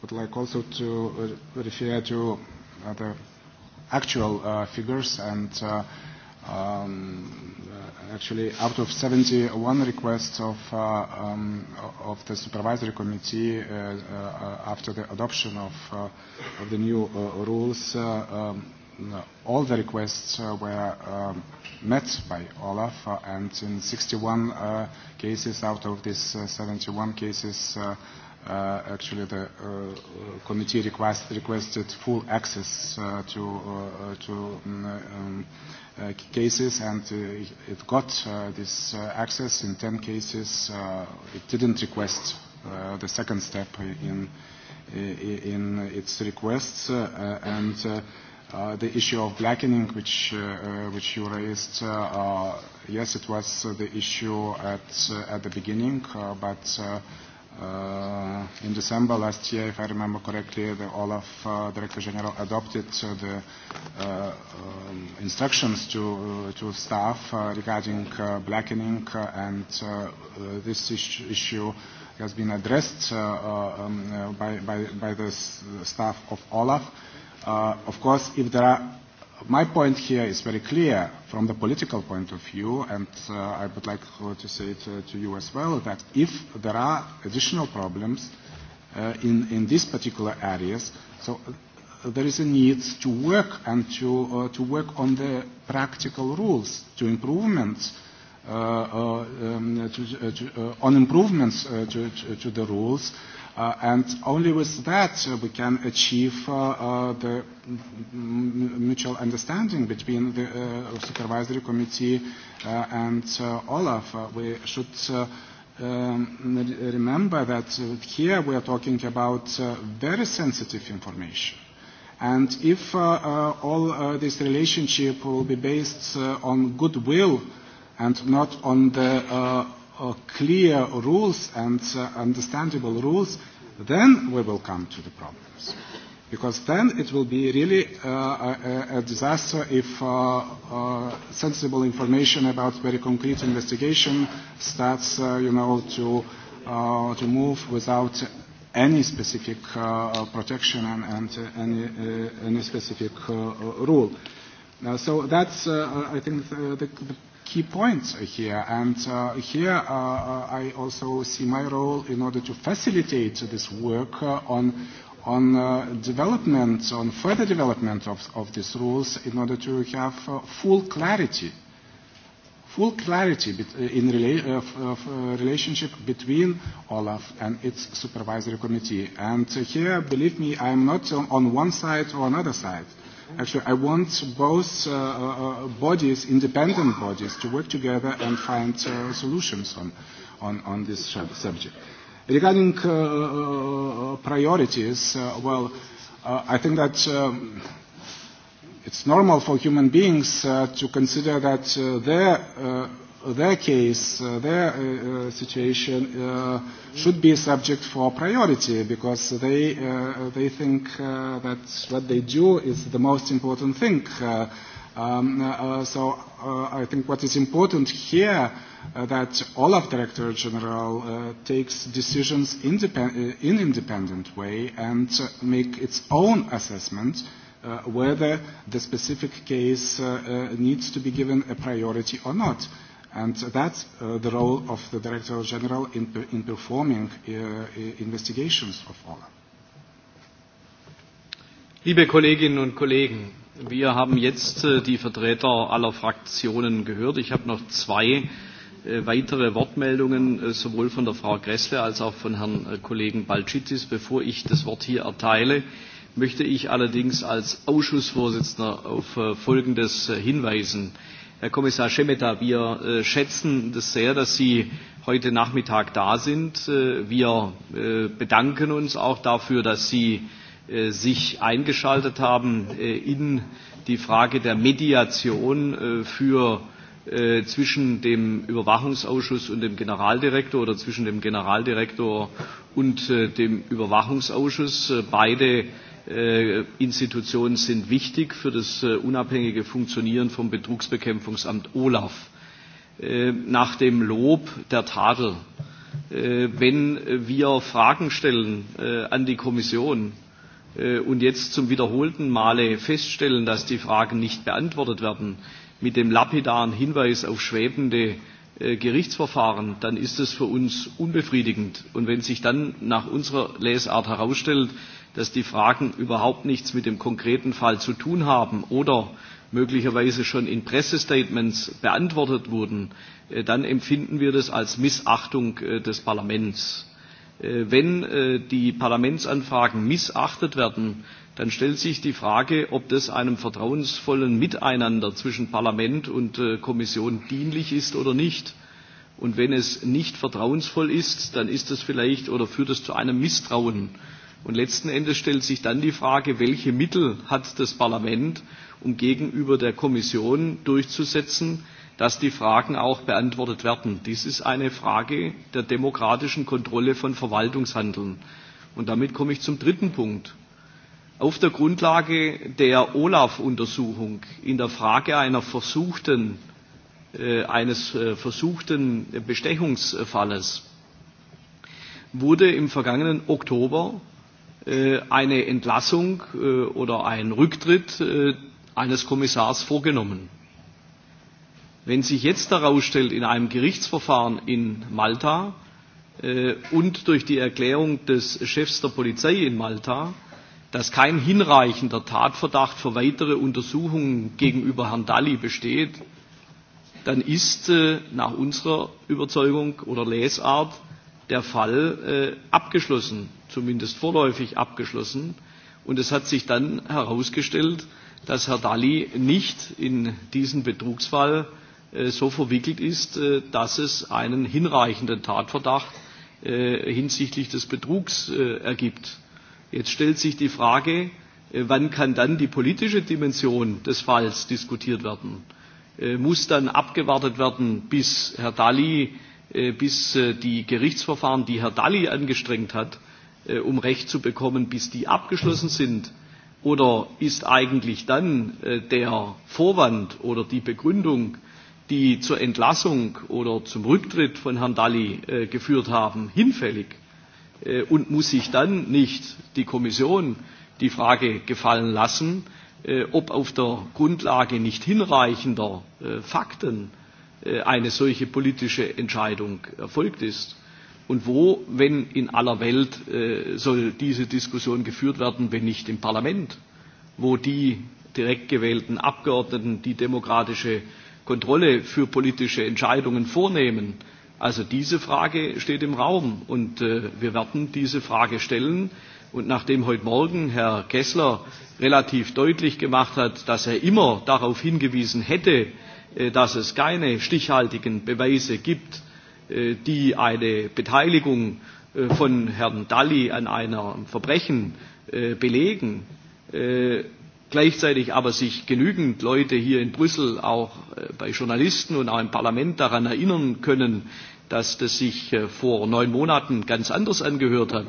would like also to uh, refer to uh, the actual uh, figures and uh, um, uh, actually out of 71 requests of, uh, um, of the supervisory committee uh, uh, after the adoption of, uh, of the new uh, rules, uh, um, all the requests uh, were um, met by Olaf uh, and in 61 uh, cases out of these uh, 71 cases uh, uh, actually the uh, uh, committee request, requested full access uh, to, uh, uh to um, um, uh, cases and uh, it got uh, this uh, access in 10 cases. Uh, it didn't request uh, the second step in, in its requests uh, uh, and uh, Uh, the issue of blackening, which, uh, which you raised, uh, uh, yes, it was uh, the issue at, uh, at the beginning, uh, but uh, Uh, in December last year, if I remember correctly, the Olaf uh, Director General adopted uh, the uh, um, instructions to, uh, to staff uh, regarding uh, blackening, uh, and uh, uh, this is issue has been addressed uh, uh um, uh, by, by, by the staff of Olaf. Uh, of course, if there are my point here is very clear from the political point of view, and uh, I would like to say it uh, to you as well, that if there are additional problems uh, in, in these particular areas, so uh, there is a need to work and to, uh, to work on the practical rules to improvements, uh, uh, um, to, uh, to, uh, on improvements uh, to, to, to the rules, uh, Uh, and only with that uh, we can achieve uh, uh, the mutual understanding between the uh, supervisory committee uh, and uh, Olaf. Uh, we should uh, um, remember that uh, here we are talking about uh, very sensitive information. And if uh, uh, all uh, this relationship will be based uh, on goodwill and not on the uh, uh, clear rules and uh, understandable rules, then we will come to the problems. Because then it will be really uh, a, a disaster if uh, uh, sensible information about very concrete investigation starts, uh, you know, to, uh, to move without any specific uh, protection and, and uh, any, uh, any specific uh, rule. Uh, so that's, uh, I think, uh, the, the, key points here. And uh, here uh, uh, I also see my role in order to facilitate this work uh, on on uh, development, on further development of, of these rules in order to have uh, full clarity, full clarity bet uh, in rela uh, of, uh, uh, relationship between Olaf and its supervisory committee. And uh, here, believe me, I'm not on, on one side or another side. Actually, I want both uh, uh, bodies, independent bodies, to work together and find uh, solutions on, on, on this subject. Regarding uh, uh, priorities, uh, well, uh, I think that um, it's normal for human beings uh, to consider that uh, their uh, Uh, their case, uh, their uh, uh, situation uh, should be subject for priority because they, uh, they think uh, that what they do is the most important thing. Uh, um, uh, so uh, I think what is important here uh, that Olaf Director General uh, takes decisions independ uh, in independent way and uh, make its own assessment uh, whether the specific case uh, uh, needs to be given a priority or not. And that's uh, the role of the Director General in, uh, in performing uh, uh investigations of all. Liebe Kolleginnen und Kollegen, wir haben jetzt äh, die Vertreter aller Fraktionen gehört. Ich habe noch zwei äh, weitere Wortmeldungen, äh, sowohl von der Frau Gressle als auch von Herrn äh, Kollegen Balcitis. Bevor ich das Wort hier erteile, möchte ich allerdings als Ausschussvorsitzender auf äh, Folgendes äh, hinweisen. Herr Kommissar Schemeta, wir äh, schätzen das sehr, dass Sie heute Nachmittag da sind. Äh, wir äh, bedanken uns auch dafür, dass Sie sich eingeschaltet haben in die Frage der Mediation für zwischen dem Überwachungsausschuss und dem Generaldirektor oder zwischen dem Generaldirektor und dem Überwachungsausschuss. Äh, beide Äh, Institutionen sind wichtig für das äh, unabhängige Funktionieren vom Betrugsbekämpfungsamt Olaf. Äh, nach dem Lob der Tadel. Wenn wir Fragen stellen an die Kommission, und jetzt zum wiederholten Male feststellen, dass die Fragen nicht beantwortet werden, mit dem lapidaren Hinweis auf schwebende äh, Gerichtsverfahren, dann ist es für uns unbefriedigend. Und wenn sich dann nach unserer Lesart herausstellt, dass die Fragen überhaupt nichts mit dem konkreten Fall zu tun haben oder möglicherweise schon in Pressestatements beantwortet wurden, äh, dann empfinden wir das als Missachtung äh, des Parlaments. Äh, wenn die Parlamentsanfragen missachtet werden, dann stellt sich die Frage, ob das einem vertrauensvollen Miteinander zwischen Parlament und Kommission dienlich ist oder nicht. Und wenn es nicht vertrauensvoll ist, dann ist es vielleicht oder führt es zu einem Misstrauen Und letzten Endes stellt sich dann die Frage, welche Mittel hat das Parlament, um gegenüber der Kommission durchzusetzen, dass die Fragen auch beantwortet werden. Dies ist eine Frage der demokratischen Kontrolle von Verwaltungshandeln. Und damit komme ich zum dritten Punkt. Auf der Grundlage der Olaf-Untersuchung in der Frage einer versuchten, äh, eines äh, versuchten Bestechungsfalles wurde im vergangenen Oktober Äh, eine Entlassung äh, oder einen Rücktritt äh, eines Kommissars vorgenommen. Wenn sich jetzt stellt in einem Gerichtsverfahren in Malta und durch die Erklärung des Chefs der Polizei in Malta, dass kein hinreichender Tatverdacht für weitere Untersuchungen gegenüber Herrn Dalli besteht, dann ist nach unserer Überzeugung oder Lesart der Fall abgeschlossen zumindest vorläufig abgeschlossen. Und es hat sich dann herausgestellt, dass Herr Dali nicht in diesen Betrugsfall äh, so verwickelt ist, äh, dass es einen hinreichenden Tatverdacht äh, hinsichtlich des Betrugs ergibt. Jetzt stellt sich die Frage, wann kann dann die politische Dimension des Falls diskutiert werden? Muss dann abgewartet werden, bis Herr Dali, bis die Gerichtsverfahren, die Herr Dali angestrengt hat, Äh, um Recht zu bekommen, bis die abgeschlossen sind? Oder ist eigentlich dann äh, der Vorwand oder die Begründung, die zur Entlassung oder zum Rücktritt von Herrn Dalli äh, geführt haben, hinfällig? und muss sich dann nicht die Kommission die Frage gefallen lassen, ob auf der Grundlage nicht hinreichender Fakten eine solche politische Entscheidung erfolgt ist? und wo, wenn in aller Welt, äh, soll diese Diskussion geführt werden, wenn nicht im Parlament, wo die direkt gewählten Abgeordneten die demokratische Kontrolle für politische Entscheidungen vornehmen. Also diese Frage steht im Raum und äh, wir werden diese Frage stellen. Und nachdem heute Morgen Herr Kessler relativ deutlich gemacht hat, dass er immer darauf hingewiesen hätte, äh, dass es keine stichhaltigen Beweise gibt, Äh, die eine Beteiligung äh, von Herrn Dalli an einem Verbrechen äh, belegen, gleichzeitig aber sich genügend Leute hier in Brüssel, auch bei Journalisten und auch im Parlament daran erinnern können, dass das sich vor neun Monaten ganz anders angehört hat,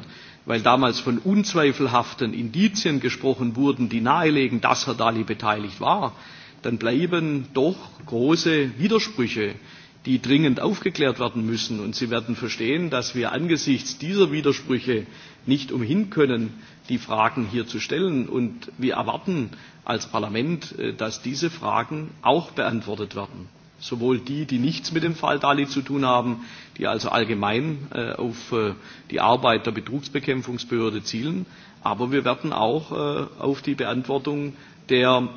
weil damals von unzweifelhaften Indizien gesprochen wurden, die nahelegen, dass Herr Dali beteiligt war, dann bleiben doch große Widersprüche die dringend aufgeklärt werden müssen. Und Sie werden verstehen, dass wir angesichts dieser Widersprüche nicht umhin können, die Fragen hier zu stellen. Und wir erwarten als Parlament, äh, dass diese Fragen auch beantwortet werden. Sowohl die, die nichts mit dem Fall Dali zu tun haben, die also allgemein äh, auf äh, die Arbeit der Betrugsbekämpfungsbehörde zielen, aber wir werden auch auf die Beantwortung der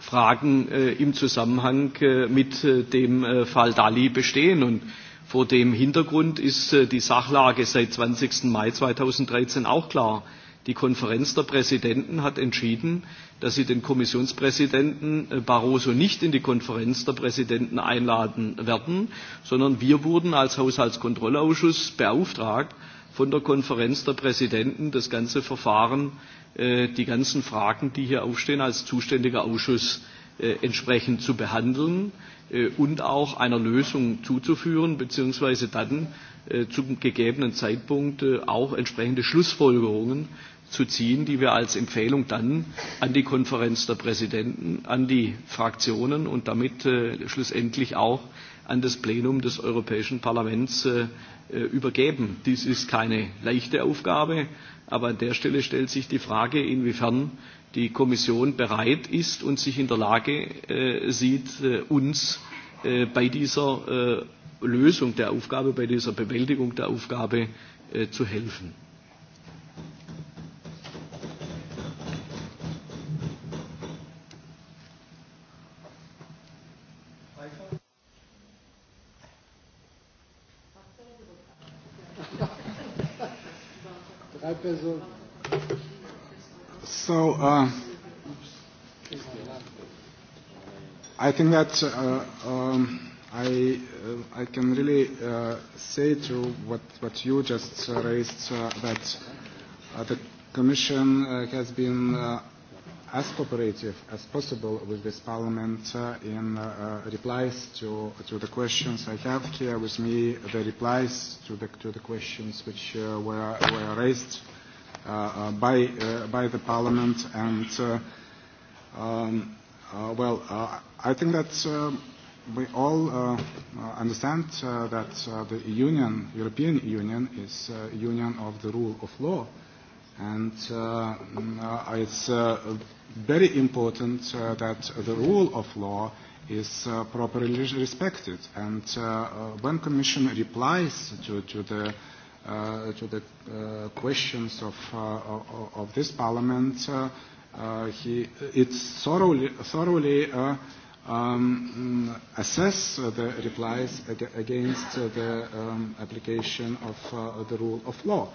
Fragen äh, im Zusammenhang äh, mit äh, dem äh, Fall Dali bestehen. Und vor dem Hintergrund ist äh, die Sachlage seit 20. Mai 2013 auch klar. Die Konferenz der Präsidenten hat entschieden, dass sie den Kommissionspräsidenten äh, Barroso nicht in die Konferenz der Präsidenten einladen werden, sondern wir wurden als Haushaltskontrollausschuss beauftragt, von der Konferenz der Präsidenten das ganze Verfahren, äh, die ganzen Fragen, die hier aufstehen, als zuständiger Ausschuss äh, entsprechend zu behandeln äh, und auch einer Lösung zuzuführen, beziehungsweise dann äh, zum gegebenen Zeitpunkt äh, auch entsprechende Schlussfolgerungen zu ziehen, die wir als Empfehlung dann an die Konferenz der Präsidenten, an die Fraktionen und damit äh, schlussendlich auch an das Plenum des Europäischen Parlaments äh, Äh, übergeben. Dies ist keine leichte Aufgabe, aber an der Stelle stellt sich die Frage, inwiefern die Kommission bereit ist und sich in der Lage äh, sieht, äh, uns bei dieser Lösung der Aufgabe, bei dieser Bewältigung der Aufgabe zu helfen. So, uh, I think that uh, um, I, uh, I can really uh, say to what, what you just uh, raised uh, that uh, the Commission uh, has been uh, as cooperative as possible with this Parliament uh, in uh, uh, replies to, to the questions I have here with me, the replies to the, to the questions which uh, were, were raised. Uh, uh, by, uh, by the Parliament. And, uh, um, uh, well, uh, I think that uh, we all uh, uh understand uh, that uh, the Union, European Union, is uh, a uh, union of the rule of law. And uh, it's uh, very important uh, that the rule of law is uh, properly respected. And uh, when Commission replies to, to the uh, to the uh, questions of, uh, of this parliament, uh, uh, he, it thoroughly, thoroughly uh, um, mm, assess the replies ag against the um, application of uh, the rule of law.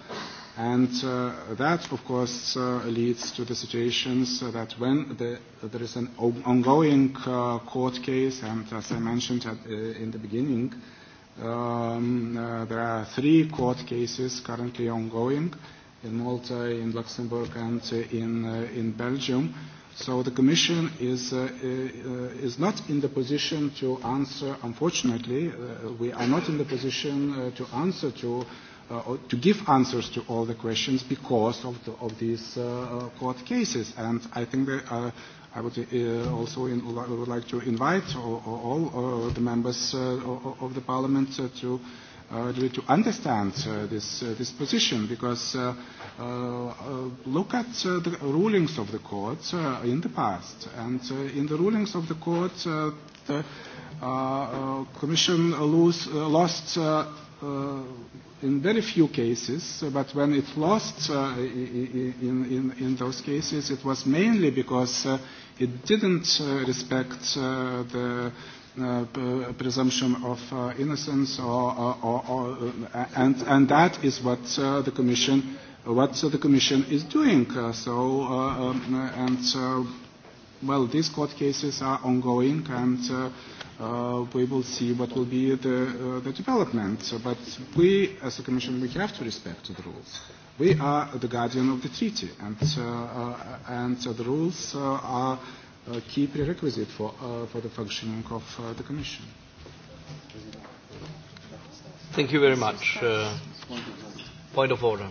And uh, that, of course, uh, leads to the situations that when the, there is an ongoing uh, court case, and as I mentioned at, uh, in the beginning, uh, Um, uh, there are three court cases currently ongoing in Malta, in Luxembourg, and uh, in, uh, in Belgium. So the Commission is, uh, uh, is not in the position to answer, unfortunately, uh, we are not in the position uh, to answer to, uh, or to give answers to all the questions because of, the, of these uh, court cases. And I think that, uh I would uh, also in, would like to invite all, all, uh, all the members uh, of the parliament uh, to, uh, to understand uh, this, uh, this position because uh, uh, look at uh, the rulings of the court uh, in the past and uh, in the rulings of the court uh, the uh, uh, commission lose, uh, lost uh, uh, in very few cases, but when it lost uh, in, in, in those cases, it was mainly because uh, It didn't uh, respect uh, the uh, presumption of uh, innocence or, uh, or, or, or uh, and, and that is what uh, the Commission what uh, the Commission is doing. Uh, so, uh, um, and, uh, well, these court cases are ongoing, and uh, uh, we will see what will be the, uh, the development. But we, as a Commission, we have to respect the rules. We are the guardian of the treaty, and, uh, uh, and uh, the rules uh, are a uh, key prerequisite for, uh, for the functioning of uh, the Commission. Thank you very much. Uh, point of order.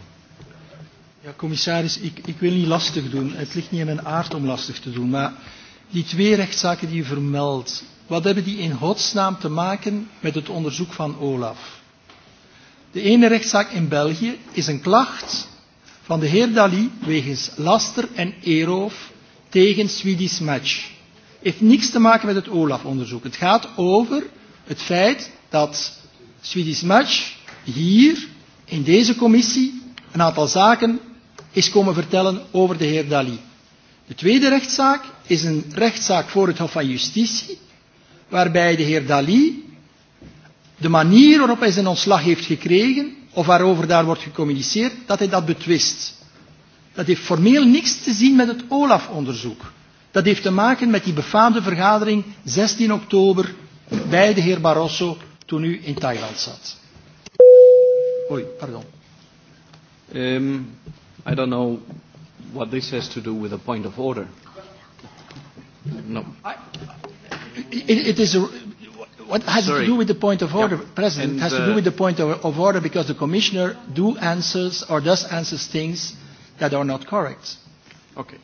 Ja, commissaris, ik, ik wil niet lastig doen. Het ligt niet in mijn aard om lastig te doen. Maar die twee rechtszaken die u vermeldt, wat hebben die in godsnaam te maken met het onderzoek van Olaf? De ene rechtszaak in België is een klacht van de heer Dali wegens laster en eeroof tegen Swedish Match. Het Heeft niks te maken met het OLAF-onderzoek. Het gaat over het feit dat Swedish Match hier in deze commissie een aantal zaken is komen vertellen over de heer Dali. De tweede rechtszaak is een rechtszaak voor het Hof van Justitie, waarbij de heer Dali de manier waarop hij zijn ontslag heeft gekregen of waarover daar wordt gecommuniceerd, dat hij dat betwist. Dat heeft formeel niks te zien met het OLAF-onderzoek. Dat heeft te maken met die befaamde vergadering 16 oktober bij de heer Barroso toen u in Thailand zat. Oei, pardon. Um, I don't know what this has to do with a point of order. No. I, it, it is a, What has Sorry. to do with the point of order, yeah. President? And, uh, has to do uh, with the point of, of order because the Commissioner do answers or does answers things that are not correct. Okay.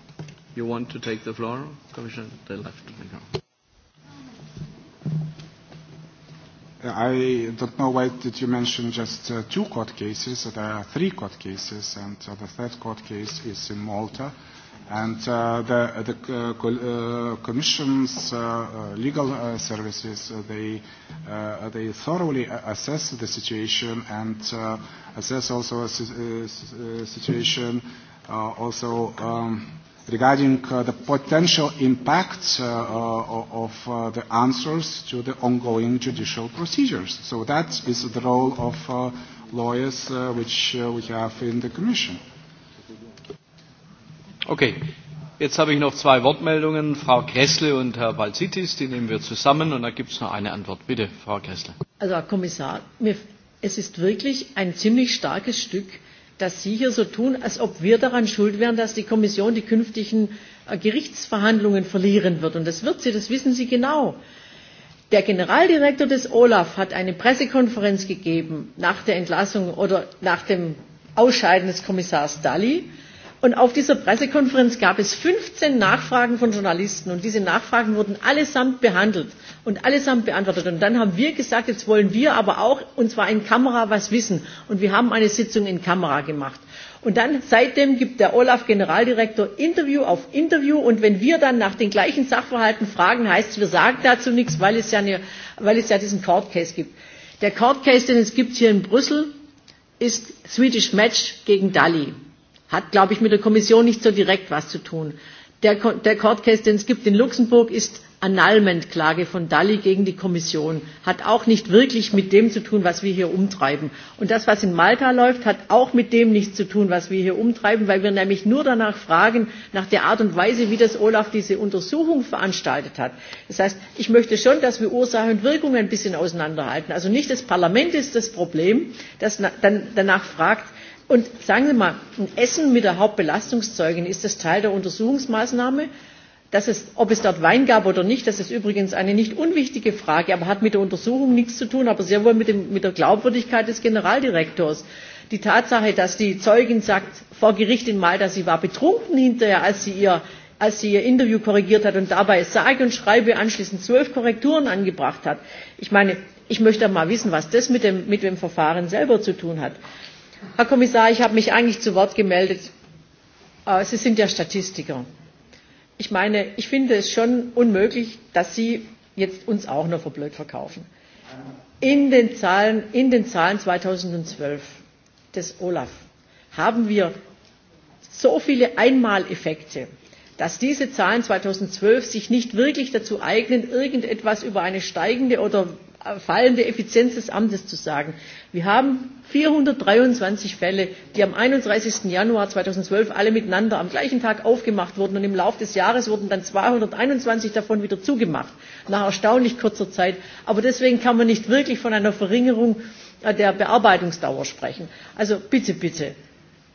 You want to take the floor, Commissioner? The left. I don't know why did you mention just uh, two court cases. There are three court cases, and uh, the third court case is in Malta. And uh, the, the uh, uh Commission's uh, uh, legal uh, services, uh, they, uh, they thoroughly assess the situation and uh, assess also a uh, situation uh, also um, regarding uh, the potential impact uh, uh, of uh, the answers to the ongoing judicial procedures. So that is the role of uh, lawyers uh, which uh, we have in the Commission. Okay. Jetzt habe ich noch zwei Wortmeldungen, Frau Kessle und Herr Balzitis, die nehmen wir zusammen und da gibt es noch eine Antwort. Bitte, Frau Kessle. Also Herr Kommissar, es ist wirklich ein ziemlich starkes Stück, dass Sie hier so tun, als ob wir daran schuld wären, dass die Kommission die künftigen äh, Gerichtsverhandlungen verlieren wird. Und das wird sie, das wissen Sie genau. Der Generaldirektor des Olaf hat eine Pressekonferenz gegeben nach der Entlassung oder nach dem Ausscheiden des Kommissars Dalli. Und auf dieser Pressekonferenz gab es 15 Nachfragen von Journalisten und diese Nachfragen wurden allesamt behandelt und allesamt beantwortet. Und dann haben wir gesagt, jetzt wollen wir aber auch, und zwar in Kamera, was wissen. Und wir haben eine Sitzung in Kamera gemacht. Und dann seitdem gibt der Olaf Generaldirektor Interview auf Interview und wenn wir dann nach den gleichen Sachverhalten fragen, heißt es, wir sagen dazu nichts, weil es ja, eine, weil es ja diesen Court Case gibt. Der Court Case, den es gibt hier in Brüssel, ist Swedish Match gegen Dali. Hat, glaube ich, mit der Kommission nicht so direkt was zu tun. Der, der Court Case, den es gibt in Luxemburg, ist Annulment-Klage von Dalli gegen die Kommission. Hat auch nicht wirklich mit dem zu tun, was wir hier umtreiben. Und das, was in Malta läuft, hat auch mit dem nichts zu tun, was wir hier umtreiben, weil wir nämlich nur danach fragen, nach der Art und Weise, wie das Olaf diese Untersuchung veranstaltet hat. Das heißt, ich möchte schon, dass wir Ursache und Wirkung ein bisschen auseinanderhalten. Also nicht das Parlament ist das Problem, das dann danach fragt, Und sagen Sie mal, ein Essen mit der Hauptbelastungszeugin, ist das Teil der Untersuchungsmaßnahme? Das ist, ob es dort Wein gab oder nicht, das ist übrigens eine nicht unwichtige Frage, aber hat mit der Untersuchung nichts zu tun, aber sehr wohl mit, dem, mit der Glaubwürdigkeit des Generaldirektors. Die Tatsache, dass die Zeugin sagt vor Gericht in Malta, sie war betrunken hinterher, als sie ihr als sie ihr Interview korrigiert hat und dabei sage und schreibe anschließend zwölf Korrekturen angebracht hat. Ich meine, ich möchte mal wissen, was das mit dem, mit dem Verfahren selber zu tun hat. Herr Kommissar, ich habe mich eigentlich zu Wort gemeldet. Äh, Sie sind ja Statistiker. Ich meine, ich finde es schon unmöglich, dass Sie jetzt uns auch noch für blöd verkaufen. In den Zahlen, in den Zahlen 2012 des Olaf haben wir so viele Einmaleffekte, dass diese Zahlen 2012 sich nicht wirklich dazu eignen, irgendetwas über eine steigende oder fallende Effizienz des Amtes zu sagen. Wir haben 423 Fälle, die am 31. Januar 2012 alle miteinander am gleichen Tag aufgemacht wurden und im Laufe des Jahres wurden dann 221 davon wieder zugemacht, nach erstaunlich kurzer Zeit. Aber deswegen kann man nicht wirklich von einer Verringerung äh, der Bearbeitungsdauer sprechen. Also bitte, bitte,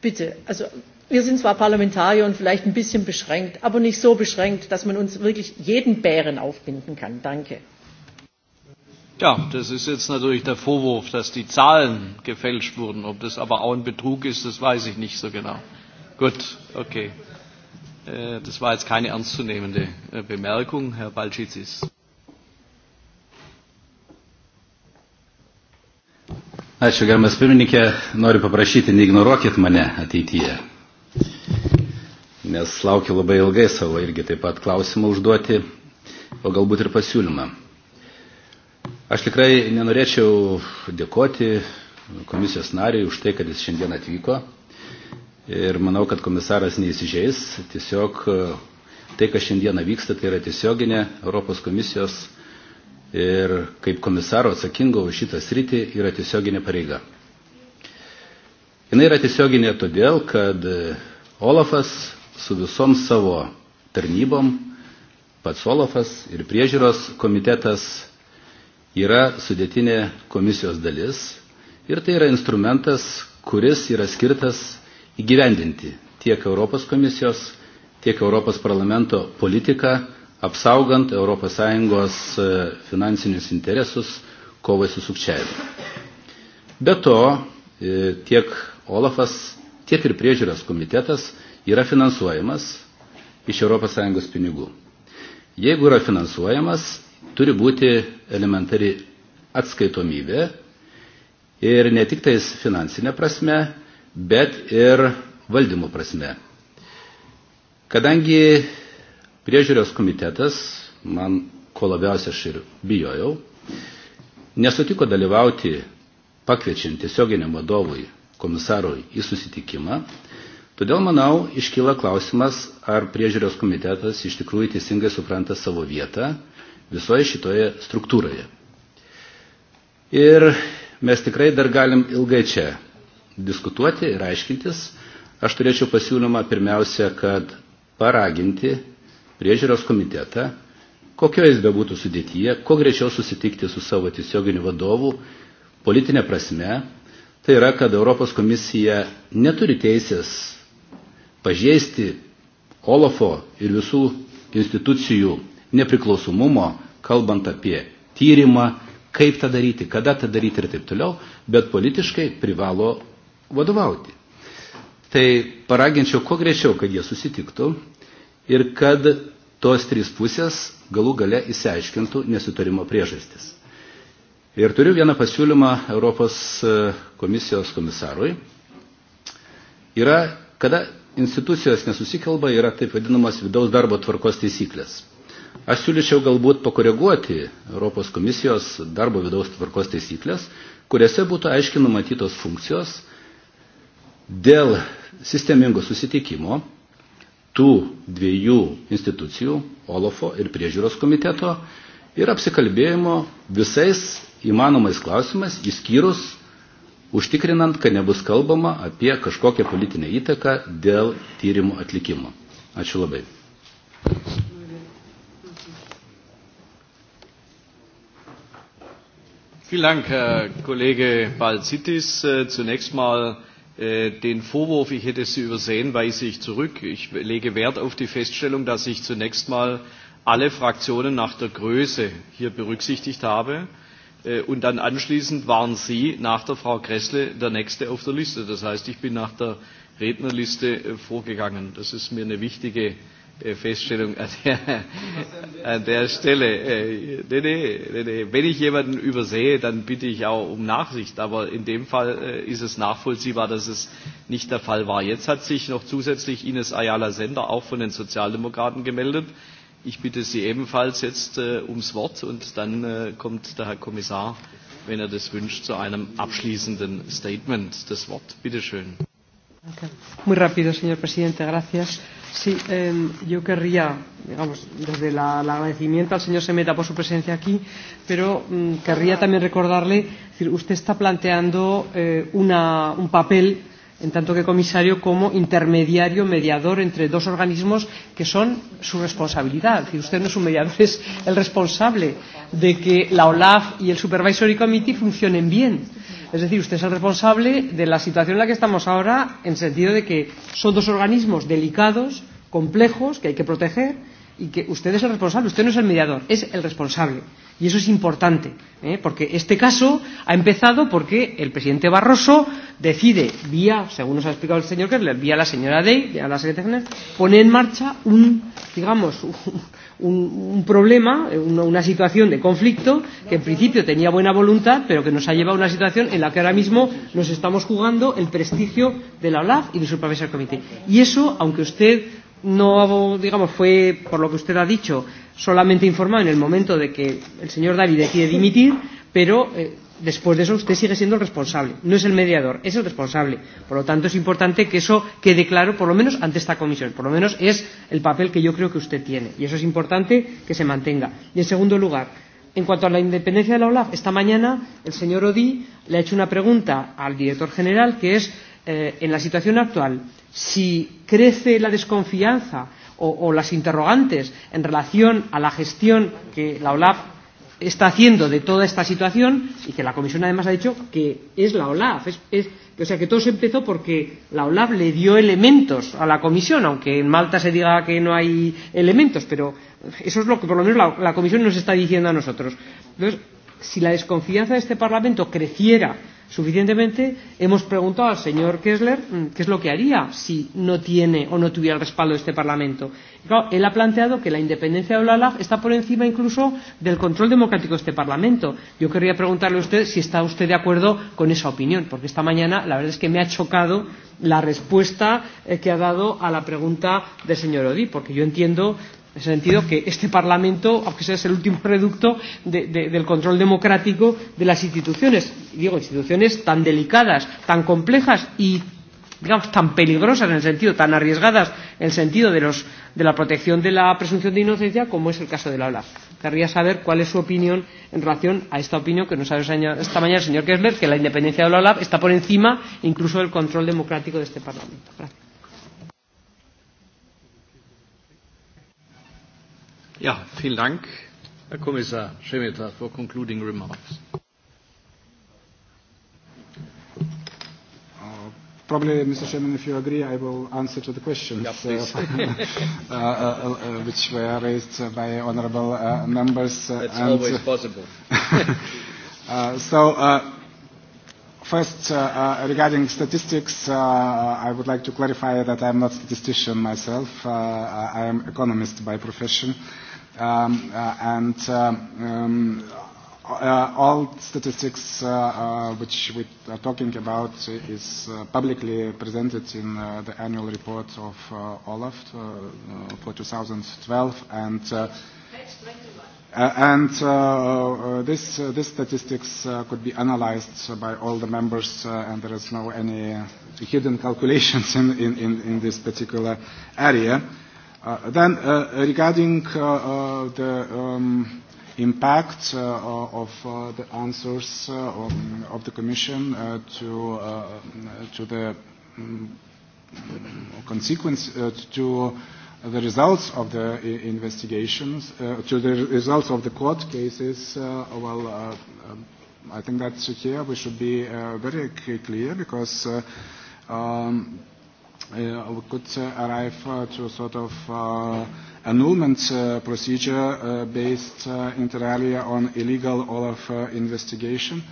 bitte. Also wir sind zwar Parlamentarier und vielleicht ein bisschen beschränkt, aber nicht so beschränkt, dass man uns wirklich jeden Bären aufbinden kann. Danke. Ja, das ist jetzt natürlich der Vorwurf, dass die Zahlen gefälscht wurden. Ob das aber auch ein Betrug ist, das weiß ich nicht so genau. Gut, okay. Äh, das war jetzt keine ernstzunehmende äh, Bemerkung, Herr Balcicis. Ačiū, gerbiamas pirmininkė, noriu paprašyti, neignoruokit mane ateityje, nes laukiu labai ilgai savo irgi taip pat klausimą užduoti, o galbūt ir pasiūlymą. Aš tikrai nenorėčiau dėkoti komisijos nariui už tai, kad jis šiandien atvyko. Ir manau, kad komisaras neįsižeis. Tiesiog e, tai, kas šiandieną vyksta, tai yra tiesioginė Europos komisijos ir kaip komisaro atsakingo už šitą sritį yra tiesioginė pareiga. Jis yra tiesioginė todėl, kad Olafas su visom savo tarnybom, pats Olafas ir priežiūros komitetas yra sudėtinė komisijos dalis ir tai yra instrumentas, kuris yra skirtas įgyvendinti tiek Europos komisijos, tiek Europos parlamento politiką, apsaugant ES e, finansinius interesus kovai su sukčiavimu. Be to, e, tiek Olafas, tiek ir priežiūros komitetas yra finansuojamas iš ES pinigų. Jeigu yra finansuojamas, turi būti elementari atskaitomybė ir ne tik tais finansinė prasme, bet ir valdymo prasme. Kadangi priežiūros komitetas, man ko labiausiai aš ir bijojau, nesutiko dalyvauti pakviečiant tiesioginiam vadovui komisarui į susitikimą, todėl manau iškyla klausimas, ar priežiūros komitetas iš tikrųjų teisingai supranta savo vietą visoje šitoje struktūroje. Ir mes tikrai dar galim ilgai čia diskutuoti ir aiškintis. Aš turėčiau pasiūlymą pirmiausia, kad paraginti priežiūros komitetą, kokio jis bebūtų sudėtyje, kuo greičiau susitikti su savo tiesioginiu vadovu, politinė prasme, tai yra, kad Europos komisija neturi teisės pažeisti Olofo ir visų institucijų nepriklausomumo kalbant apie tyrimą, kaip tą daryti, kada tą daryti ir taip toliau, bet politiškai privalo vadovauti. Tai paraginčiau kuo greičiau, kad jie susitiktų ir kad tos trys pusės galų gale įsiaiškintų nesutarimo priežastis. Ir turiu vieną pasiūlymą Europos e, komisijos komisarui. Yra, kada institucijos nesusikalba, yra taip vadinamas vidaus darbo tvarkos taisyklės. Aš siūlyčiau galbūt pakoreguoti Europos komisijos darbo vidaus tvarkos teisyklės, kuriuose būtų aiškiai numatytos funkcijos dėl sistemingo susitikimo tų dviejų institucijų, OLOFO ir priežiūros komiteto, ir apsikalbėjimo visais įmanomais klausimais, įskyrus užtikrinant, kad nebus kalbama apie kažkokią politinę įtaką dėl tyrimų atlikimo. Ačiū labai. Vielen Dank, Herr Kollege Balzitis. Äh, zunächst mal äh, den Vorwurf, ich hätte Sie übersehen, weise ich zurück. Ich lege Wert auf die Feststellung, dass ich zunächst mal alle Fraktionen nach der Größe hier berücksichtigt habe. Äh, und dann anschließend waren Sie nach der Frau Kressle der Nächste auf der Liste. Das heißt, ich bin nach der Rednerliste vorgegangen. Das ist mir eine wichtige Äh, Feststellung an der, an der Stelle. Äh, nee, nee, nee, Wenn ich jemanden übersehe, dann bitte ich auch um Nachsicht. Aber in dem Fall äh, ist es nachvollziehbar, dass es nicht der Fall war. Jetzt hat sich noch zusätzlich Ines Ayala Sender auch von den Sozialdemokraten gemeldet. Ich bitte Sie ebenfalls jetzt ums Wort und dann kommt der Herr Kommissar, wenn er das wünscht, zu einem abschließenden Statement. Das Wort, Bitte schön. Muy rápido, señor presidente, gracias. Sí, eh, yo querría, digamos, desde la, el agradecimiento al señor Semeta por su presencia aquí, pero mm, querría también recordarle, es decir, usted está planteando eh, una, un papel en tanto que comisario, como intermediario, mediador entre dos organismos que son su responsabilidad. Es decir, usted no es un mediador, es el responsable de que la OLAF y el Supervisory Committee funcionen bien Es decir, usted es el responsable de la situación en la que estamos ahora, en sentido de que son dos organismos delicados, complejos, que hay que proteger, y que usted es el responsable, usted no es el mediador, es el responsable. Y eso es importante, ¿eh? porque este caso ha empezado porque el presidente Barroso decide, vía, según nos ha explicado el señor Kerler, vía la señora Day, vía la secretaria general, pone en marcha un, digamos, un, un, un problema, una, una situación de conflicto que en principio tenía buena voluntad, pero que nos ha llevado a una situación en la que ahora mismo nos estamos jugando el prestigio de la OLAF y de su Supervisor Committee. Y eso, aunque usted no, digamos, fue, por lo que usted ha dicho, solamente informado en el momento de que el señor David decide dimitir, pero eh, después de eso usted sigue siendo el responsable, no es el mediador, es el responsable. Por lo tanto, es importante que eso quede claro, por lo menos ante esta comisión, por lo menos es el papel que yo creo que usted tiene, y eso es importante que se mantenga. Y en segundo lugar, en cuanto a la independencia de la OLAF, esta mañana el señor Odí le ha hecho una pregunta al director general, que es, eh, en la situación actual, si crece la desconfianza o, o las interrogantes en relación a la gestión que la OLAF está haciendo de toda esta situación y que la Comisión además ha dicho que es la OLAF. Es, es, o sea que todo se empezó porque la OLAF le dio elementos a la Comisión, aunque en Malta se diga que no hay elementos, pero eso es lo que por lo menos la, la Comisión nos está diciendo a nosotros. Entonces, si la desconfianza de este Parlamento creciera suficientemente, hemos preguntado al señor Kessler mm, qué es lo que haría si no tiene o no tuviera el respaldo de este Parlamento. Y claro, él ha planteado que la independencia de Olaf está por encima incluso del control democrático de este Parlamento. Yo querría preguntarle a usted si está usted de acuerdo con esa opinión, porque esta mañana la verdad es que me ha chocado la respuesta eh, que ha dado a la pregunta del señor Odi, porque yo entiendo En ese sentido, que este Parlamento, aunque sea es el último reducto de, de, del control democrático de las instituciones, digo, instituciones tan delicadas, tan complejas y digamos, tan peligrosas en el sentido, tan arriesgadas en el sentido de, los, de la protección de la presunción de inocencia, como es el caso de la OLAF. Querría saber cuál es su opinión en relación a esta opinión que nos ha dado esta mañana el señor Kessler, que la independencia de la OLAF está por encima incluso del control democrático de este Parlamento. Gracias. Ja, vielen Dank, Herr Kommissar Schemeta, for concluding remarks. Uh, probably, Mr. Chairman, if you agree, I will answer to the questions yep, uh, uh, uh, uh, uh, which were raised by honorable uh, members. Uh, That's and, always possible. uh, so, uh, First, uh, uh, regarding statistics, uh, I would like to clarify that I am not a statistician myself. Uh, I am economist by profession. Uh, um, uh, and um, um, uh, all statistics uh, uh, which we are talking about is uh, publicly presented in uh, the annual report of uh, Olaf uh, uh, for 2012 and uh, uh, and uh, uh, this uh, this statistics uh, could be analyzed by all the members uh, and there is no any hidden calculations in in in, in this particular area Uh, then uh, regarding uh, uh, the um, impact uh, uh, of uh, the answers uh, um, of the Commission uh, to, uh, to the um, consequence uh, to the results of the uh, investigations, uh, to the results of the court cases, uh, well, uh, um, I think that here we should be uh, very clear because uh, um, uh, we could uh, arrive uh, to a sort of uh, annulment uh, procedure uh, based uh, inter alia on illegal Olaf uh, investigation.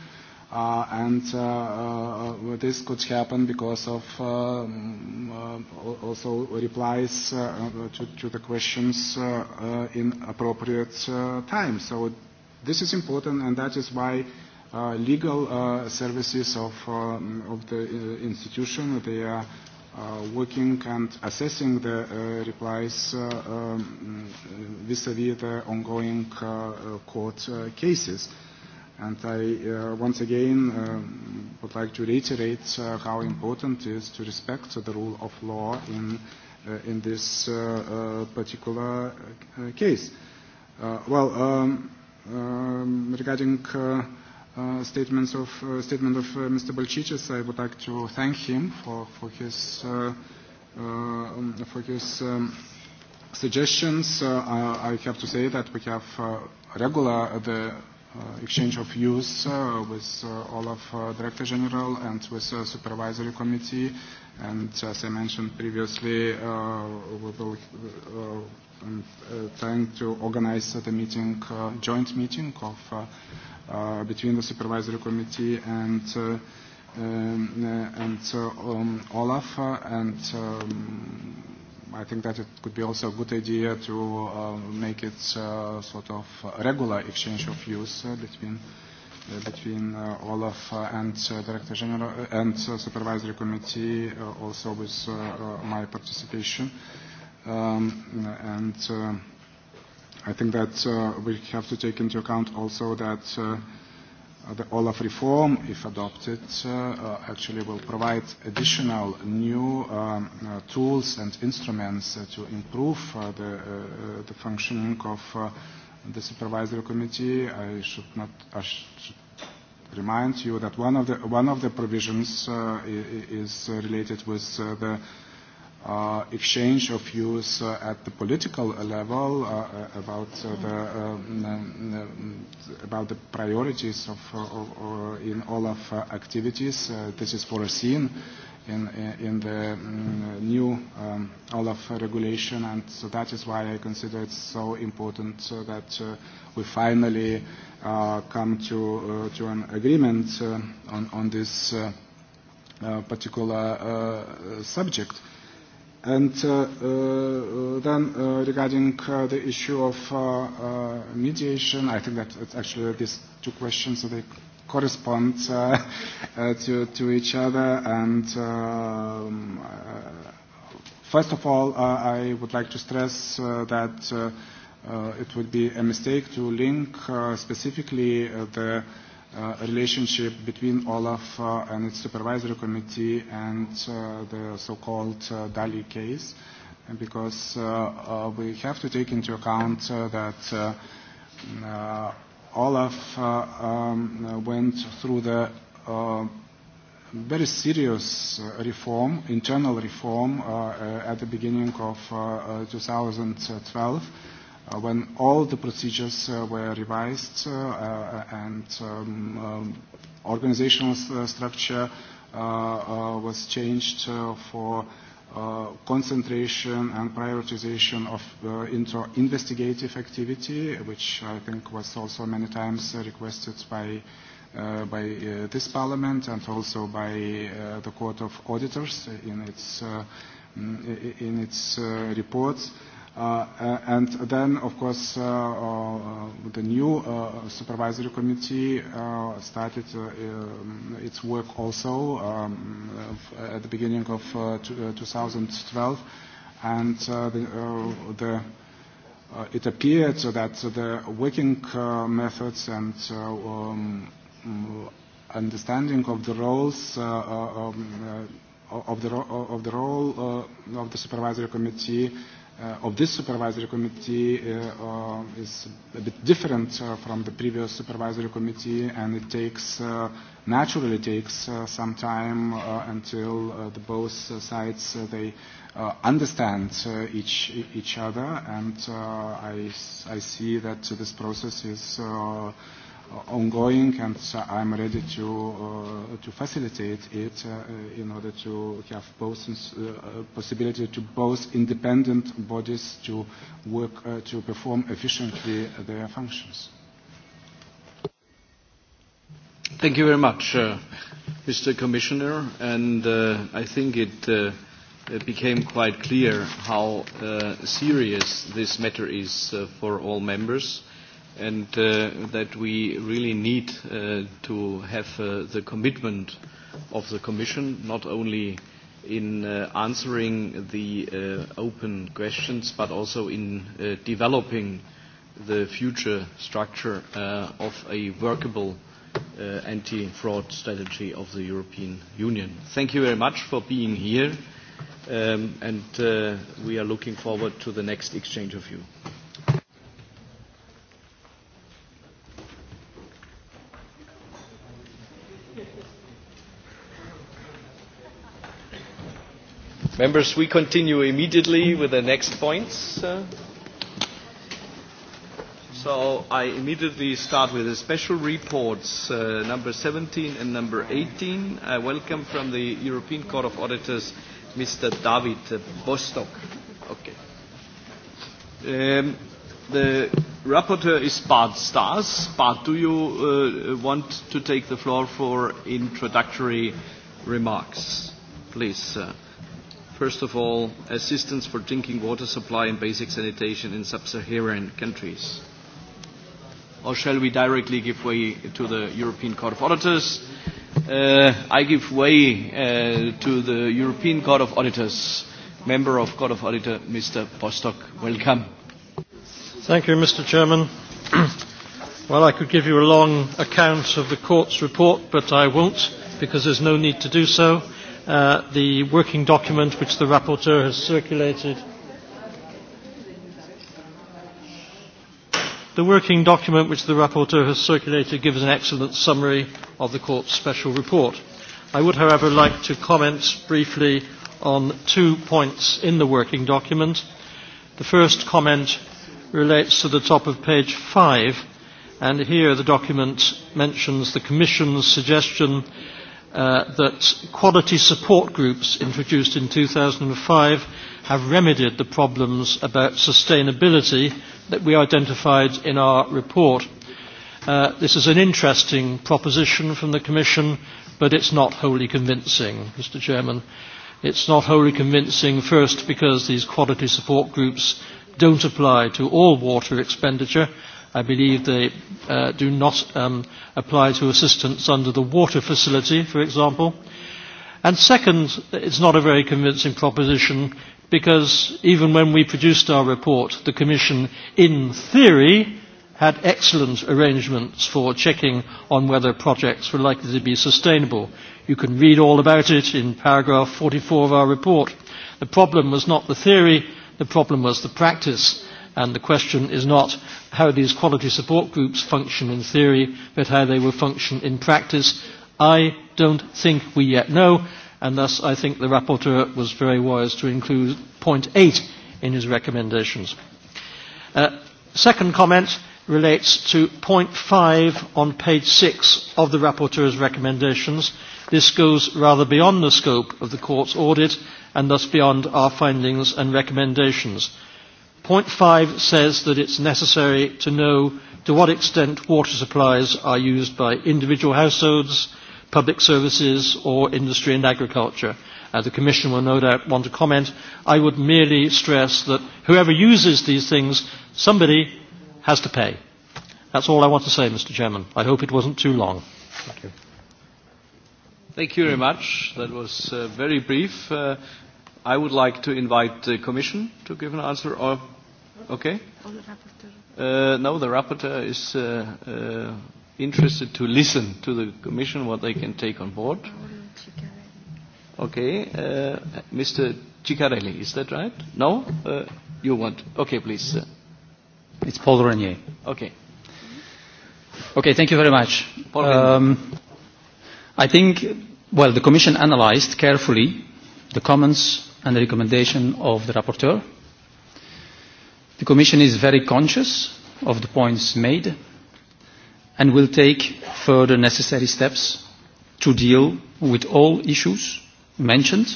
Uh, and uh, uh, uh this could happen because of uh, mm, uh, also replies uh, uh, to, to the questions uh, uh, in appropriate uh, time. So this is important, and that is why uh, legal uh, services of, um, of the uh, institution, they are uh, working and assessing the uh, replies vis-à-vis uh, um, vis -vis the ongoing uh, uh, court uh, cases. And I uh, once again um, would like to reiterate uh, how important it is to respect the rule of law in, uh, in this uh, uh, particular uh, case. Uh, well, um, um, regarding uh, uh, statements of, uh, statement of uh, Mr. Balchichis. I would like to thank him for, for his, uh, uh, um, for his um, suggestions. Uh, I have to say that we have uh, regular uh, the uh, exchange of views uh, with uh, all of uh, Director General and with uh, Supervisory Committee. And as I mentioned previously, uh, we will uh, um, uh, trying to organize the meeting, uh, joint meeting of uh, uh, between the supervisory committee and uh, um, uh, and uh, um, Olaf uh, and um, I think that it could be also a good idea to uh, make it uh, sort of a regular exchange of views uh, between uh, between uh, Olaf uh, and uh, Director General uh, and uh, Supervisory Committee uh, also with uh, uh, my participation um, and uh, I think that uh, we have to take into account also that uh, the Olaf reform, if adopted, uh, uh, actually will provide additional new um, uh, tools and instruments uh, to improve uh, the, uh, uh the functioning of uh, the supervisory committee. I should not I should remind you that one of the, one of the provisions uh, is related with uh, the uh, exchange of views uh, at the political level uh, uh about uh, the um, um, about the priorities of, uh, of uh, in all of uh, activities. Uh, this is foreseen in in the um, new um, Olaf regulation, and so that is why I consider it so important so that uh, we finally uh, come to uh, to an agreement uh, on on this. Uh, uh, particular uh, subject. Uh, And uh, uh, uh, then uh, regarding uh, the issue of uh, uh, mediation, I think that it's actually these two questions, so they correspond uh, uh, to, to each other. And um, uh, first of all, uh, I would like to stress uh, that uh, uh, it would be a mistake to link uh, specifically uh, the uh, relationship between Olaf uh, and its supervisory committee and uh, the so-called uh, Dali case, because uh, uh, we have to take into account uh, that uh, uh, Olaf uh, um, went through the uh, very serious reform, internal reform, uh, uh, at the beginning of uh, uh, 2012 uh, when all the procedures uh, were revised uh, uh, and um, um, organizational st uh, structure uh, uh, was changed uh, for uh, concentration and prioritization of uh, inter investigative activity, which I think was also many times uh, requested by uh, by uh, this parliament and also by uh, the Court of Auditors in its, uh, in its uh, reports. Uh, Uh, uh, and then, of course, uh, uh, the new uh, supervisory committee uh, started uh, um, its work also um, uh, at the beginning of uh, uh, 2012, and uh, the, uh, the uh, it appeared that the working uh, methods and uh, um, mm, understanding of the roles uh, uh, um, uh, of the, ro of the role uh, of the supervisory committee uh, of this supervisory committee uh, uh, is a bit different uh, from the previous supervisory committee and it takes uh, naturally takes uh, some time uh, until uh, the both sides uh, they uh, understand uh, each each other and uh, I, I see that this process is uh, Uh, ongoing and I'm ready to, uh, to facilitate it uh, in order to have both uh, possibility to both independent bodies to work, uh, to perform efficiently their functions. Thank you very much, uh, Mr. Commissioner, and uh, I think it uh, it became quite clear how uh, serious this matter is uh, for all members and uh, that we really need uh, to have uh, the commitment of the Commission, not only in uh, answering the uh, open questions, but also in uh, developing the future structure uh, of a workable uh, anti-fraud strategy of the European Union. Thank you very much for being here, um, and uh, we are looking forward to the next exchange of you. Members, we continue immediately with the next points. so I immediately start with the special reports, uh, number 17 and number 18. I welcome from the European Court of Auditors, Mr. David Bostock. Okay. Um, the rapporteur is Bart Stas. Bart, do you uh, want to take the floor for introductory remarks? Please. Uh, first of all, assistance for drinking water supply and basic sanitation in sub-Saharan countries? Or shall we directly give way to the European Court of Auditors? Uh, I give way uh, to the European Court of Auditors, member of Court of Auditor, Mr. Postok, Welcome. Thank you, Mr. Chairman. well, I could give you a long account of the court's report, but I won't because there's no need to do so. Uh, the working document which the rapporteur has circulated. The working document which the rapporteur has circulated gives an excellent summary of the court's special report. I would, however, like to comment briefly on two points in the working document. The first comment relates to the top of page five, and here the document mentions the Commission's suggestion uh, that quality support groups introduced in 2005 have remedied the problems about sustainability that we identified in our report. Uh, this is an interesting proposition from the Commission, but it's not wholly convincing, Mr. Chairman. It's not wholly convincing, first, because these quality support groups don't apply to all water expenditure, I believe they uh, do not um, apply to assistance under the water facility, for example. And second, it's not a very convincing proposition because even when we produced our report, the Commission, in theory, had excellent arrangements for checking on whether projects were likely to be sustainable. You can read all about it in paragraph 44 of our report. The problem was not the theory, the problem was the practice. And the question is not how these quality support groups function in theory, but how they will function in practice, I don't think we yet know, and thus I think the rapporteur was very wise to include point eight in his recommendations. Uh, second comment relates to point five on page six of the rapporteur's recommendations. This goes rather beyond the scope of the court's audit and thus beyond our findings and recommendations. Point five says that it's necessary to know to what extent water supplies are used by individual households, public services or industry and agriculture. Uh, the Commission will no doubt want to comment. I would merely stress that whoever uses these things, somebody has to pay. That's all I want to say, Mr. Chairman. I hope it wasn't too long. Thank you. Thank you very much. That was uh, very brief. Uh, I would like to invite the Commission to give an answer. Or, okay? Uh, no, the rapporteur is uh, uh, interested to listen to the Commission what they can take on board. Okay, uh, Mr. Ciccarelli, is that right? No? Uh, you want? Okay, please. Uh. It's Paul Renier. Okay. Okay, thank you very much. Paul um, I think, well, the Commission analyzed carefully the comments and the recommendation of the rapporteur. The Commission is very conscious of the points made and will take further necessary steps to deal with all issues mentioned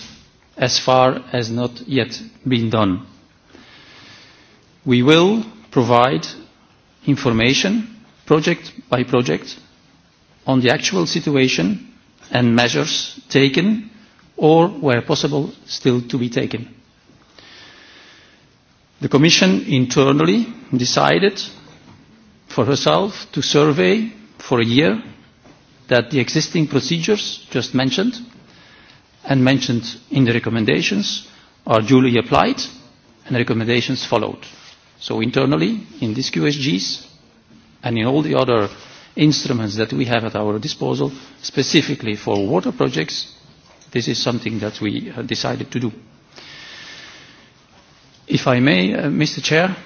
as far as not yet been done. We will provide information project by project on the actual situation and measures taken or, where possible, still to be taken. The Commission internally decided for herself to survey for a year that the existing procedures just mentioned and mentioned in the recommendations are duly applied and the recommendations followed. So internally, in these QSGs and in all the other instruments that we have at our disposal, specifically for water projects, this is something that we uh, decided to do. If I may, uh, Mr. Chair,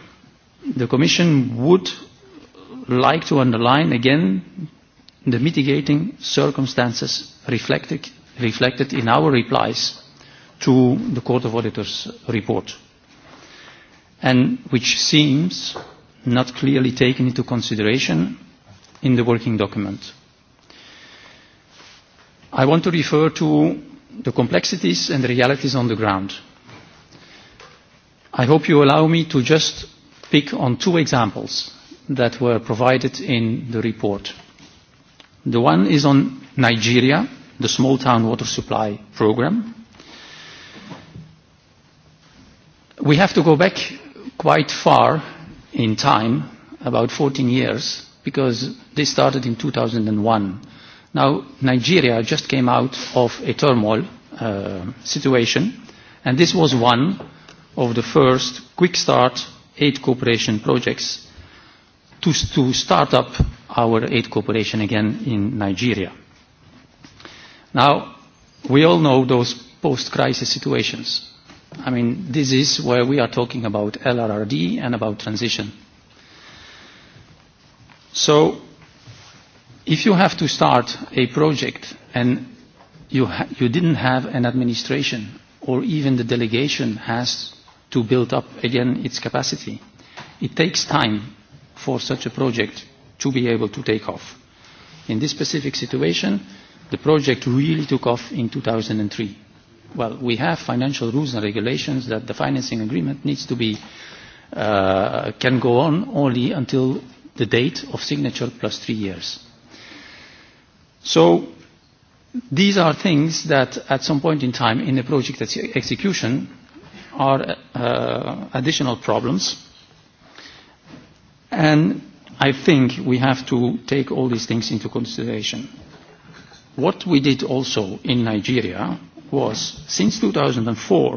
the Commission would like to underline again the mitigating circumstances reflected, reflected in our replies to the Court of Auditors report, and which seems not clearly taken into consideration in the working document. I want to refer to the complexities and the realities on the ground. I hope you allow me to just pick on two examples that were provided in the report. The one is on Nigeria, the small town water supply program. We have to go back quite far in time, about 14 years, because this started in 2001 Now, Nigeria just came out of a turmoil uh, situation, and this was one of the first quick start aid cooperation projects to, to start up our aid cooperation again in Nigeria. Now, we all know those post-crisis situations. I mean, this is where we are talking about LRRD and about transition. So If you have to start a project and you, ha you didn't have an administration or even the delegation has to build up again its capacity, it takes time for such a project to be able to take off. In this specific situation, the project really took off in 2003. Well, we have financial rules and regulations that the financing agreement needs to be, uh, can go on only until the date of signature plus three years. So these are things that at some point in time in the project execution are uh, additional problems. And I think we have to take all these things into consideration. What we did also in Nigeria was, since 2004,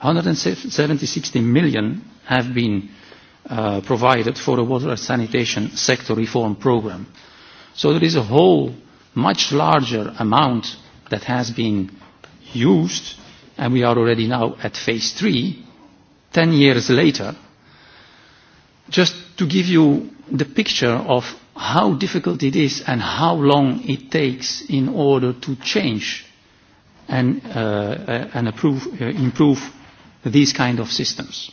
176 million have been uh, provided for a water and sanitation sector reform program. So there is a whole much larger amount that has been used, and we are already now at phase three, 10 years later, just to give you the picture of how difficult it is and how long it takes in order to change and, uh, uh and approve, uh, improve these kind of systems.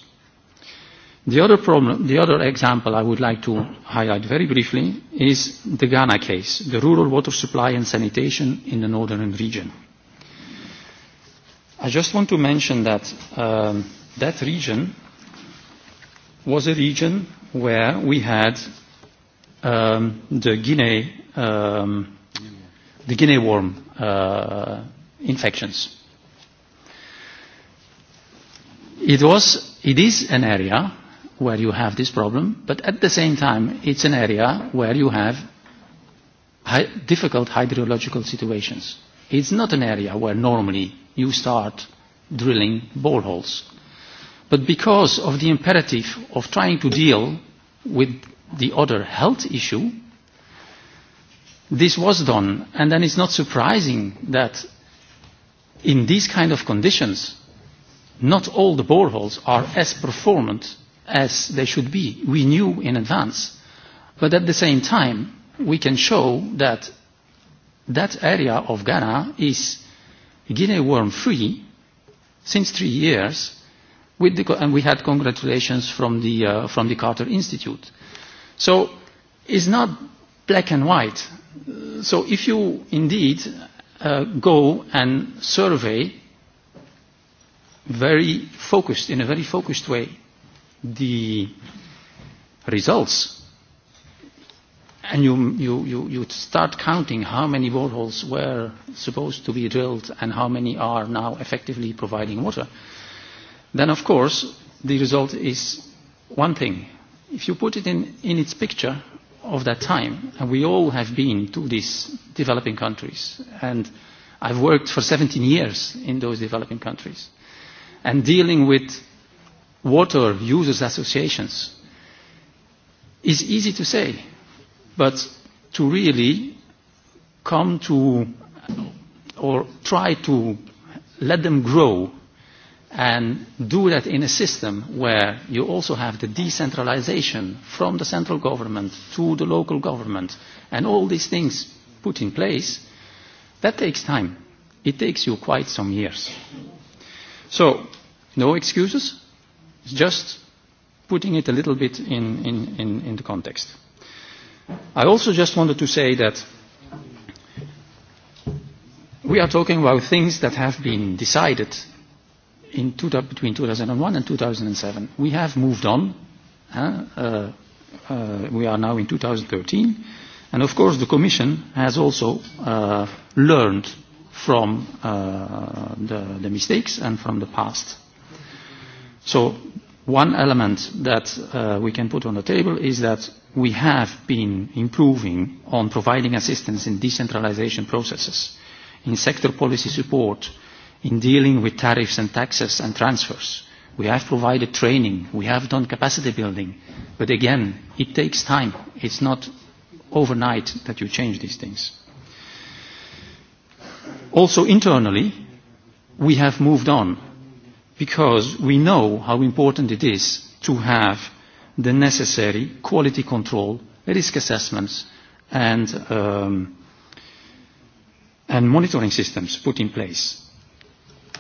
The other, problem, the other example I would like to highlight very briefly is the Ghana case, the rural water supply and sanitation in the northern region. I just want to mention that um, that region was a region where we had um, the Guinea, um, the Guinea worm uh, infections. It was, it is an area where you have this problem, but at the same time, it's an area where you have hy difficult hydrological situations. It's not an area where normally you start drilling boreholes. But because of the imperative of trying to deal with the other health issue, this was done. And then it's not surprising that in these kind of conditions, not all the boreholes are as performant as they should be. We knew in advance. But at the same time, we can show that that area of Ghana is Guinea worm free since three years, with the, and we had congratulations from the, uh, from the Carter Institute. So it's not black and white. So if you indeed uh, go and survey very focused, in a very focused way, the results and you, you, you, you start counting how many boreholes were supposed to be drilled and how many are now effectively providing water, then of course the result is one thing. If you put it in, in its picture of that time, and we all have been to these developing countries, and I've worked for 17 years in those developing countries, and dealing with water users associations is easy to say, but to really come to or try to let them grow and do that in a system where you also have the decentralization from the central government to the local government and all these things put in place, that takes time. It takes you quite some years. So, no excuses just putting it a little bit in, in, in, in the context. I also just wanted to say that we are talking about things that have been decided in two, between 2001 and 2007. We have moved on. Huh? Uh, uh, we are now in 2013. And of course the Commission has also uh, learned from uh, the, the mistakes and from the past So one element that uh, we can put on the table is that we have been improving on providing assistance in decentralization processes, in sector policy support, in dealing with tariffs and taxes and transfers. We have provided training, we have done capacity building, but again, it takes time. It's not overnight that you change these things. Also internally, we have moved on because we know how important it is to have the necessary quality control, risk assessments and, um, and monitoring systems put in place.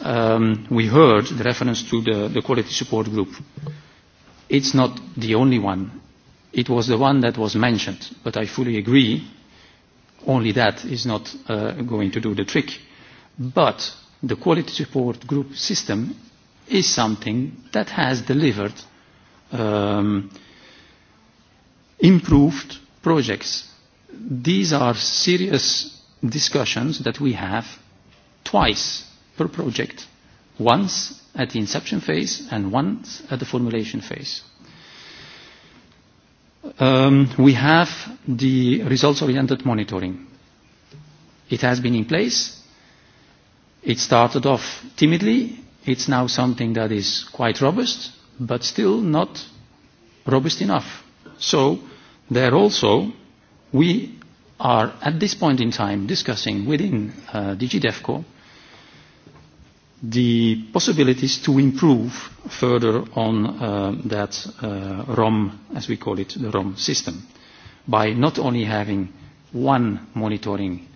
Um, we heard the reference to the, the quality support group. It's not the only one. It was the one that was mentioned, but I fully agree only that is not uh, going to do the trick. But the quality support group system is something that has delivered um, improved projects. These are serious discussions that we have twice per project, once at the inception phase and once at the formulation phase. Um, we have the results-oriented monitoring. It has been in place. It started off timidly it's now something that is quite robust, but still not robust enough. So there also we are at this point in time discussing within uh, DigiDefco the possibilities to improve further on uh, that uh, ROM, as we call it, the ROM system, by not only having one monitoring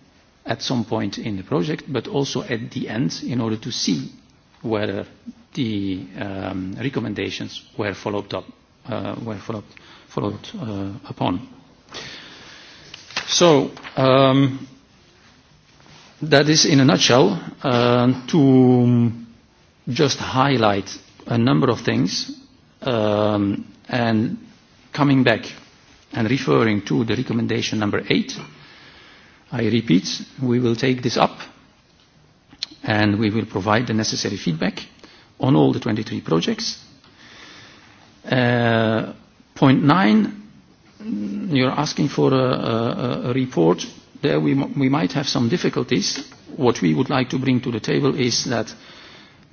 at some point in the project, but also at the end in order to see whether the um, recommendations were followed up, uh, were followed, followed uh, upon. So um, that is in a nutshell uh, to just highlight a number of things um, and coming back and referring to the recommendation number eight, I repeat, we will take this up and we will provide the necessary feedback on all the 23 projects. Uh, point nine, you're asking for a, a, a report. There we, we might have some difficulties. What we would like to bring to the table is that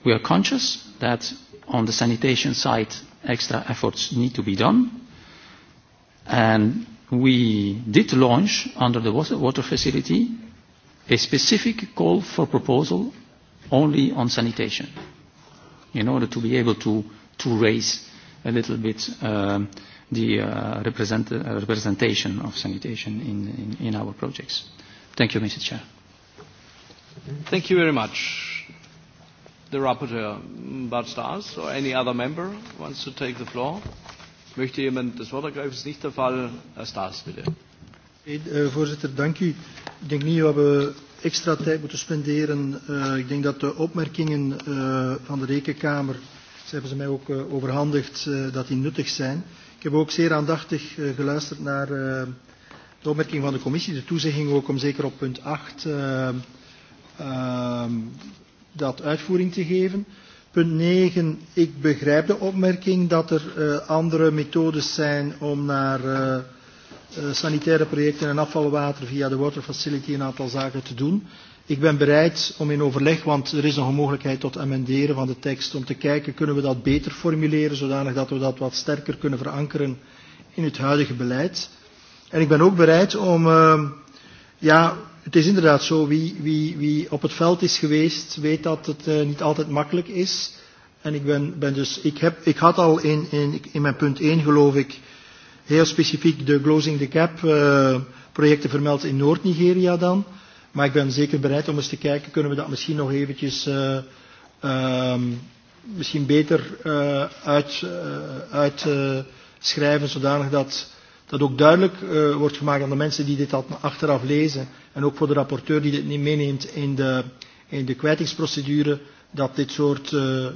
we are conscious that on the sanitation side extra efforts need to be done. And we did launch under the water facility a specific call for proposal only on sanitation in order to be able to, to raise a little bit um, the uh, represent, uh, representation of sanitation in, in, in our projects. Thank you, Mr. Chair. Thank you very much. The rapporteur, Bart Stars, or any other member wants to take the floor? Möchte jemand das Wort ergreifen? Ist nicht der Fall. Herr Stars, bitte. Hey, uh, äh, voorzitter, dank u. Ik denk niet dat we extra tijd moeten spenderen. Uh, ik denk dat de opmerkingen uh, van de Rekenkamer, ze hebben ze mij ook uh, overhandigd, uh, dat die nuttig zijn. Ik heb ook zeer aandachtig uh, geluisterd naar uh, de opmerking van de commissie, de toezegging ook om zeker op punt 8 uh, uh, dat uitvoering te geven. Punt 9, ik begrijp de opmerking dat er uh, andere methodes zijn om naar... Uh, Eh, sanitaire projecten en afvalwater via de water facility een aantal zaken te doen. Ik ben bereid om in overleg, want er is nog een mogelijkheid tot amenderen van de tekst, om te kijken kunnen we dat beter formuleren, zodanig dat we dat wat sterker kunnen verankeren in het huidige beleid. En ik ben ook bereid om, uh, ja, het is inderdaad zo, wie, wie, wie op het veld is geweest, weet dat het uh, niet altijd makkelijk is. En ik ben, ben dus, ik, heb, ik had al in, in, in mijn punt 1 geloof ik, heel specifiek de Closing the Gap uh, projecten vermeld in Noord-Nigeria dan. Maar ik ben zeker bereid om eens te kijken, kunnen we dat misschien nog eventjes uh, um, misschien beter uh, uitschrijven, uit, uh, zodanig dat dat ook duidelijk uh, wordt gemaakt aan de mensen die dit achteraf lezen en ook voor de rapporteur die dit niet meeneemt in de, in de kwijtingsprocedure, dat dit soort uh, uh,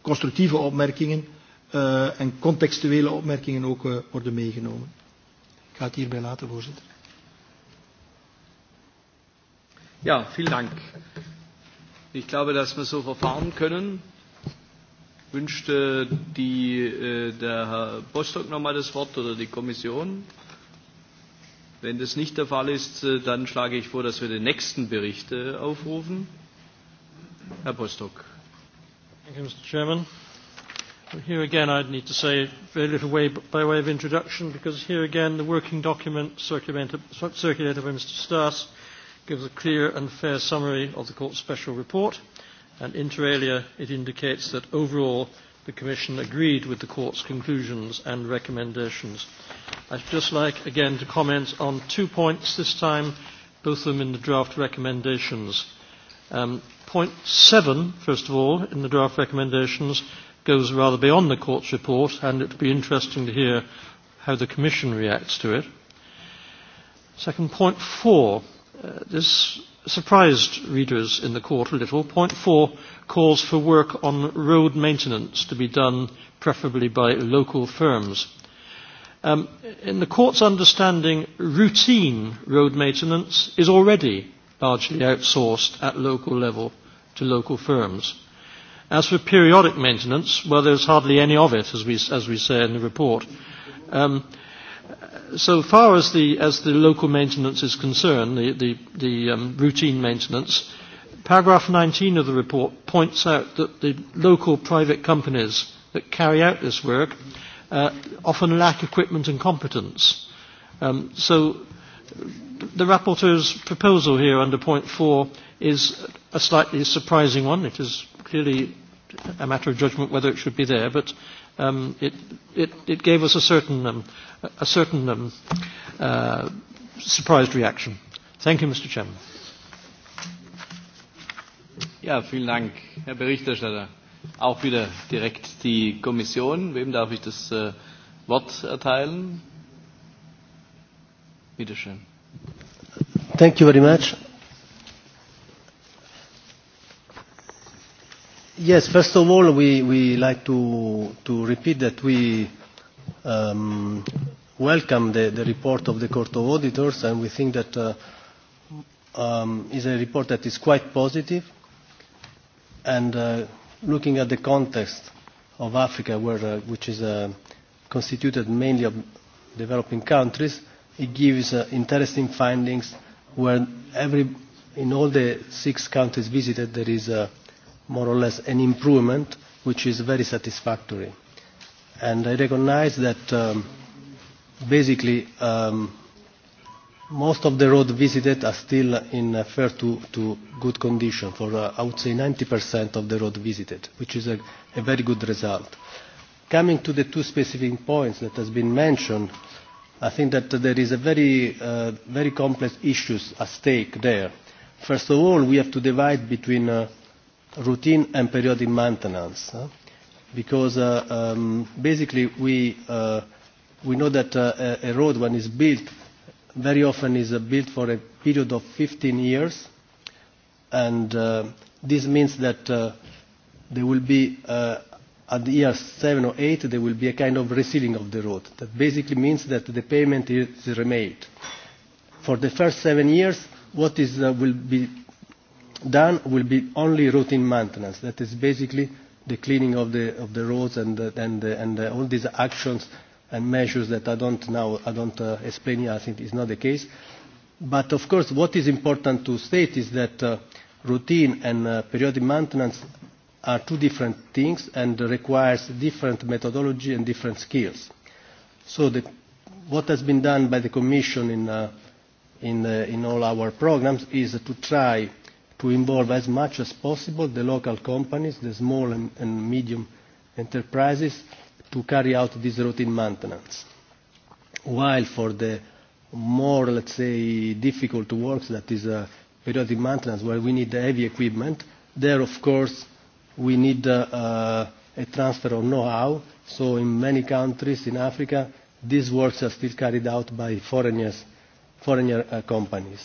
constructieve opmerkingen uh, en contextuele opmerkingen ook uh, worden meegenomen. Ik ga het hierbij laten, voorzitter. Ja, veel Dank. Ich glaube, dass wir so verfahren können. Wünschte die, äh, der Herr Bostock nochmal das Wort oder die Kommission? Wenn das nicht der Fall ist, äh, dann schlage ich vor, dass wir den nächsten Bericht äh, aufrufen. Herr Bostock. Thank you, Mr. Chairman. Here again, I'd need to say very little way, by way of introduction, because here again, the working document circulated, circulated by Mr. Stas gives a clear and fair summary of the Court's special report, and inter alia, it indicates that overall the Commission agreed with the Court's conclusions and recommendations. I'd just like again to comment on two points this time, both of them in the draft recommendations. Um, point seven, first of all, in the draft recommendations goes rather beyond the court's report, and it would be interesting to hear how the Commission reacts to it. Second point four. Uh, this surprised readers in the court a little. Point four calls for work on road maintenance to be done preferably by local firms. Um, in the court's understanding, routine road maintenance is already largely outsourced at local level to local firms. As for periodic maintenance, well, there's hardly any of it, as we, as we say in the report. Um, so far as the, as the local maintenance is concerned, the, the, the um, routine maintenance, paragraph 19 of the report points out that the local private companies that carry out this work uh, often lack equipment and competence. Um, so the rapporteur's proposal here under point four is a slightly surprising one. It is clearly a matter of judgment whether it should be there, but um, it, it, it gave us a certain, um, a certain um, uh, surprised reaction. Thank you, Mr. Chairman. Ja, vielen Dank, Herr Berichterstatter. Auch wieder direkt die Kommission. Wem darf ich das äh, Wort erteilen? Bitte schön. Thank you very much. Yes, first of all, we, we like to, to repeat that we um, welcome the, the report of the Court of Auditors and we think that uh, um, is a report that is quite positive and uh, looking at the context of Africa, where, uh, which is uh, constituted mainly of developing countries, it gives uh, interesting findings where every, in all the six countries visited there is a uh, more or less an improvement which is very satisfactory. And I recognize that um, basically um, most of the roads visited are still in uh, fair to, to good condition for uh, I would say 90% of the road visited, which is a, a very good result. Coming to the two specific points that has been mentioned, I think that there is a very, uh, very complex issues at stake there. First of all, we have to divide between uh, routine and periodic maintenance. Huh? Because uh, um, basically we, uh, we know that uh, a road when it's built very often is uh, built for a period of 15 years and uh, this means that uh, there will be uh, at the year 7 or 8 there will be a kind of resealing of the road. That basically means that the payment is remade. For the first seven years what is, uh, will be done will be only routine maintenance. That is basically the cleaning of the, of the roads and, the, and, the, and the, all these actions and measures that I don't now I don't uh, explain here. I think is not the case. But of course, what is important to state is that uh, routine and uh, periodic maintenance are two different things and requires different methodology and different skills. So the, what has been done by the Commission in, uh, in, uh, in all our programs is to try to involve as much as possible the local companies, the small and, and medium enterprises, to carry out this routine maintenance. While for the more, let's say, difficult works, that is a periodic maintenance, where we need the heavy equipment, there, of course, we need uh, uh, a transfer of know-how. So in many countries in Africa, these works are still carried out by foreigners, foreigner uh, companies.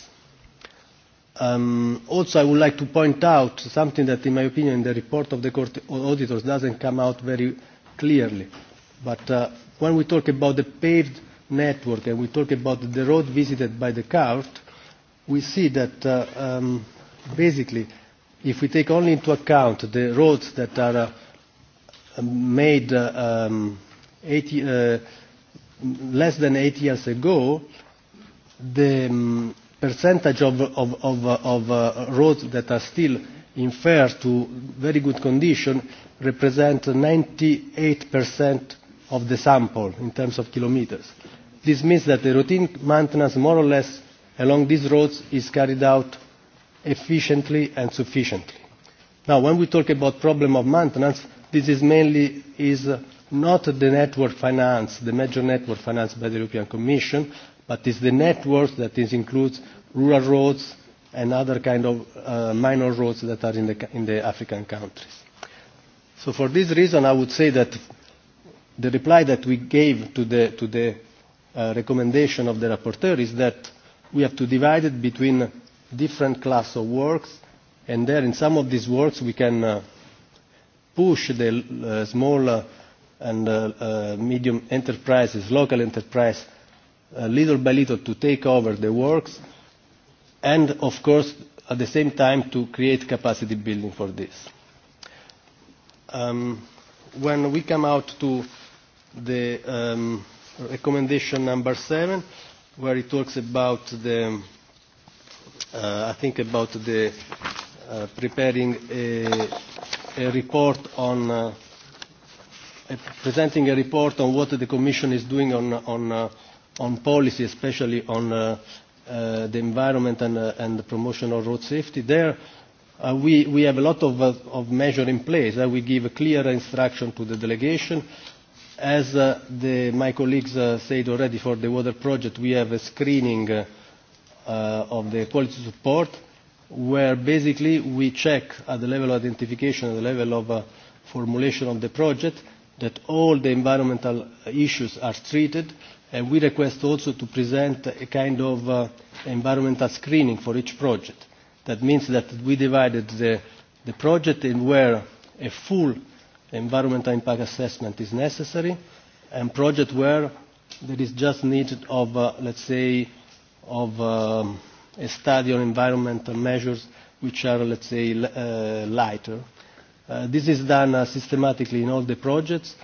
Um, also, I would like to point out something that, in my opinion, in the report of the Court Auditors doesn't come out very clearly. But uh, when we talk about the paved network and we talk about the road visited by the court, we see that uh, um, basically, if we take only into account the roads that are uh, made uh, um, 80, uh, less than eight years ago, the um, percentage of, of, of, of uh, roads that are still in fair to very good condition represent 98% of the sample in terms of kilometers. This means that the routine maintenance more or less along these roads is carried out efficiently and sufficiently. Now when we talk about problem of maintenance, this is mainly is not the network finance, the major network finance by the European Commission, but it's the networks that is includes rural roads and other kind of uh, minor roads that are in the, in the African countries. So for this reason, I would say that the reply that we gave to the, to the uh, recommendation of the rapporteur is that we have to divide it between different class of works, and there in some of these works we can uh, push the uh, small uh, and uh, uh, medium enterprises, local enterprises, uh, little by little to take over the works and of course at the same time to create capacity building for this. Um, when we come out to the um, recommendation number seven, where it talks about the, uh, I think about the uh, preparing a, a report on, uh, presenting a report on what the Commission is doing on, on uh, on policy, especially on uh, uh, the environment and, uh, and the promotion of road safety, there uh, we, we have a lot of, uh, of measures in place. Uh, we give a clear instruction to the delegation. As uh, the, my colleagues uh, said already for the water project, we have a screening uh, uh, of the quality support where basically we check at the level of identification, at the level of uh, formulation of the project, that all the environmental issues are treated And we request also to present a kind of uh, environmental screening for each project. That means that we divided the, the project in where a full environmental impact assessment is necessary and project where there is just need of, uh, let's say, of um, a study on environmental measures which are, let's say, uh, lighter. Uh, this is done uh, systematically in all the projects,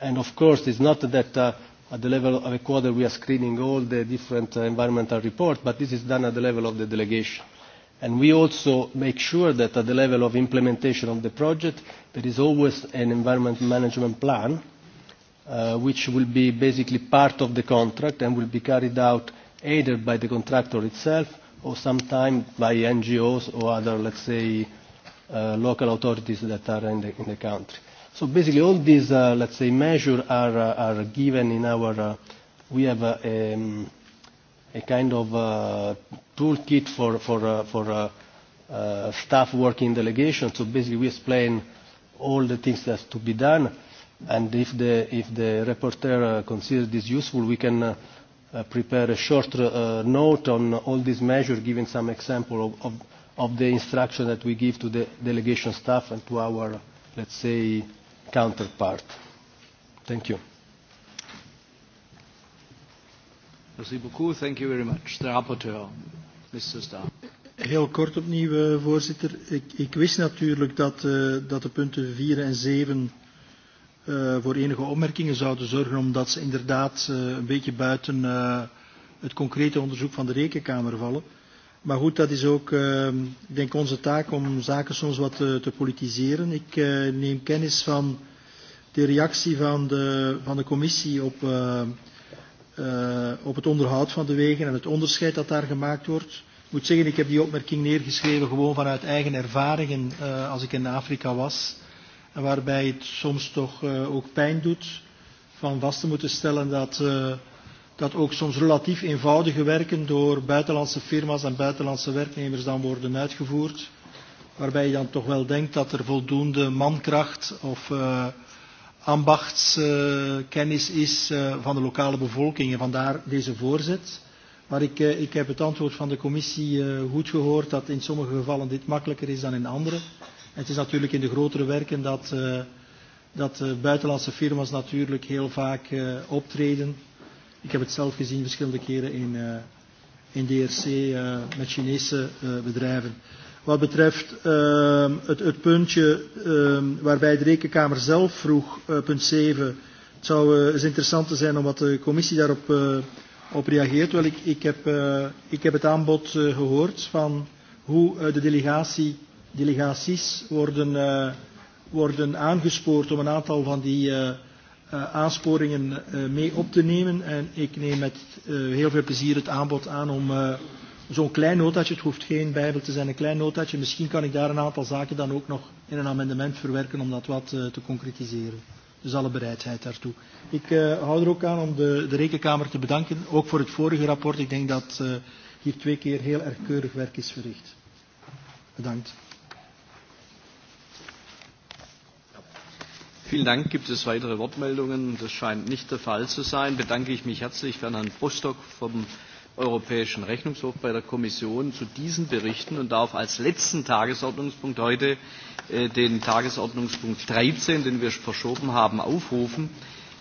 and of course it's not that uh, at the level of a quarter we are screening all the different uh, environmental reports, but this is done at the level of the delegation. And we also make sure that at the level of implementation of the project, there is always an environment management plan, uh, which will be basically part of the contract and will be carried out either by the contractor itself or sometimes by NGOs or other, let's say, uh, local authorities that are in the, in the country. So basically all these, uh, let's say, measures are, uh, are given in our, uh, we have uh, um, a kind of uh, toolkit for, for, uh, for uh, uh, staff working delegation. So basically we explain all the things that have to be done. And if the, if the reporter uh, considers this useful, we can uh, uh, prepare a short uh, note on all these measures, giving some example of, of, of the instruction that we give to the delegation staff and to our, let's say, counterpart. Thank you. Merci beaucoup. Thank you very much. The rapporteur, Mr. Staal. Heel kort opnieuw, eh, voorzitter. Ik, ik wist natuurlijk dat, uh, dat de punten 4 en 7 uh, eh, voor enige opmerkingen zouden zorgen, omdat ze inderdaad uh, een beetje buiten uh, het concrete onderzoek van de rekenkamer vallen. Uh, Maar goed, dat is ook, uh, ik denk, onze taak om zaken soms wat te, eh, te politiseren. Ik uh, neem kennis van de reactie van de, van de commissie op, uh, uh, op het onderhoud van de wegen en het onderscheid dat daar gemaakt wordt. Ik moet zeggen, ik heb die opmerking neergeschreven gewoon vanuit eigen ervaringen uh, als ik in Afrika was. Waarbij het soms toch uh, ook pijn doet van vast te moeten stellen dat... Uh, dat ook soms relatief eenvoudige werken door buitenlandse firma's en buitenlandse werknemers dan worden uitgevoerd, waarbij je dan toch wel denkt dat er voldoende mankracht of uh, ambachtskennis uh, is uh, van de lokale bevolking en vandaar deze voorzet. Maar ik, uh, ik heb het antwoord van de commissie uh, goed gehoord dat in sommige gevallen dit makkelijker is dan in andere. En het is natuurlijk in de grotere werken dat, uh, dat uh, buitenlandse firma's natuurlijk heel vaak uh, optreden Ik heb het zelf gezien verschillende keren in, uh, in DRC e uh, eh, met Chinese uh, bedrijven. Wat betreft uh, het, het puntje uh, waarbij de rekenkamer zelf vroeg, uh, punt 7, het zou uh, eens interessant zijn om wat de commissie daarop uh, op reageert. Wel, ik, ik, heb, uh, ik heb het aanbod uh, gehoord van hoe uh, de delegatie, delegaties worden, uh, worden aangespoord om een aantal van die... Uh, uh, aansporingen uh, mee op te nemen. En ik neem met uh, heel veel plezier het aanbod aan om uh, zo'n klein notaatje, het hoeft geen bijbel te zijn, een klein notaatje. Misschien kan ik daar een aantal zaken dan ook nog in een amendement verwerken om dat wat uh, te concretiseren. Dus alle bereidheid daartoe. Ik uh, hou er ook aan om de, de Rekenkamer te bedanken, ook voor het vorige rapport. Ik denk dat uh, hier twee keer heel erg keurig werk is verricht. Bedankt. Vielen Dank. Gibt es weitere Wortmeldungen? Das scheint nicht der Fall zu sein. Bedanke ich mich herzlich für Herrn Bostock vom Europäischen Rechnungshof bei der Kommission zu diesen Berichten und darf als letzten Tagesordnungspunkt heute äh, den Tagesordnungspunkt 13, den wir verschoben haben, aufrufen.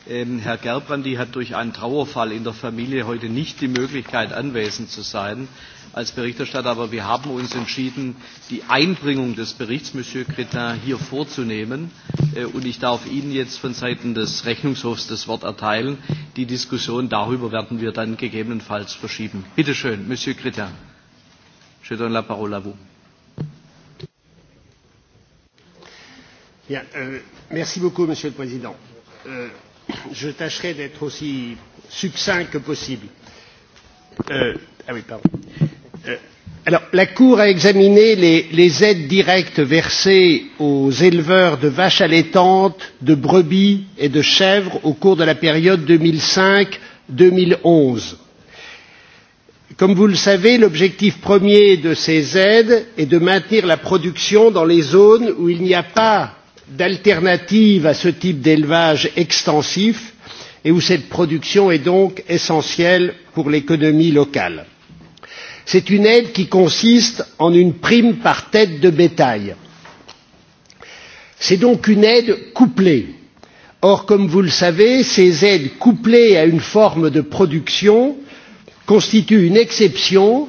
Ähm, Herr Gerbrandy hat durch einen Trauerfall in der Familie heute nicht die Möglichkeit, anwesend zu sein als Berichterstatter, aber wir haben uns entschieden, die Einbringung des Berichts, Monsieur Cretin, hier vorzunehmen. Äh, und ich darf Ihnen jetzt von Seiten des Rechnungshofs das Wort erteilen. Die Diskussion darüber werden wir dann gegebenenfalls verschieben. Bitte schön, Monsieur Cretin. Je donne la parole à vous. Bien, euh, merci beaucoup, Monsieur le Président. Euh, je tâcherai d'être aussi succinct que possible. Euh, ah oui, pardon. Euh, alors, la Cour a examiné les, les aides directes versées aux éleveurs de vaches allaitantes, de brebis et de chèvres au cours de la période 2005-2011. Comme vous le savez, l'objectif premier de ces aides est de maintenir la production dans les zones où il n'y a pas d'alternative à ce type d'élevage extensif et où cette production est donc essentielle pour l'économie locale. C'est une aide qui consiste en une prime par tête de bétail. C'est donc une aide couplée. Or, comme vous le savez, ces aides couplées à une forme de production constituent une exception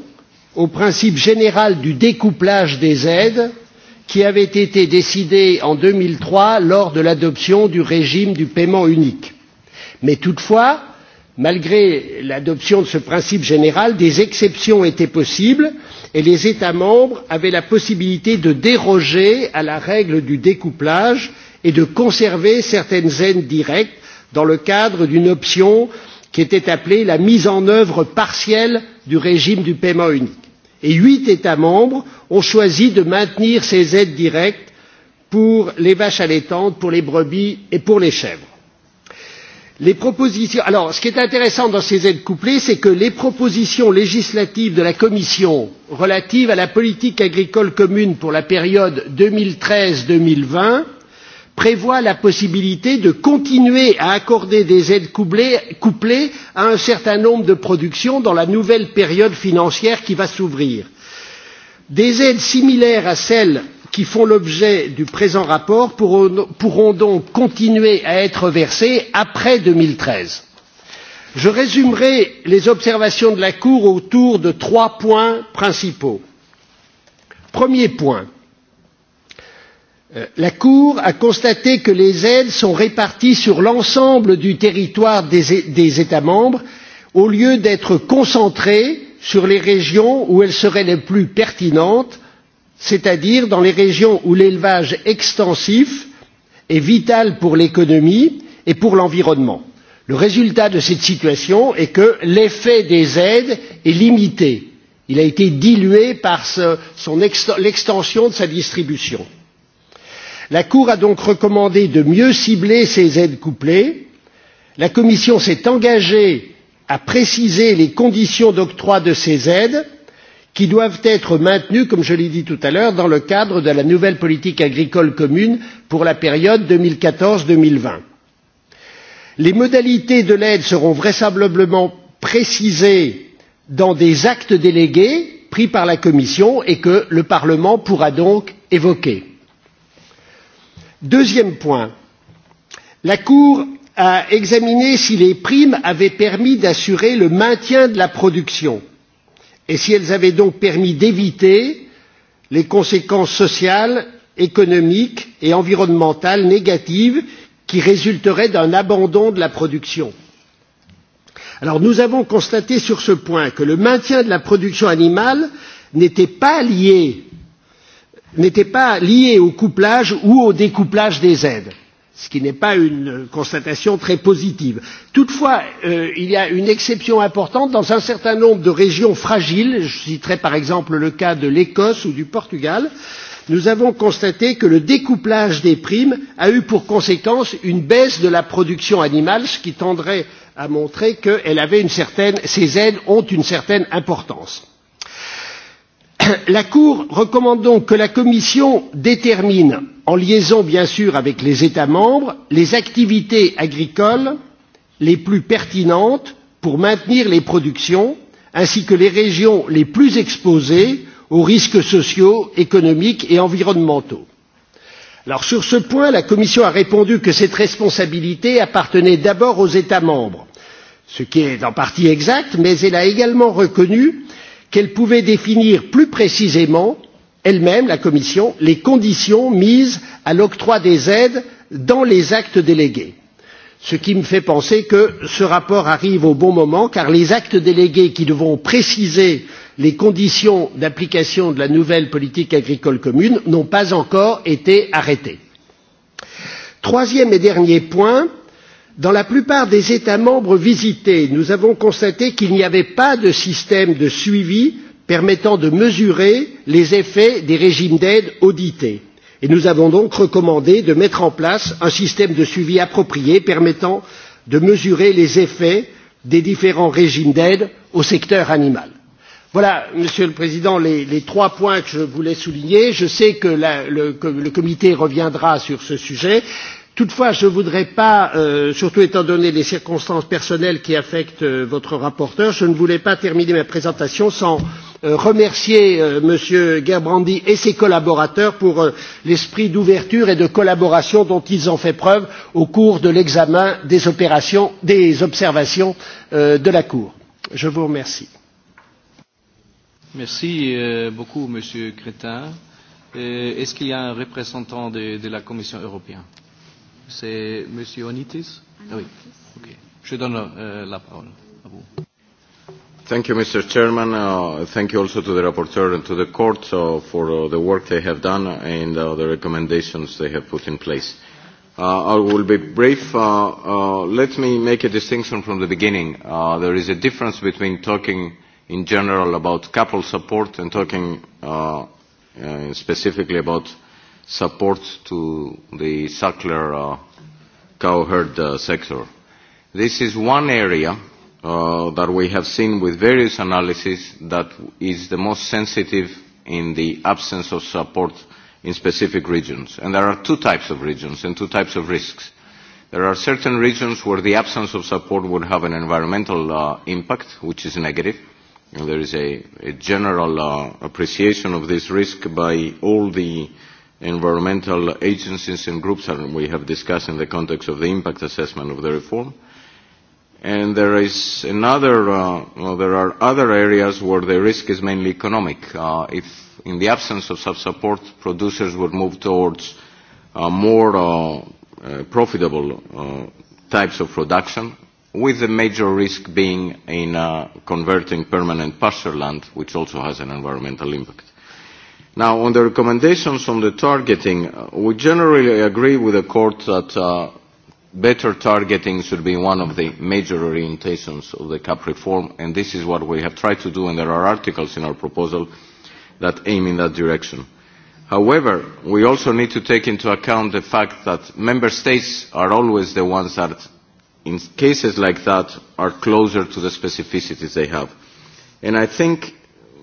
au principe général du découplage des aides qui avait été décidé en 2003 lors de l'adoption du régime du paiement unique. Mais toutefois, Malgré l'adoption de ce principe général, des exceptions étaient possibles et les États membres avaient la possibilité de déroger à la règle du découplage et de conserver certaines aides directes dans le cadre d'une option qui était appelée la mise en œuvre partielle du régime du paiement unique. Et huit États membres ont choisi de maintenir ces aides directes pour les vaches allaitantes, pour les brebis et pour les chèvres. Les propositions. Alors, ce qui est intéressant dans ces aides couplées, c'est que les propositions législatives de la Commission relatives à la politique agricole commune pour la période 2013-2020 prévoient la possibilité de continuer à accorder des aides couplées, couplées à un certain nombre de productions dans la nouvelle période financière qui va s'ouvrir. Des aides similaires à celles qui font l'objet du présent rapport pourront, pourront donc continuer à être versés après deux mille treize je résumerai les observations de la cour autour de trois points principaux. premier point euh, la cour a constaté que les aides sont réparties sur l'ensemble du territoire des, des états membres au lieu d'être concentrées sur les régions où elles seraient les plus pertinentes c'est-à-dire dans les régions où l'élevage extensif est vital pour l'économie et pour l'environnement. Le résultat de cette situation est que l'effet des aides est limité. Il a été dilué par l'extension de sa distribution. La Cour a donc recommandé de mieux cibler ces aides couplées. La Commission s'est engagée à préciser les conditions d'octroi de ces aides qui doivent être maintenus, comme je l'ai dit tout à l'heure, dans le cadre de la nouvelle politique agricole commune pour la période 2014-2020. Les modalités de l'aide seront vraisemblablement précisées dans des actes délégués pris par la Commission et que le Parlement pourra donc évoquer. Deuxième point, la Cour a examiné si les primes avaient permis d'assurer le maintien de la production et si elles avaient donc permis d'éviter les conséquences sociales, économiques et environnementales négatives qui résulteraient d'un abandon de la production. Alors nous avons constaté sur ce point que le maintien de la production animale n'était pas lié n'était pas lié au couplage ou au découplage des aides ce qui n'est pas une constatation très positive. Toutefois, euh, il y a une exception importante dans un certain nombre de régions fragiles, je citerai par exemple le cas de l'Écosse ou du Portugal, nous avons constaté que le découplage des primes a eu pour conséquence une baisse de la production animale, ce qui tendrait à montrer que avait une certaine, ces aides ont une certaine importance la Cour recommande donc que la Commission détermine, en liaison bien sûr avec les États membres, les activités agricoles les plus pertinentes pour maintenir les productions, ainsi que les régions les plus exposées aux risques sociaux, économiques et environnementaux. Alors sur ce point, la Commission a répondu que cette responsabilité appartenait d'abord aux États membres, ce qui est en partie exact, mais elle a également reconnu qu'elle pouvait définir plus précisément elle même la commission les conditions mises à l'octroi des aides dans les actes délégués ce qui me fait penser que ce rapport arrive au bon moment car les actes délégués qui devront préciser les conditions d'application de la nouvelle politique agricole commune n'ont pas encore été arrêtés. troisième et dernier point Dans la plupart des États membres visités, nous avons constaté qu'il n'y avait pas de système de suivi permettant de mesurer les effets des régimes d'aide audités. Et nous avons donc recommandé de mettre en place un système de suivi approprié permettant de mesurer les effets des différents régimes d'aide au secteur animal. Voilà, Monsieur le Président, les, les trois points que je voulais souligner. Je sais que, la, le, que le comité reviendra sur ce sujet Toutefois, je ne voudrais pas, euh, surtout étant donné les circonstances personnelles qui affectent euh, votre rapporteur, je ne voulais pas terminer ma présentation sans euh, remercier euh, M. Gerbrandi et ses collaborateurs pour euh, l'esprit d'ouverture et de collaboration dont ils ont fait preuve au cours de l'examen des, opérations, des observations euh, de la Cour. Je vous remercie. Merci euh, beaucoup, M. Crétin. Euh, Est-ce qu'il y a un représentant de, de la Commission européenne C'est Monsieur Onitis Ah oui. Okay. Je donne euh, la parole à vous. Thank you, Mr. Chairman. Uh, thank you also to the rapporteur and to the court uh, for uh, the work they have done and uh, the recommendations they have put in place. Uh, I will be brief. Uh, uh, let me make a distinction from the beginning. Uh, there is a difference between talking in general about couple support and talking uh, uh, specifically about support to the suckler uh, cow herd uh, sector. This is one area uh, that we have seen with various analyses that is the most sensitive in the absence of support in specific regions. And there are two types of regions and two types of risks. There are certain regions where the absence of support would have an environmental uh, impact, which is negative. And there is a, a general uh, appreciation of this risk by all the uh, environmental agencies and groups and we have discussed in the context of the impact assessment of the reform. And there is another, uh, well, there are other areas where the risk is mainly economic. Uh, if in the absence of such support, producers would move towards uh, more uh, uh, profitable uh, types of production, with the major risk being in uh, converting permanent pasture land, which also has an environmental impact. Now, on the recommendations on the targeting, uh, we generally agree with the court that uh, better targeting should be one of the major orientations of the CAP reform, and this is what we have tried to do, and there are articles in our proposal that aim in that direction. However, we also need to take into account the fact that member states are always the ones that, in cases like that, are closer to the specificities they have. And I think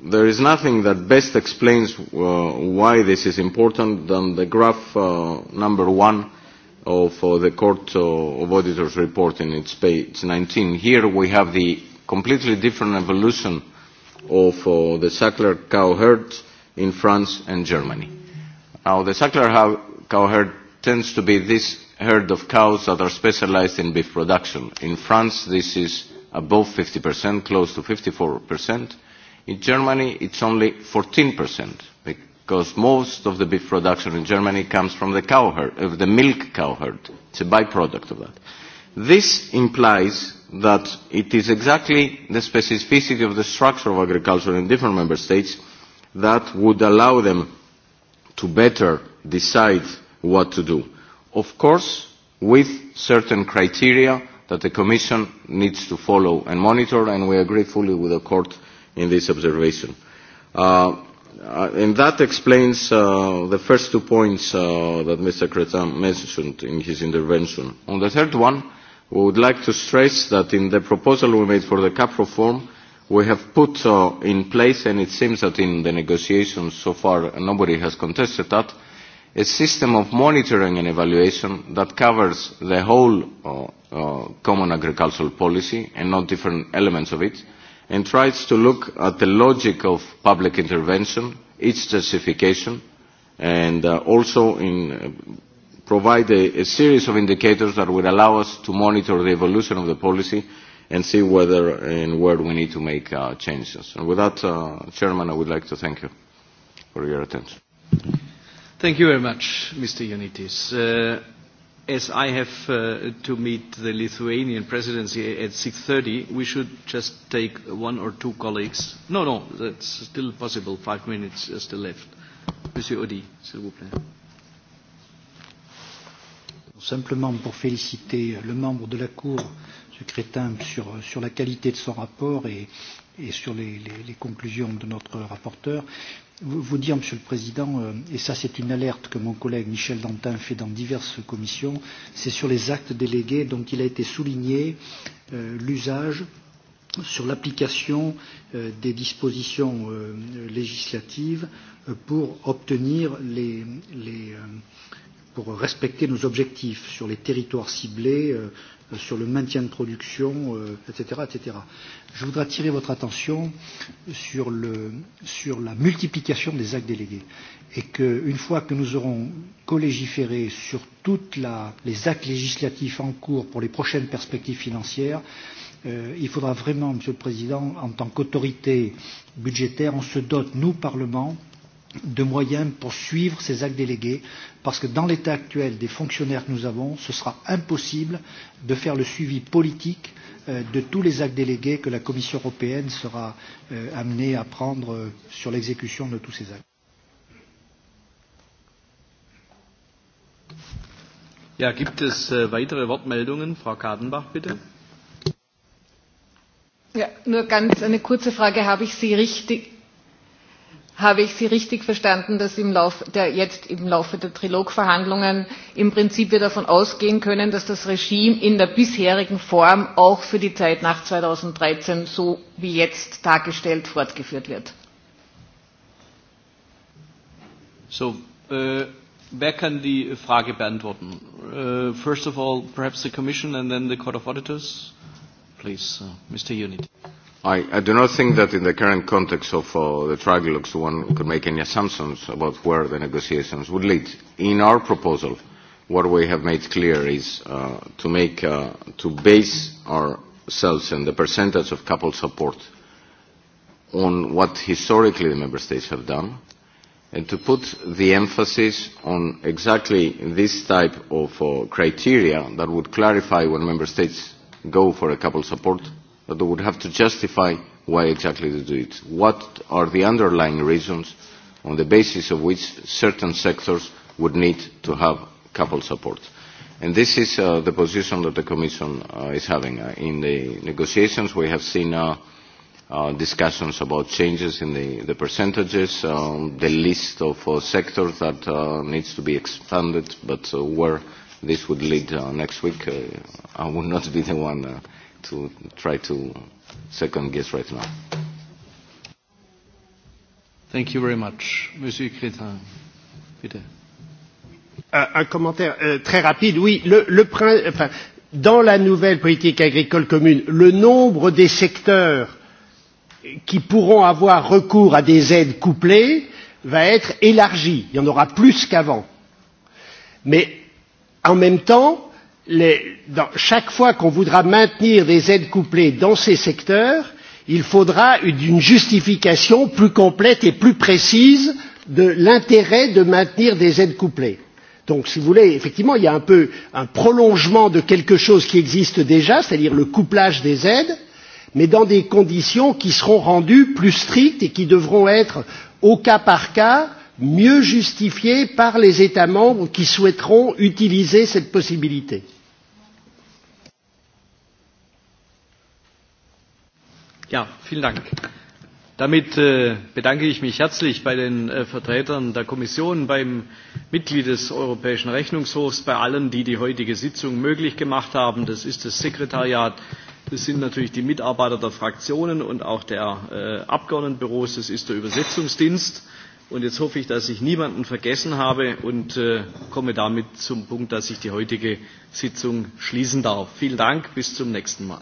there is nothing that best explains uh, why this is important than the graph uh, number one of uh, the Court uh, of Auditors report in its page 19. Here we have the completely different evolution of uh, the Sackler cow herd in France and Germany. Now the Sackler cow herd tends to be this herd of cows that are specialized in beef production. In France this is above 50%, close to 54%. In Germany, it's only 14% because most of the beef production in Germany comes from the cow herd, of uh, the milk cow herd. It's a byproduct of that. This implies that it is exactly the specificity of the structure of agriculture in different member states that would allow them to better decide what to do. Of course, with certain criteria that the Commission needs to follow and monitor, and we agree fully with the Court in this observation. Uh, uh, and that explains uh, the first two points uh, that Mr. Cretan mentioned in his intervention. On the third one, we would like to stress that in the proposal we made for the CAP reform, we have put uh, in place, and it seems that in the negotiations so far nobody has contested that, a system of monitoring and evaluation that covers the whole uh, uh, common agricultural policy and not different elements of it, and tries to look at the logic of public intervention, its justification, and uh, also in, uh, provide a, a series of indicators that will allow us to monitor the evolution of the policy and see whether and where we need to make uh, changes. And with that, uh, Chairman, I would like to thank you for your attention. Thank you very much, Mr. Yanitis. Uh, as I have uh, to meet the Lithuanian presidency at 6.30, we should just take one or two colleagues. No, no, that's still possible. Five minutes is still left. Monsieur Audi, s'il vous plaît. Simplement pour féliciter le membre de la Cour, M. Crétin, sur, sur la qualité de son rapport et, et sur les, les, les conclusions de notre rapporteur vous dire, Monsieur le Président, euh, et ça c'est une alerte que mon collègue Michel Dantin fait dans diverses commissions, c'est sur les actes délégués dont il a été souligné euh, l'usage sur l'application euh, des dispositions euh, législatives euh, pour obtenir les, les euh, pour respecter nos objectifs sur les territoires ciblés, euh, Euh, sur le maintien de production, euh, etc., etc. Je voudrais attirer votre attention sur, le, sur la multiplication des actes délégués et qu'une fois que nous aurons collégiféré sur tous les actes législatifs en cours pour les prochaines perspectives financières, euh, il faudra vraiment, Monsieur le Président, en tant qu'autorité budgétaire, on se dote, nous, Parlement, de moyens pour suivre ces actes délégués, parce que dans l'état actuel des fonctionnaires que nous avons, ce sera impossible de faire le suivi politique euh, de tous les actes délégués que la Commission européenne sera euh, amenée à prendre euh, sur l'exécution de tous ces actes. Ja, gibt es äh, weitere Wortmeldungen? Frau Kadenbach, bitte. Ja, nur ganz eine kurze Frage. Habe ich Sie richtig Habe ich Sie richtig verstanden, dass im Lauf der, jetzt im Laufe der Trilogverhandlungen im Prinzip wir davon ausgehen können, dass das Regime in der bisherigen Form auch für die Zeit nach 2013 so wie jetzt dargestellt fortgeführt wird? So, äh, wer kann die Frage beantworten? Uh, first of all, perhaps the Commission and then the Court of Auditors? Please, uh, Mr. Unit. I, I do not think that in the current context of uh, the trilogues one could make any assumptions about where the negotiations would lead. In our proposal, what we have made clear is uh, to, make, uh, to base ourselves and the percentage of couple support on what historically the member states have done and to put the emphasis on exactly this type of uh, criteria that would clarify when member states go for a couple support that they would have to justify why exactly they do it. What are the underlying reasons on the basis of which certain sectors would need to have couple support? And this is uh, the position that the Commission uh, is having. Uh, in the negotiations, we have seen uh, uh, discussions about changes in the, the percentages, um, the list of uh, sectors that uh, needs to be expanded, but uh, where this would lead uh, next week, uh, I would not be the one uh, to try to second guess right now. Thank you very much. Monsieur Crétin, Peter. Un, un commentaire uh, très rapide, oui. Le, le enfin, dans la nouvelle politique agricole commune, le nombre des secteurs qui pourront avoir recours à des aides couplées va être élargi. Il y en aura plus qu'avant. Mais en même temps, les, dans, chaque fois qu'on voudra maintenir des aides couplées dans ces secteurs, il faudra une, une justification plus complète et plus précise de l'intérêt de maintenir des aides couplées. Donc, si vous voulez, effectivement, il y a un peu un prolongement de quelque chose qui existe déjà, c'est-à-dire le couplage des aides, mais dans des conditions qui seront rendues plus strictes et qui devront être, au cas par cas, mieux justifiées par les États membres qui souhaiteront utiliser cette possibilité. Ja, vielen Dank. Damit äh, bedanke ich mich herzlich bei den äh, Vertretern der Kommission, beim Mitglied des Europäischen Rechnungshofs, bei allen, die die heutige Sitzung möglich gemacht haben. Das ist das Sekretariat, das sind natürlich die Mitarbeiter der Fraktionen und auch der äh, Abgeordnetenbüros, das ist der Übersetzungsdienst. Und jetzt hoffe ich, dass ich niemanden vergessen habe und äh, komme damit zum Punkt, dass ich die heutige Sitzung schließen darf. Vielen Dank, bis zum nächsten Mal.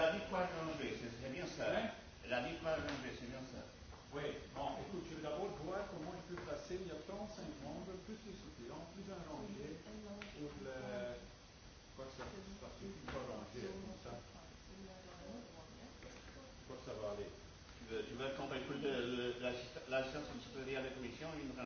la bien La bien Oui, bon, écoute, je vais d'abord voir comment je peux passer. Il y plus les plus arrangé. pour le. Quoi que ça comme ça. que ça va aller. Tu veux, tu veux supérieure la commission